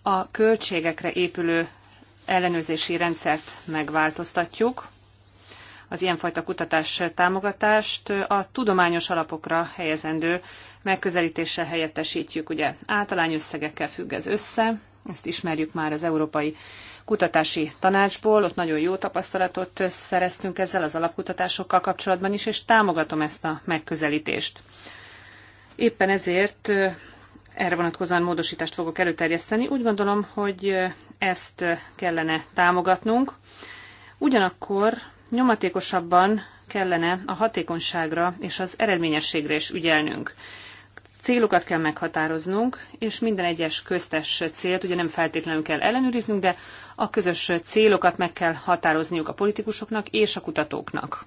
a költségekre épülő ellenőrzési rendszert megváltoztatjuk, az ilyenfajta kutatás támogatást a tudományos alapokra helyezendő megközelítéssel helyettesítjük, ugye általány összegekkel függ ez össze, ezt ismerjük már az Európai Kutatási Tanácsból, ott nagyon jó tapasztalatot szereztünk ezzel az alapkutatásokkal kapcsolatban is, és támogatom ezt a megközelítést. Éppen ezért erre vonatkozóan módosítást fogok előterjeszteni. Úgy gondolom, hogy ezt kellene támogatnunk. Ugyanakkor nyomatékosabban kellene a hatékonyságra és az eredményességre is ügyelnünk célokat kell meghatároznunk, és minden egyes köztes célt ugye nem feltétlenül kell ellenőriznünk, de a közös célokat meg kell határozniuk a politikusoknak és a kutatóknak.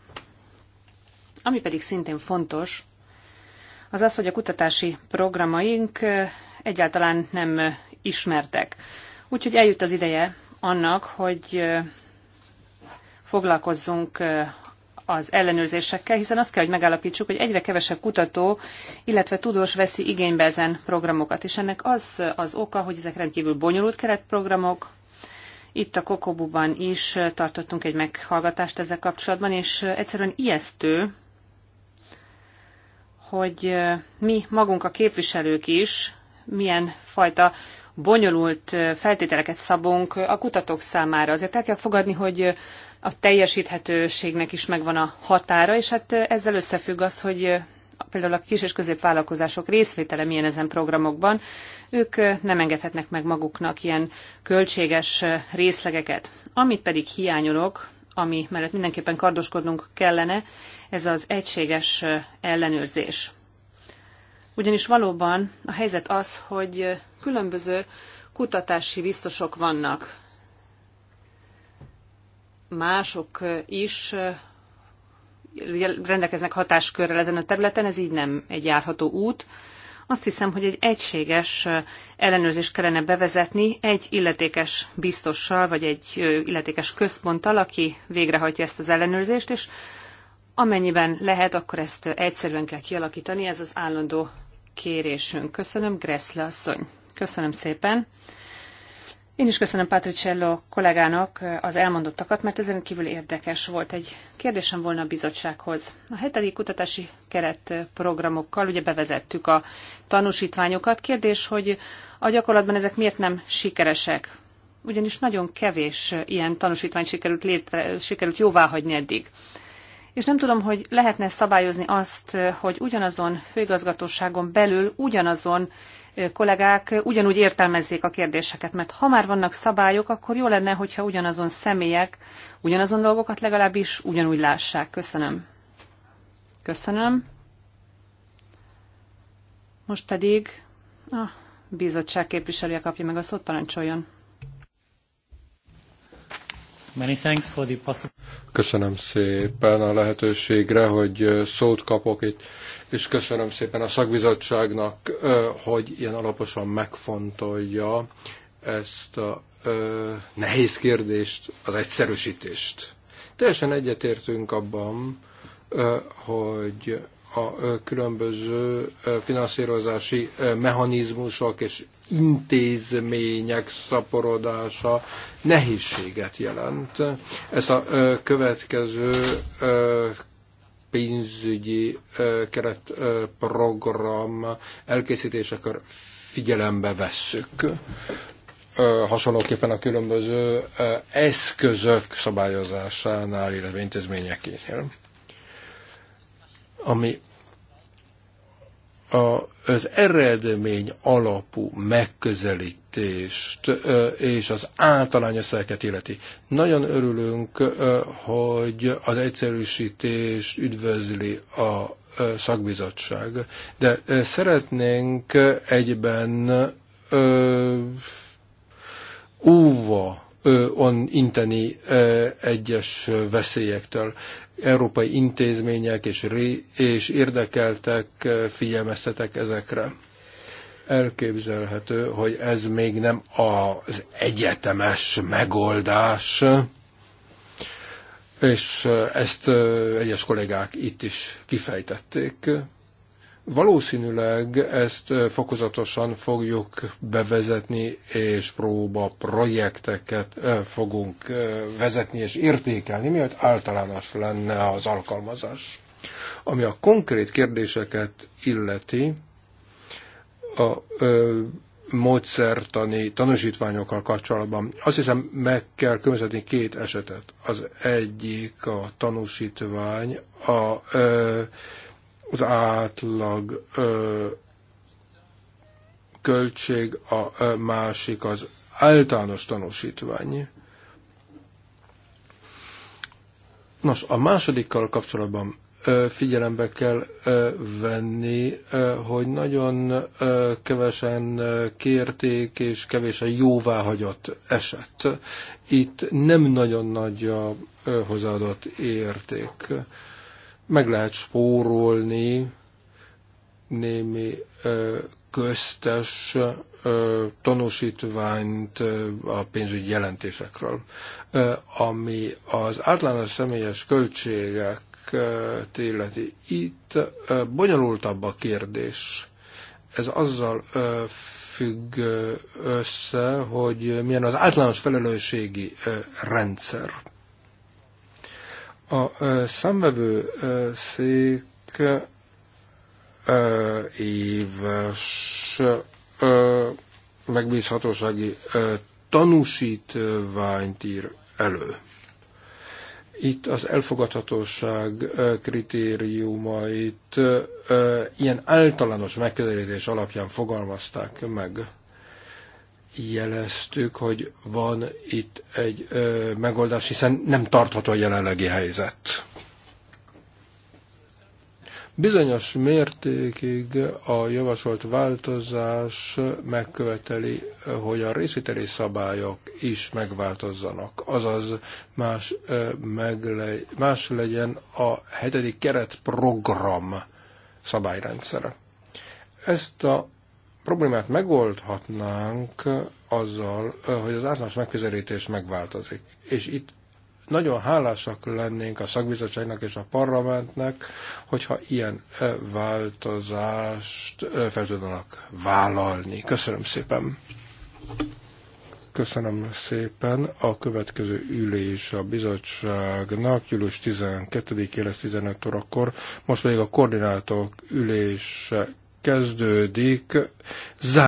Ami pedig szintén fontos, az az, hogy a kutatási programaink egyáltalán nem ismertek. Úgyhogy eljut az ideje annak, hogy foglalkozzunk az ellenőrzésekkel, hiszen azt kell, hogy megállapítsuk, hogy egyre kevesebb kutató, illetve tudós veszi igénybe ezen programokat. És ennek az az oka, hogy ezek rendkívül bonyolult keretprogramok, itt a Kokobuban is tartottunk egy meghallgatást ezzel kapcsolatban, és egyszerűen ijesztő, hogy mi magunk a képviselők is milyen fajta bonyolult feltételeket szabunk a kutatók számára. Azért el kell fogadni, hogy a teljesíthetőségnek is megvan a határa, és hát ezzel összefügg az, hogy például a kis és középvállalkozások részvétele milyen ezen programokban, ők nem engedhetnek meg maguknak ilyen költséges részlegeket. Amit pedig hiányolok, ami mellett mindenképpen kardoskodnunk kellene, ez az egységes ellenőrzés. Ugyanis valóban a helyzet az, hogy különböző kutatási biztosok vannak mások is rendelkeznek hatáskörrel ezen a területen, ez így nem egy járható út. Azt hiszem, hogy egy egységes ellenőrzést kellene bevezetni egy illetékes biztossal, vagy egy illetékes központtal, aki végrehajtja ezt az ellenőrzést, és amennyiben lehet, akkor ezt egyszerűen kell kialakítani, ez az állandó kérésünk. Köszönöm, Gressle asszony. Köszönöm szépen. Én is köszönöm Patricello kollégának az elmondottakat, mert ezen kívül érdekes volt. Egy kérdésem volna a bizottsághoz. A hetedik kutatási keretprogramokkal ugye bevezettük a tanúsítványokat. Kérdés, hogy a gyakorlatban ezek miért nem sikeresek? Ugyanis nagyon kevés ilyen tanúsítvány sikerült, létre, sikerült jóváhagyni eddig. És nem tudom, hogy lehetne szabályozni azt, hogy ugyanazon főigazgatóságon belül ugyanazon kollégák ugyanúgy értelmezzék a kérdéseket, mert ha már vannak szabályok, akkor jó lenne, hogyha ugyanazon személyek ugyanazon dolgokat legalábbis ugyanúgy lássák. Köszönöm. Köszönöm. Most pedig a bizottság képviselője kapja meg a szót, parancsoljon. Many thanks for the köszönöm szépen a lehetőségre, hogy szót kapok itt, és köszönöm szépen a szakbizottságnak, hogy ilyen alaposan megfontolja ezt a nehéz kérdést, az egyszerűsítést. Teljesen egyetértünk abban, hogy a különböző finanszírozási mechanizmusok és intézmények szaporodása nehézséget jelent. Ez a következő pénzügyi keretprogram elkészítésekor figyelembe vesszük. Hasonlóképpen a különböző eszközök szabályozásánál, illetve intézményekénél. Ami a az eredmény alapú megközelítést és az általányos szereket életi. Nagyon örülünk, hogy az egyszerűsítést üdvözli a szakbizottság, de szeretnénk egyben óva on inteni egyes veszélyektől. Európai intézmények és, ré, és érdekeltek figyelmeztetek ezekre. Elképzelhető, hogy ez még nem az egyetemes megoldás, és ezt egyes kollégák itt is kifejtették Valószínűleg ezt fokozatosan fogjuk bevezetni, és próba projekteket fogunk vezetni és értékelni, miatt általános lenne az alkalmazás. Ami a konkrét kérdéseket illeti, a ö, módszertani tanúsítványokkal kapcsolatban. Azt hiszem, meg kell különböztetni két esetet. Az egyik a tanúsítvány, a ö, az átlag ö, költség, a ö, másik az általános tanúsítvány. Nos, a másodikkal kapcsolatban ö, figyelembe kell ö, venni, ö, hogy nagyon ö, kevesen ö, kérték és kevésen jóváhagyott eset. Itt nem nagyon nagy a ö, hozzáadott érték. Ö, meg lehet spórolni némi köztes tanúsítványt a pénzügyi jelentésekről, ami az általános személyes költségek illeti. Itt bonyolultabb a kérdés. Ez azzal függ össze, hogy milyen az általános felelősségi rendszer. A számvevő szék éves megbízhatósági tanúsítványt ír elő. Itt az elfogadhatóság kritériumait ilyen általános megközelítés alapján fogalmazták meg jeleztük, hogy van itt egy ö, megoldás, hiszen nem tartható a jelenlegi helyzet. Bizonyos mértékig a javasolt változás megköveteli, hogy a részviteli szabályok is megváltozzanak, azaz más, megle, más legyen a hetedik keretprogram szabályrendszere. Ezt a problémát megoldhatnánk azzal, hogy az általános megközelítés megváltozik. És itt nagyon hálásak lennénk a szakbizottságnak és a parlamentnek, hogyha ilyen változást fel tudnak vállalni. Köszönöm szépen! Köszönöm szépen. A következő ülés a bizottságnak július 12-én lesz 15 órakor, most pedig a koordinátok ülése kezdődik,